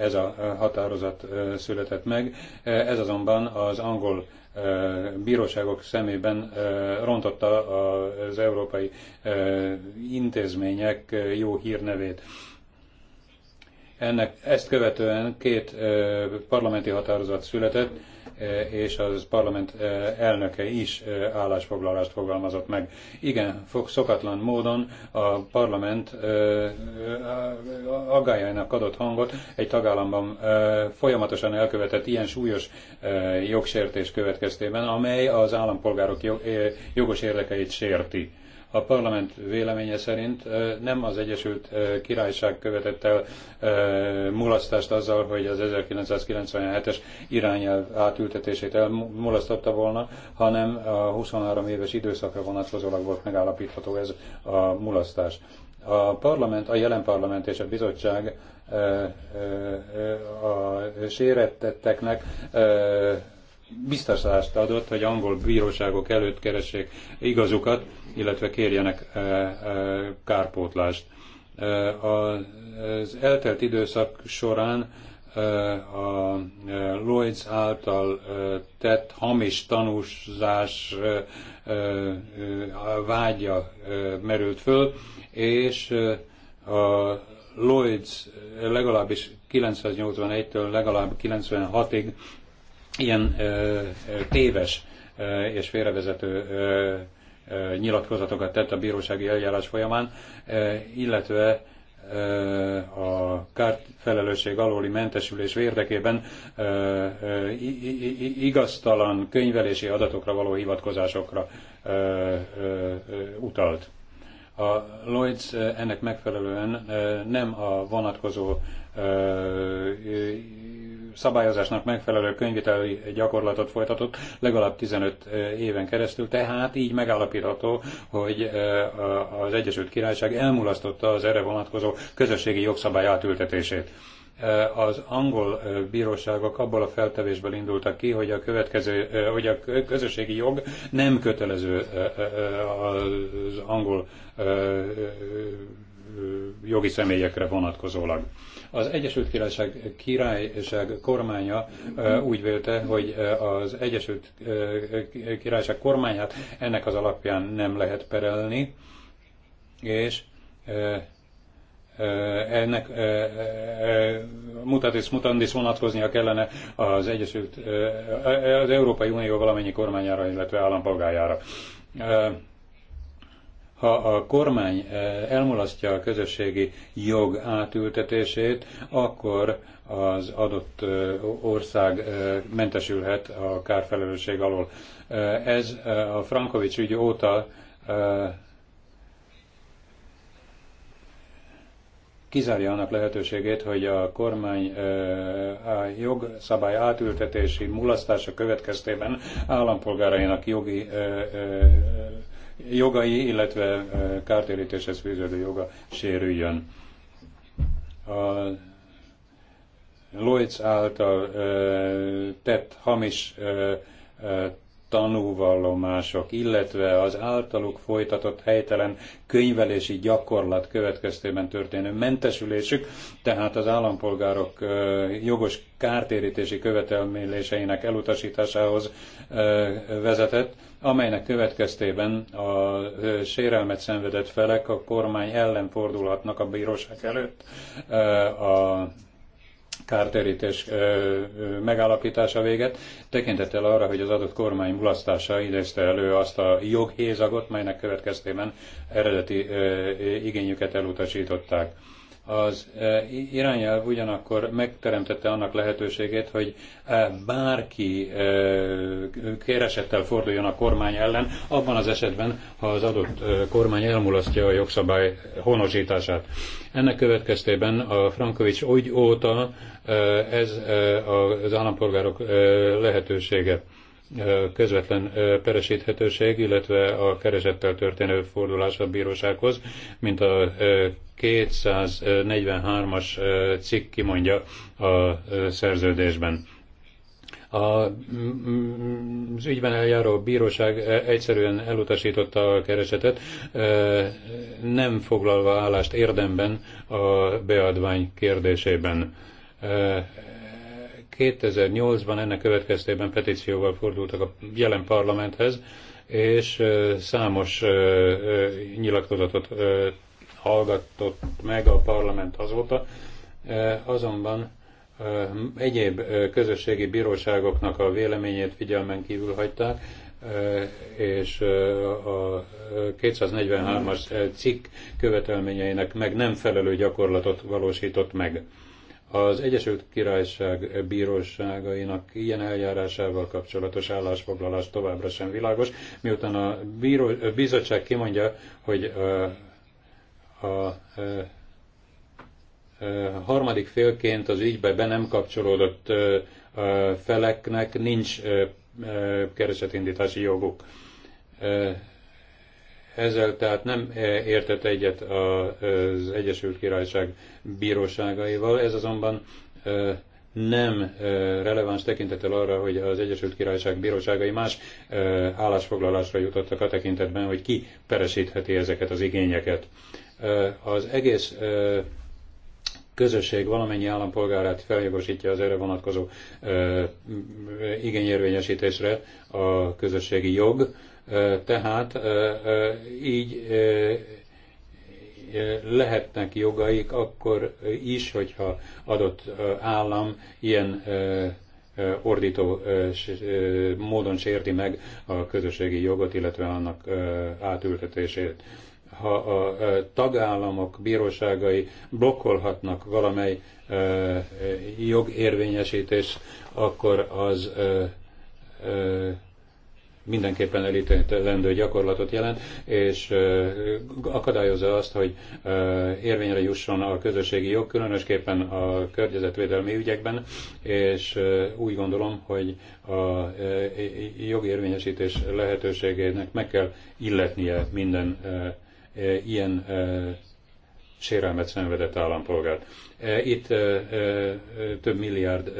S4: ez a határozat született meg. Ez azonban az angol bíróságok szemében rontotta az európai intézmények jó hírnevét. Ennek ezt követően két parlamenti határozat született, és az parlament elnöke is állásfoglalást fogalmazott meg. Igen, szokatlan módon a parlament aggájainak adott hangot egy tagállamban folyamatosan elkövetett ilyen súlyos jogsértés következtében, amely az állampolgárok jogos érdekeit sérti a parlament véleménye szerint nem az Egyesült Királyság követett el mulasztást azzal, hogy az 1997-es irányelv átültetését elmulasztotta volna, hanem a 23 éves időszakra vonatkozólag volt megállapítható ez a mulasztás. A parlament, a jelen parlament és a bizottság a sérettetteknek biztosást adott, hogy angol bíróságok előtt keressék igazukat, illetve kérjenek eh, eh, kárpótlást. Eh, az eltelt időszak során a Lloyds által tett hamis tanúzás vágya merült föl, és a Lloyds legalábbis 981-től legalább 96-ig ilyen téves és félrevezető nyilatkozatokat tett a bírósági eljárás folyamán, illetve a kártfelelősség felelősség alóli mentesülés érdekében igaztalan könyvelési adatokra való hivatkozásokra utalt. A Lloyds ennek megfelelően nem a vonatkozó szabályozásnak megfelelő könyviteli gyakorlatot folytatott legalább 15 éven keresztül, tehát így megállapítható, hogy az Egyesült Királyság elmulasztotta az erre vonatkozó közösségi jogszabály átültetését az angol bíróságok abból a feltevésből indultak ki, hogy a következő, hogy a közösségi jog nem kötelező az angol jogi személyekre vonatkozólag. Az Egyesült Királyság királyság kormánya úgy vélte, hogy az Egyesült Királyság kormányát ennek az alapján nem lehet perelni, és ennek mutatis mutandis vonatkoznia kellene az Egyesült, az Európai Unió valamennyi kormányára, illetve állampolgájára. Ha a kormány eh, elmulasztja a közösségi jog átültetését, akkor az adott eh, ország eh, mentesülhet a kárfelelősség alól. Ez a Frankovics ügy óta kizárja annak lehetőségét, hogy a kormány a jogszabály átültetési mulasztása következtében állampolgárainak jogi jogai, illetve kártérítéshez fűződő joga sérüljön. A Lloyds által tett hamis tanúvallomások, illetve az általuk folytatott helytelen könyvelési gyakorlat következtében történő mentesülésük, tehát az állampolgárok jogos kártérítési követelméléseinek elutasításához vezetett, amelynek következtében a sérelmet szenvedett felek a kormány ellen fordulhatnak a bíróság előtt a kárterítés megállapítása véget, tekintettel arra, hogy az adott kormány mulasztása idézte elő azt a joghézagot, melynek következtében eredeti igényüket elutasították. Az e, irányelv ugyanakkor megteremtette annak lehetőségét, hogy e, bárki e, keresettel forduljon a kormány ellen, abban az esetben, ha az adott kormány elmulasztja a jogszabály honosítását. Ennek következtében a Frankovics úgy óta ez az állampolgárok lehetősége közvetlen peresíthetőség, illetve a keresettel történő fordulás a bírósághoz, mint a 243-as cikk kimondja a szerződésben. A, mm, az ügyben eljáró bíróság egyszerűen elutasította a keresetet, nem foglalva állást érdemben a beadvány kérdésében 2008-ban ennek következtében petícióval fordultak a jelen parlamenthez, és számos nyilatkozatot hallgatott meg a parlament azóta, azonban egyéb közösségi bíróságoknak a véleményét figyelmen kívül hagyták, és a 243-as cikk követelményeinek meg nem felelő gyakorlatot valósított meg. Az Egyesült Királyság bíróságainak ilyen eljárásával kapcsolatos állásfoglalás továbbra sem világos, miután a, bíró, a bizottság kimondja, hogy a, a, a harmadik félként az ügybe be nem kapcsolódott feleknek nincs keresetindítási joguk ezzel tehát nem e, értett egyet az Egyesült Királyság bíróságaival, ez azonban e, nem e, releváns tekintettel arra, hogy az Egyesült Királyság bíróságai más állásfoglalásra jutottak a tekintetben, hogy ki peresítheti ezeket az igényeket. Az egész közösség valamennyi állampolgárát feljogosítja az erre vonatkozó igényérvényesítésre a közösségi jog, tehát így lehetnek jogaik akkor is, hogyha adott állam ilyen ordító módon sérti meg a közösségi jogot, illetve annak átültetését. Ha a tagállamok bíróságai blokkolhatnak valamely jogérvényesítést, akkor az mindenképpen elítélendő gyakorlatot jelent, és akadályozza azt, hogy érvényre jusson a közösségi jog, különösképpen a környezetvédelmi ügyekben, és úgy gondolom, hogy a jogérvényesítés lehetőségének meg kell illetnie minden ilyen sérelmet szenvedett állampolgárt. E, itt e, e, több milliárd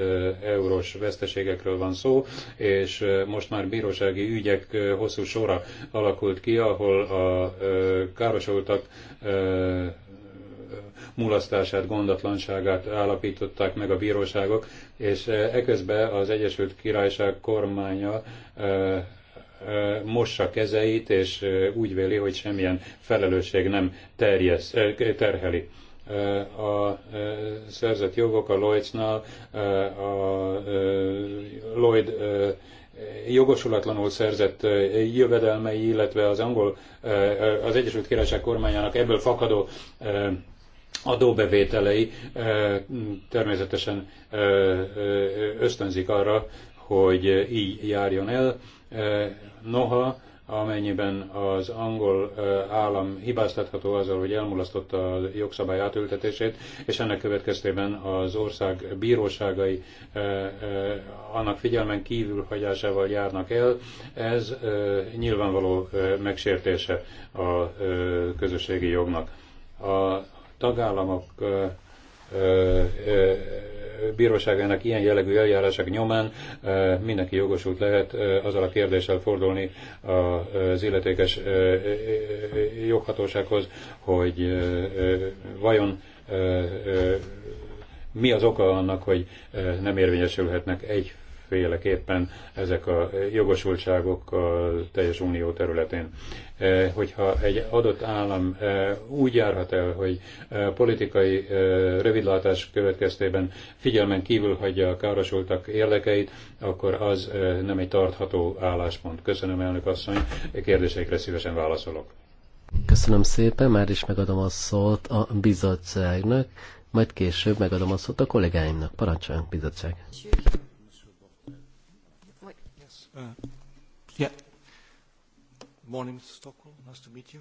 S4: eurós veszteségekről van szó, és most már bírósági ügyek hosszú sora alakult ki, ahol a károsultak mulasztását, gondatlanságát állapították meg a bíróságok, és eközben az Egyesült Királyság kormánya mossa kezeit, és úgy véli, hogy semmilyen felelősség nem terjesz, terheli a szerzett jogok a Lloydsnál, a Lloyd jogosulatlanul szerzett jövedelmei, illetve az angol, az Egyesült Királyság kormányának ebből fakadó adóbevételei természetesen ösztönzik arra, hogy így járjon el, Noha, amennyiben az angol állam hibáztatható azzal, hogy elmulasztotta a jogszabály átültetését, és ennek következtében az ország bíróságai annak figyelmen kívül hagyásával járnak el, ez nyilvánvaló megsértése a közösségi jognak. A tagállamok bíróságának ilyen jellegű eljárások nyomán mindenki jogosult lehet azzal a kérdéssel fordulni az illetékes joghatósághoz, hogy vajon mi az oka annak, hogy nem érvényesülhetnek egy féleképpen ezek a jogosultságok a teljes unió területén. E, hogyha egy adott állam e, úgy járhat el, hogy e, politikai rövidlátás következtében figyelmen kívül hagyja a károsultak érdekeit, akkor az nem egy tartható álláspont. Köszönöm, elnök asszony, kérdéseikre szívesen válaszolok.
S1: Köszönöm szépen, már is megadom a szót a bizottságnak, majd később megadom a szót a kollégáimnak. Parancsoljon, bizottság! Köszönöm. Uh, yeah.
S3: Morning, Mr. Stockwell. Nice to meet you.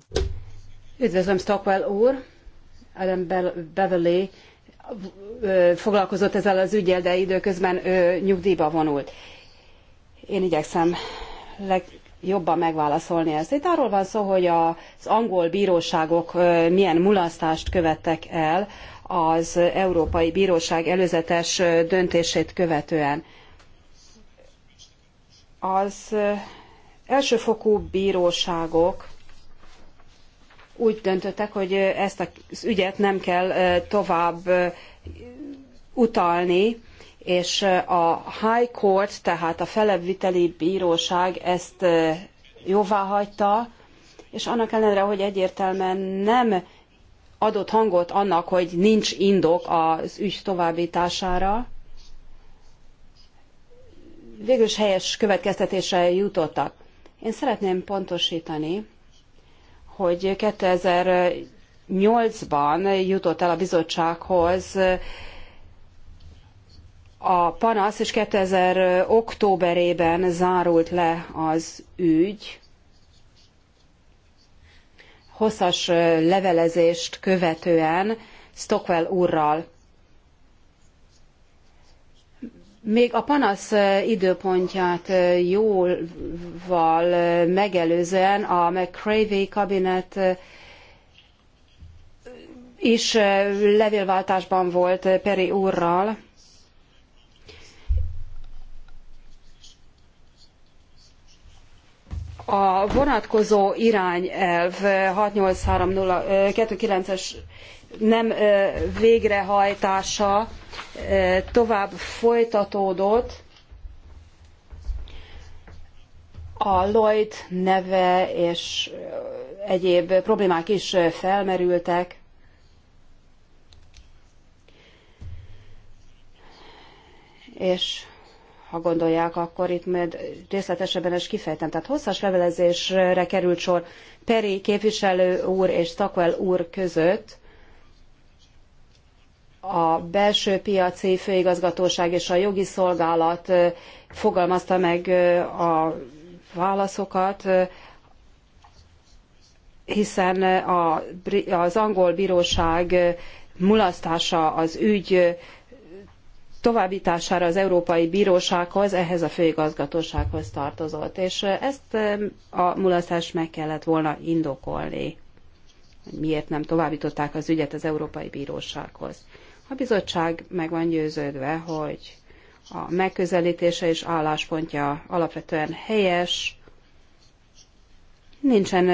S2: Üdvözlöm, Stockwell úr. Adam Beverly uh, foglalkozott ezzel az ügyel, de időközben ő nyugdíjba vonult. Én igyekszem legjobban megválaszolni ezt. Itt arról van szó, hogy az angol bíróságok uh, milyen mulasztást követtek el az Európai Bíróság előzetes uh, döntését követően az elsőfokú bíróságok úgy döntöttek, hogy ezt az ügyet nem kell tovább utalni, és a High Court, tehát a felebbviteli bíróság ezt jóváhagyta, és annak ellenére, hogy egyértelműen nem adott hangot annak, hogy nincs indok az ügy továbbítására, végül is helyes következtetésre jutottak. Én szeretném pontosítani, hogy 2008-ban jutott el a bizottsághoz a panasz, és 2000 októberében zárult le az ügy. Hosszas levelezést követően Stockwell úrral még a panasz időpontját jóval megelőzően a McCravey kabinet is levélváltásban volt Peri úrral, a vonatkozó irányelv 683 es nem végrehajtása tovább folytatódott. A Lloyd neve és egyéb problémák is felmerültek. És ha gondolják, akkor itt majd részletesebben is kifejtem. Tehát hosszas levelezésre került sor Peri képviselő úr és Takwell úr között, a belső piaci főigazgatóság és a jogi szolgálat fogalmazta meg a válaszokat, hiszen a, az angol bíróság mulasztása az ügy továbbítására az Európai Bírósághoz, ehhez a főigazgatósághoz tartozott. És ezt a mulasztást meg kellett volna indokolni, hogy miért nem továbbították az ügyet az Európai Bírósághoz. A bizottság meg van győződve, hogy a megközelítése és álláspontja alapvetően helyes, nincsen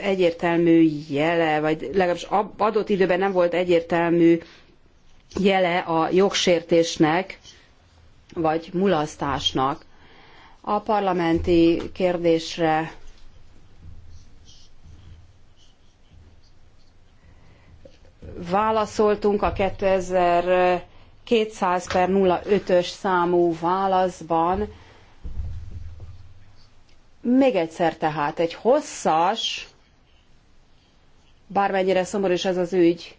S2: egyértelmű jele, vagy legalábbis adott időben nem volt egyértelmű jele a jogsértésnek, vagy mulasztásnak. A parlamenti kérdésre válaszoltunk a 2200 per 05-ös számú válaszban. Még egyszer tehát egy hosszas, bármennyire szomorú is ez az ügy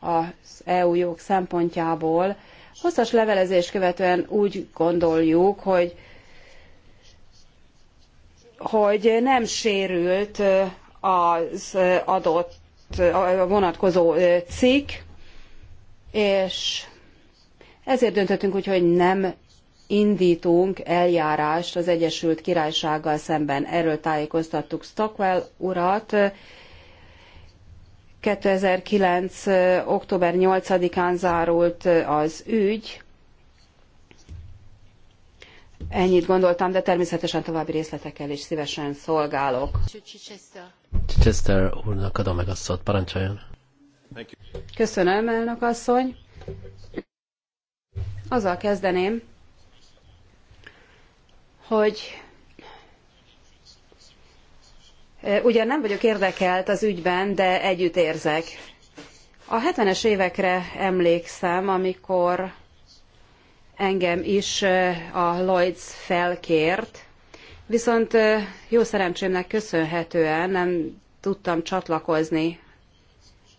S2: az EU jog szempontjából, hosszas levelezés követően úgy gondoljuk, hogy hogy nem sérült az adott vonatkozó cikk, és ezért döntöttünk úgy, hogy nem indítunk eljárást az Egyesült Királysággal szemben. Erről tájékoztattuk Stockwell urat. 2009. október 8-án zárult az ügy. Ennyit gondoltam, de természetesen további részletekkel is szívesen szolgálok.
S1: Chichester úrnak adom meg a szót, parancsoljon.
S2: Köszönöm, elnök asszony. Azzal kezdeném, hogy e, ugyan nem vagyok érdekelt az ügyben, de együtt érzek. A 70-es évekre emlékszem, amikor engem is e, a Lloyds felkért, Viszont jó szerencsémnek köszönhetően nem tudtam csatlakozni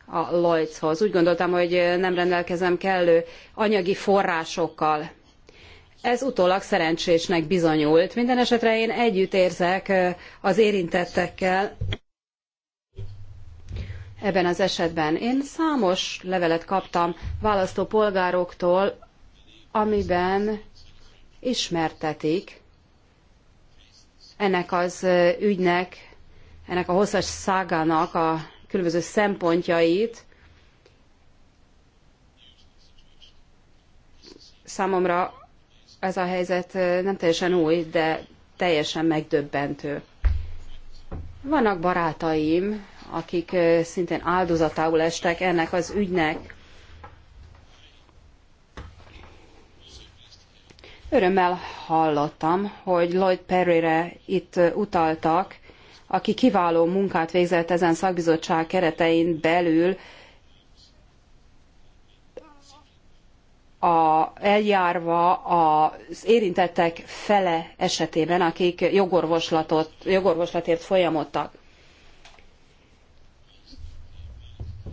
S2: a Lloydshoz. Úgy gondoltam, hogy nem rendelkezem kellő anyagi forrásokkal. Ez utólag szerencsésnek bizonyult. Minden esetre én együtt érzek az érintettekkel ebben az esetben. Én számos levelet kaptam választópolgároktól, amiben ismertetik, ennek az ügynek, ennek a hosszas szágának a különböző szempontjait. Számomra ez a helyzet nem teljesen új, de teljesen megdöbbentő. Vannak barátaim, akik szintén áldozatául estek ennek az ügynek, Örömmel hallottam, hogy Lloyd Perryre itt utaltak, aki kiváló munkát végzett ezen szakbizottság keretein belül, a, eljárva az érintettek fele esetében, akik jogorvoslatot, jogorvoslatért folyamodtak.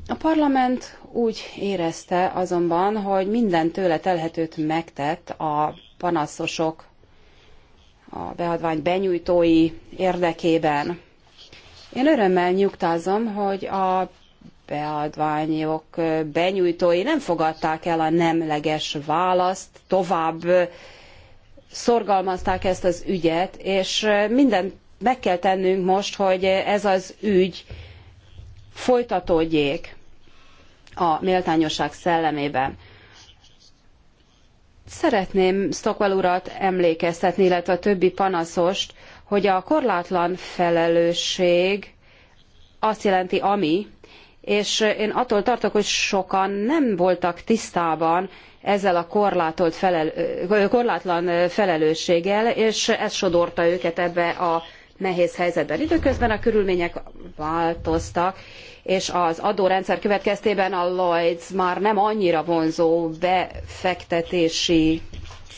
S2: A parlament úgy érezte azonban, hogy minden tőle telhetőt megtett a panaszosok, a beadvány benyújtói érdekében. Én örömmel nyugtázom, hogy a beadványok benyújtói nem fogadták el a nemleges választ, tovább szorgalmazták ezt az ügyet, és mindent meg kell tennünk most, hogy ez az ügy folytatódjék a méltányosság szellemében. Szeretném Stockwell urat emlékeztetni, illetve a többi panaszost, hogy a korlátlan felelősség azt jelenti, ami, és én attól tartok, hogy sokan nem voltak tisztában ezzel a korlátolt felel, korlátlan felelősséggel, és ez sodorta őket ebbe a nehéz helyzetben. Időközben a körülmények változtak, és az adórendszer következtében a Lloyds már nem annyira vonzó befektetési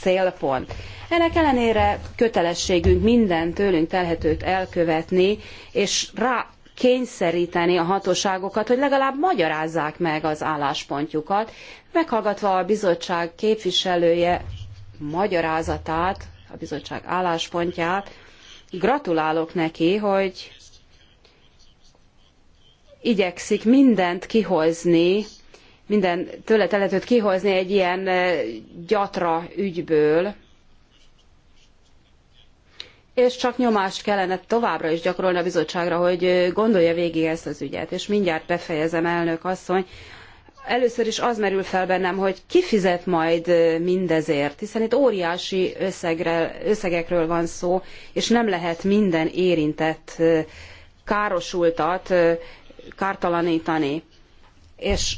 S2: célpont. Ennek ellenére kötelességünk minden tőlünk telhetőt elkövetni, és rá kényszeríteni a hatóságokat, hogy legalább magyarázzák meg az álláspontjukat. Meghallgatva a bizottság képviselője magyarázatát, a bizottság álláspontját, Gratulálok neki, hogy igyekszik mindent kihozni, minden tőle teletőt kihozni egy ilyen gyatra ügyből, és csak nyomást kellene továbbra is gyakorolni a bizottságra, hogy gondolja végig ezt az ügyet. És mindjárt befejezem, elnök asszony először is az merül fel bennem, hogy ki fizet majd mindezért, hiszen itt óriási összegre, összegekről van szó, és nem lehet minden érintett károsultat kártalanítani. És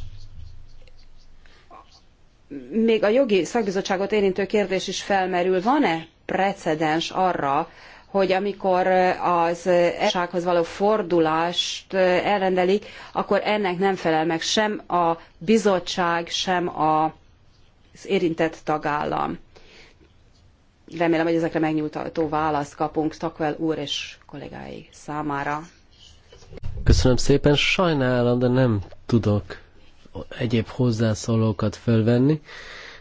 S2: még a jogi szakbizottságot érintő kérdés is felmerül, van-e precedens arra, hogy amikor az sághoz való fordulást elrendelik, akkor ennek nem felel meg sem a bizottság, sem az érintett tagállam. Remélem, hogy ezekre megnyújtató választ kapunk Takvel úr és kollégái számára.
S1: Köszönöm szépen, sajnálom, de nem tudok egyéb hozzászólókat fölvenni,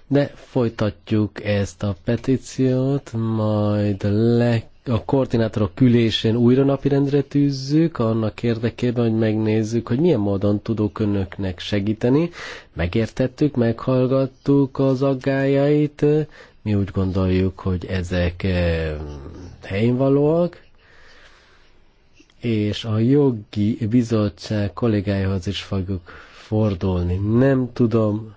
S1: de folytatjuk ezt a petíciót, majd leg a koordinátorok külésén újra napirendre tűzzük, annak érdekében, hogy megnézzük, hogy milyen módon tudok önöknek segíteni. Megértettük, meghallgattuk az aggájait, mi úgy gondoljuk, hogy ezek eh, helyénvalóak, és a jogi bizottság kollégájához is fogjuk fordulni. Nem tudom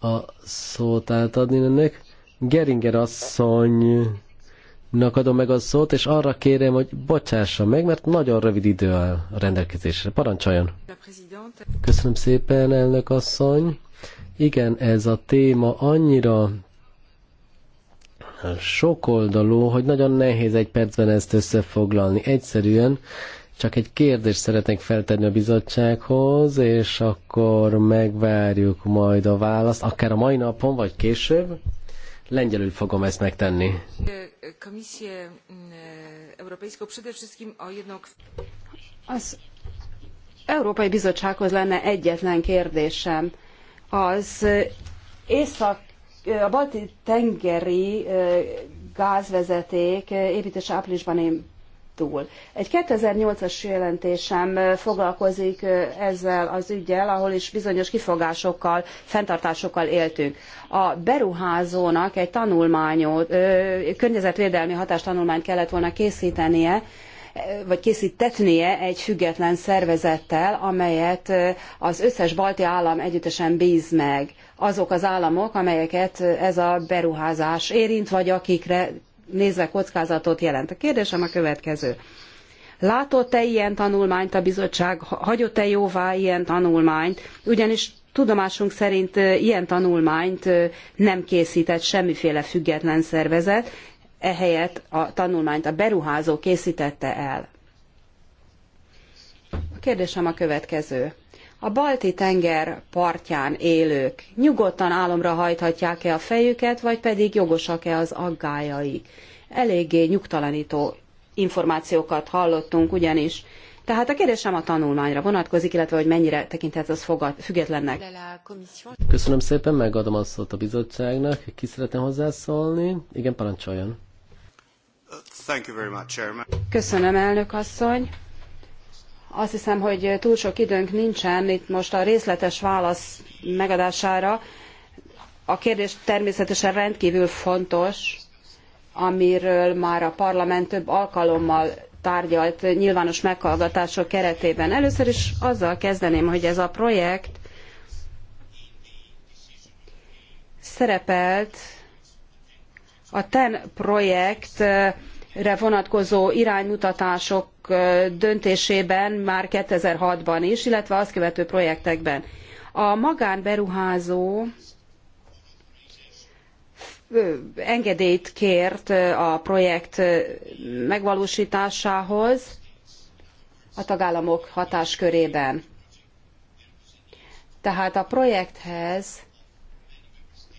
S1: a szót átadni önnek. Geringer asszony adom meg a szót, és arra kérem, hogy bocsássa meg, mert nagyon rövid idő a rendelkezésre. Parancsoljon! Köszönöm szépen, elnök asszony! Igen, ez a téma annyira sokoldalú, hogy nagyon nehéz egy percben ezt összefoglalni. Egyszerűen csak egy kérdést szeretnék feltenni a bizottsághoz, és akkor megvárjuk majd a választ, akár a mai napon, vagy később. Lengyelül fogom ezt megtenni.
S2: Mm, Az Európai Bizottsághoz lenne egyetlen kérdésem. Az észak, a balti tengeri gázvezeték építése áprilisban én túl. Egy 2008-as jelentésem foglalkozik ezzel az ügyel, ahol is bizonyos kifogásokkal, fenntartásokkal éltünk. A beruházónak egy tanulmányot, környezetvédelmi hatástanulmányt kellett volna készítenie, vagy készítetnie egy független szervezettel, amelyet az összes balti állam együttesen bíz meg. Azok az államok, amelyeket ez a beruházás érint, vagy akikre nézve kockázatot jelent. A kérdésem a következő. Látott-e ilyen tanulmányt a bizottság, hagyott-e jóvá ilyen tanulmányt, ugyanis tudomásunk szerint ilyen tanulmányt nem készített semmiféle független szervezet, ehelyett a tanulmányt a beruházó készítette el. A kérdésem a következő. A balti tenger partján élők nyugodtan álomra hajthatják-e a fejüket, vagy pedig jogosak-e az aggájaik? Eléggé nyugtalanító információkat hallottunk ugyanis. Tehát a kérdésem a tanulmányra vonatkozik, illetve hogy mennyire tekinthet az fogad, függetlennek.
S1: Köszönöm szépen, megadom a szót a bizottságnak. Ki szeretne hozzászólni? Igen, parancsoljon.
S2: Köszönöm, elnök asszony. Azt hiszem, hogy túl sok időnk nincsen itt most a részletes válasz megadására. A kérdés természetesen rendkívül fontos, amiről már a parlament több alkalommal tárgyalt nyilvános meghallgatások keretében. Először is azzal kezdeném, hogy ez a projekt szerepelt a TEN projekt re vonatkozó iránymutatások döntésében már 2006-ban is, illetve azt követő projektekben. A magánberuházó engedélyt kért a projekt megvalósításához a tagállamok hatáskörében. Tehát a projekthez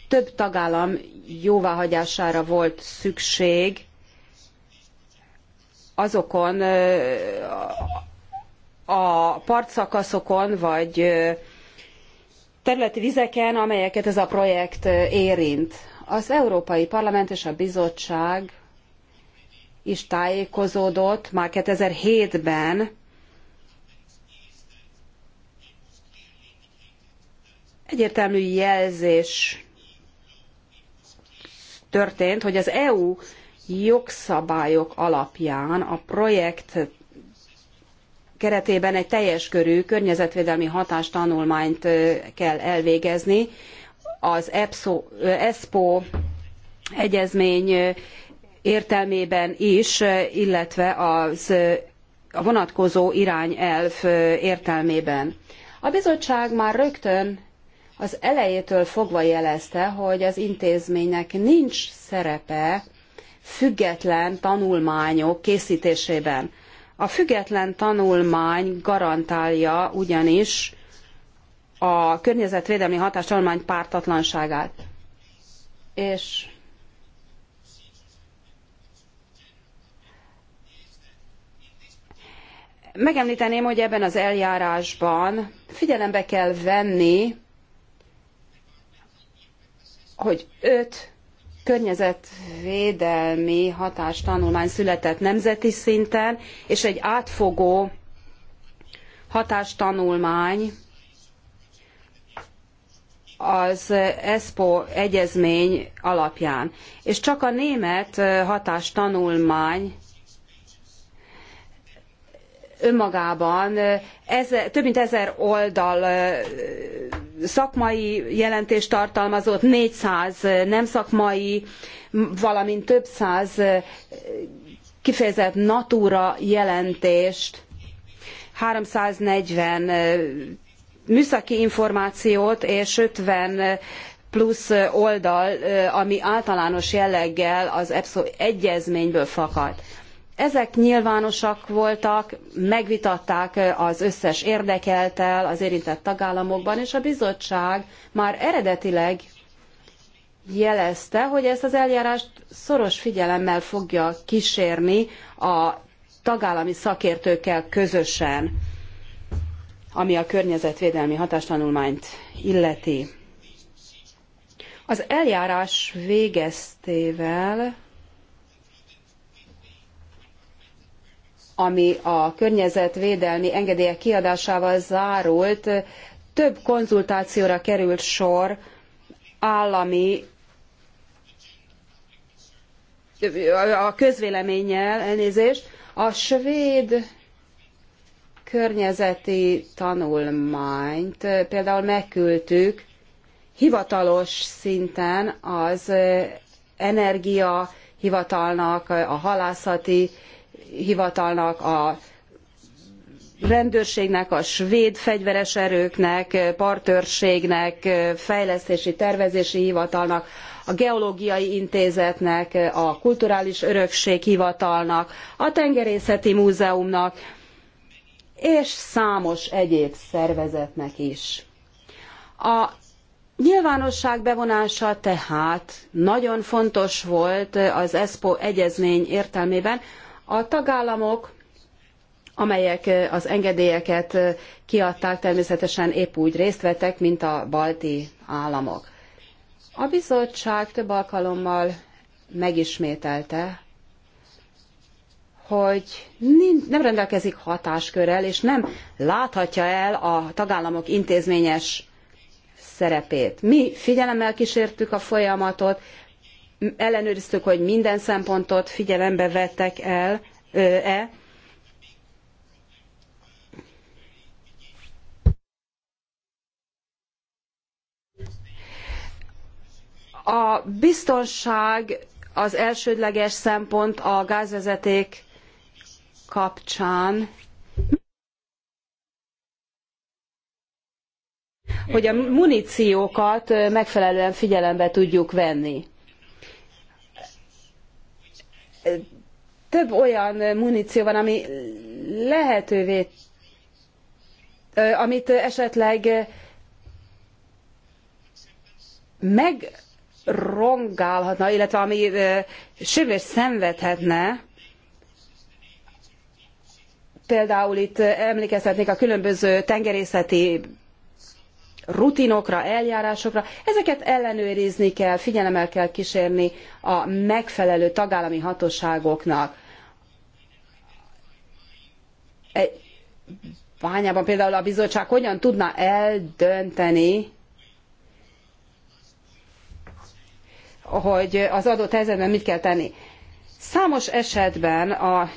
S2: több tagállam jóváhagyására volt szükség, azokon a partszakaszokon, vagy területi vizeken, amelyeket ez a projekt érint. Az Európai Parlament és a Bizottság is tájékozódott már 2007-ben, egyértelmű jelzés történt, hogy az EU jogszabályok alapján a projekt keretében egy teljes körű környezetvédelmi hatástanulmányt kell elvégezni. Az EPSO, ESPO egyezmény értelmében is, illetve az, a vonatkozó irányelv értelmében. A bizottság már rögtön az elejétől fogva jelezte, hogy az intézménynek nincs szerepe független tanulmányok készítésében. A független tanulmány garantálja ugyanis a környezetvédelmi hatástanulmány pártatlanságát. És megemlíteném, hogy ebben az eljárásban figyelembe kell venni, hogy öt környezetvédelmi hatástanulmány született nemzeti szinten, és egy átfogó hatástanulmány az ESPO egyezmény alapján. És csak a német hatástanulmány önmagában ez, több mint ezer oldal szakmai jelentést tartalmazott, 400 nem szakmai, valamint több száz kifejezett natura jelentést, 340 műszaki információt és 50 plusz oldal, ami általános jelleggel az EPSZO egyezményből fakad. Ezek nyilvánosak voltak, megvitatták az összes érdekeltel az érintett tagállamokban, és a bizottság már eredetileg jelezte, hogy ezt az eljárást szoros figyelemmel fogja kísérni a tagállami szakértőkkel közösen, ami a környezetvédelmi hatástanulmányt illeti. Az eljárás végeztével ami a környezetvédelmi engedélyek kiadásával zárult, több konzultációra került sor állami a közvéleménnyel, elnézést, a svéd környezeti tanulmányt például megküldtük hivatalos szinten az energia hivatalnak, a halászati hivatalnak, a rendőrségnek, a svéd fegyveres erőknek, partőrségnek, fejlesztési tervezési hivatalnak, a geológiai intézetnek, a kulturális örökség hivatalnak, a tengerészeti múzeumnak, és számos egyéb szervezetnek is. A nyilvánosság bevonása tehát nagyon fontos volt az ESPO egyezmény értelmében, a tagállamok, amelyek eh, az engedélyeket eh, kiadták, természetesen épp úgy részt vettek, mint a balti államok. A bizottság több alkalommal megismételte, hogy nem rendelkezik hatáskörrel, és nem láthatja el a tagállamok intézményes szerepét. Mi figyelemmel kísértük a folyamatot, ellenőriztük, hogy minden szempontot figyelembe vettek el, e, A biztonság az elsődleges szempont a gázvezeték kapcsán. hogy a muníciókat megfelelően figyelembe tudjuk venni több olyan muníció van, ami lehetővé, amit esetleg megrongálhatna, illetve ami sérülés szenvedhetne, például itt emlékezhetnék a különböző tengerészeti rutinokra, eljárásokra. Ezeket ellenőrizni kell, figyelemmel kell kísérni a megfelelő tagállami hatóságoknak. E, bányában például a bizottság hogyan tudna eldönteni, hogy az adott helyzetben mit kell tenni. Számos esetben a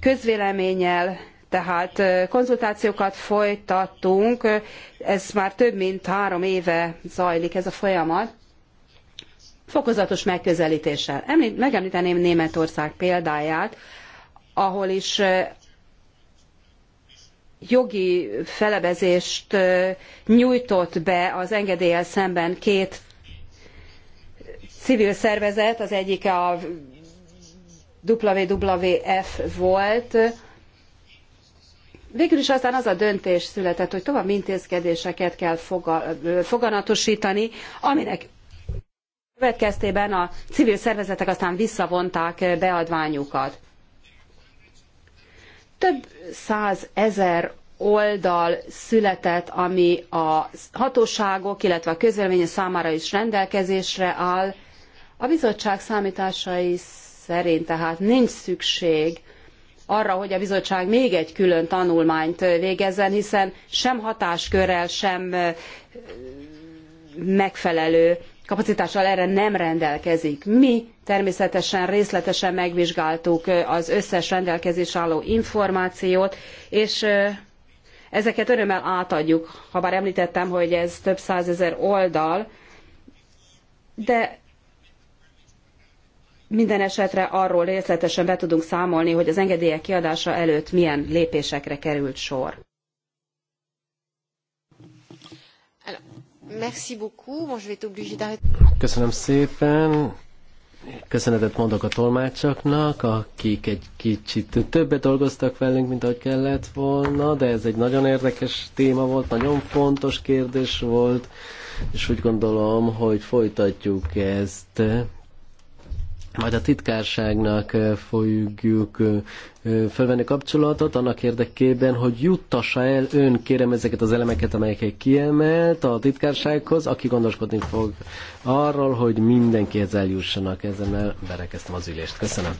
S2: közvéleménnyel tehát konzultációkat folytattunk, ez már több mint három éve zajlik ez a folyamat, fokozatos megközelítéssel. Említ, megemlíteném Németország példáját, ahol is jogi felebezést nyújtott be az engedéllyel szemben két civil szervezet, az egyik a WWF volt, Végül is aztán az a döntés született, hogy további intézkedéseket kell foganatosítani, aminek következtében a civil szervezetek aztán visszavonták beadványukat. Több százezer oldal született, ami a hatóságok, illetve a közvélemény számára is rendelkezésre áll. A bizottság számításai szerint tehát nincs szükség arra, hogy a bizottság még egy külön tanulmányt végezzen, hiszen sem hatáskörrel, sem megfelelő kapacitással erre nem rendelkezik. Mi természetesen részletesen megvizsgáltuk az összes rendelkezés álló információt, és ezeket örömmel átadjuk, ha bár említettem, hogy ez több százezer oldal, de minden esetre arról részletesen be tudunk számolni, hogy az engedélyek kiadása előtt milyen lépésekre került sor.
S1: Köszönöm szépen. Köszönetet mondok a tolmácsoknak, akik egy kicsit többet dolgoztak velünk, mint ahogy kellett volna, de ez egy nagyon érdekes téma volt, nagyon fontos kérdés volt, és úgy gondolom, hogy folytatjuk ezt majd a titkárságnak fogjuk fölvenni kapcsolatot annak érdekében, hogy juttassa el ön kérem ezeket az elemeket, amelyeket kiemelt a titkársághoz, aki gondoskodni fog arról, hogy mindenkihez eljussanak. Ezen berekeztem az ülést. Köszönöm.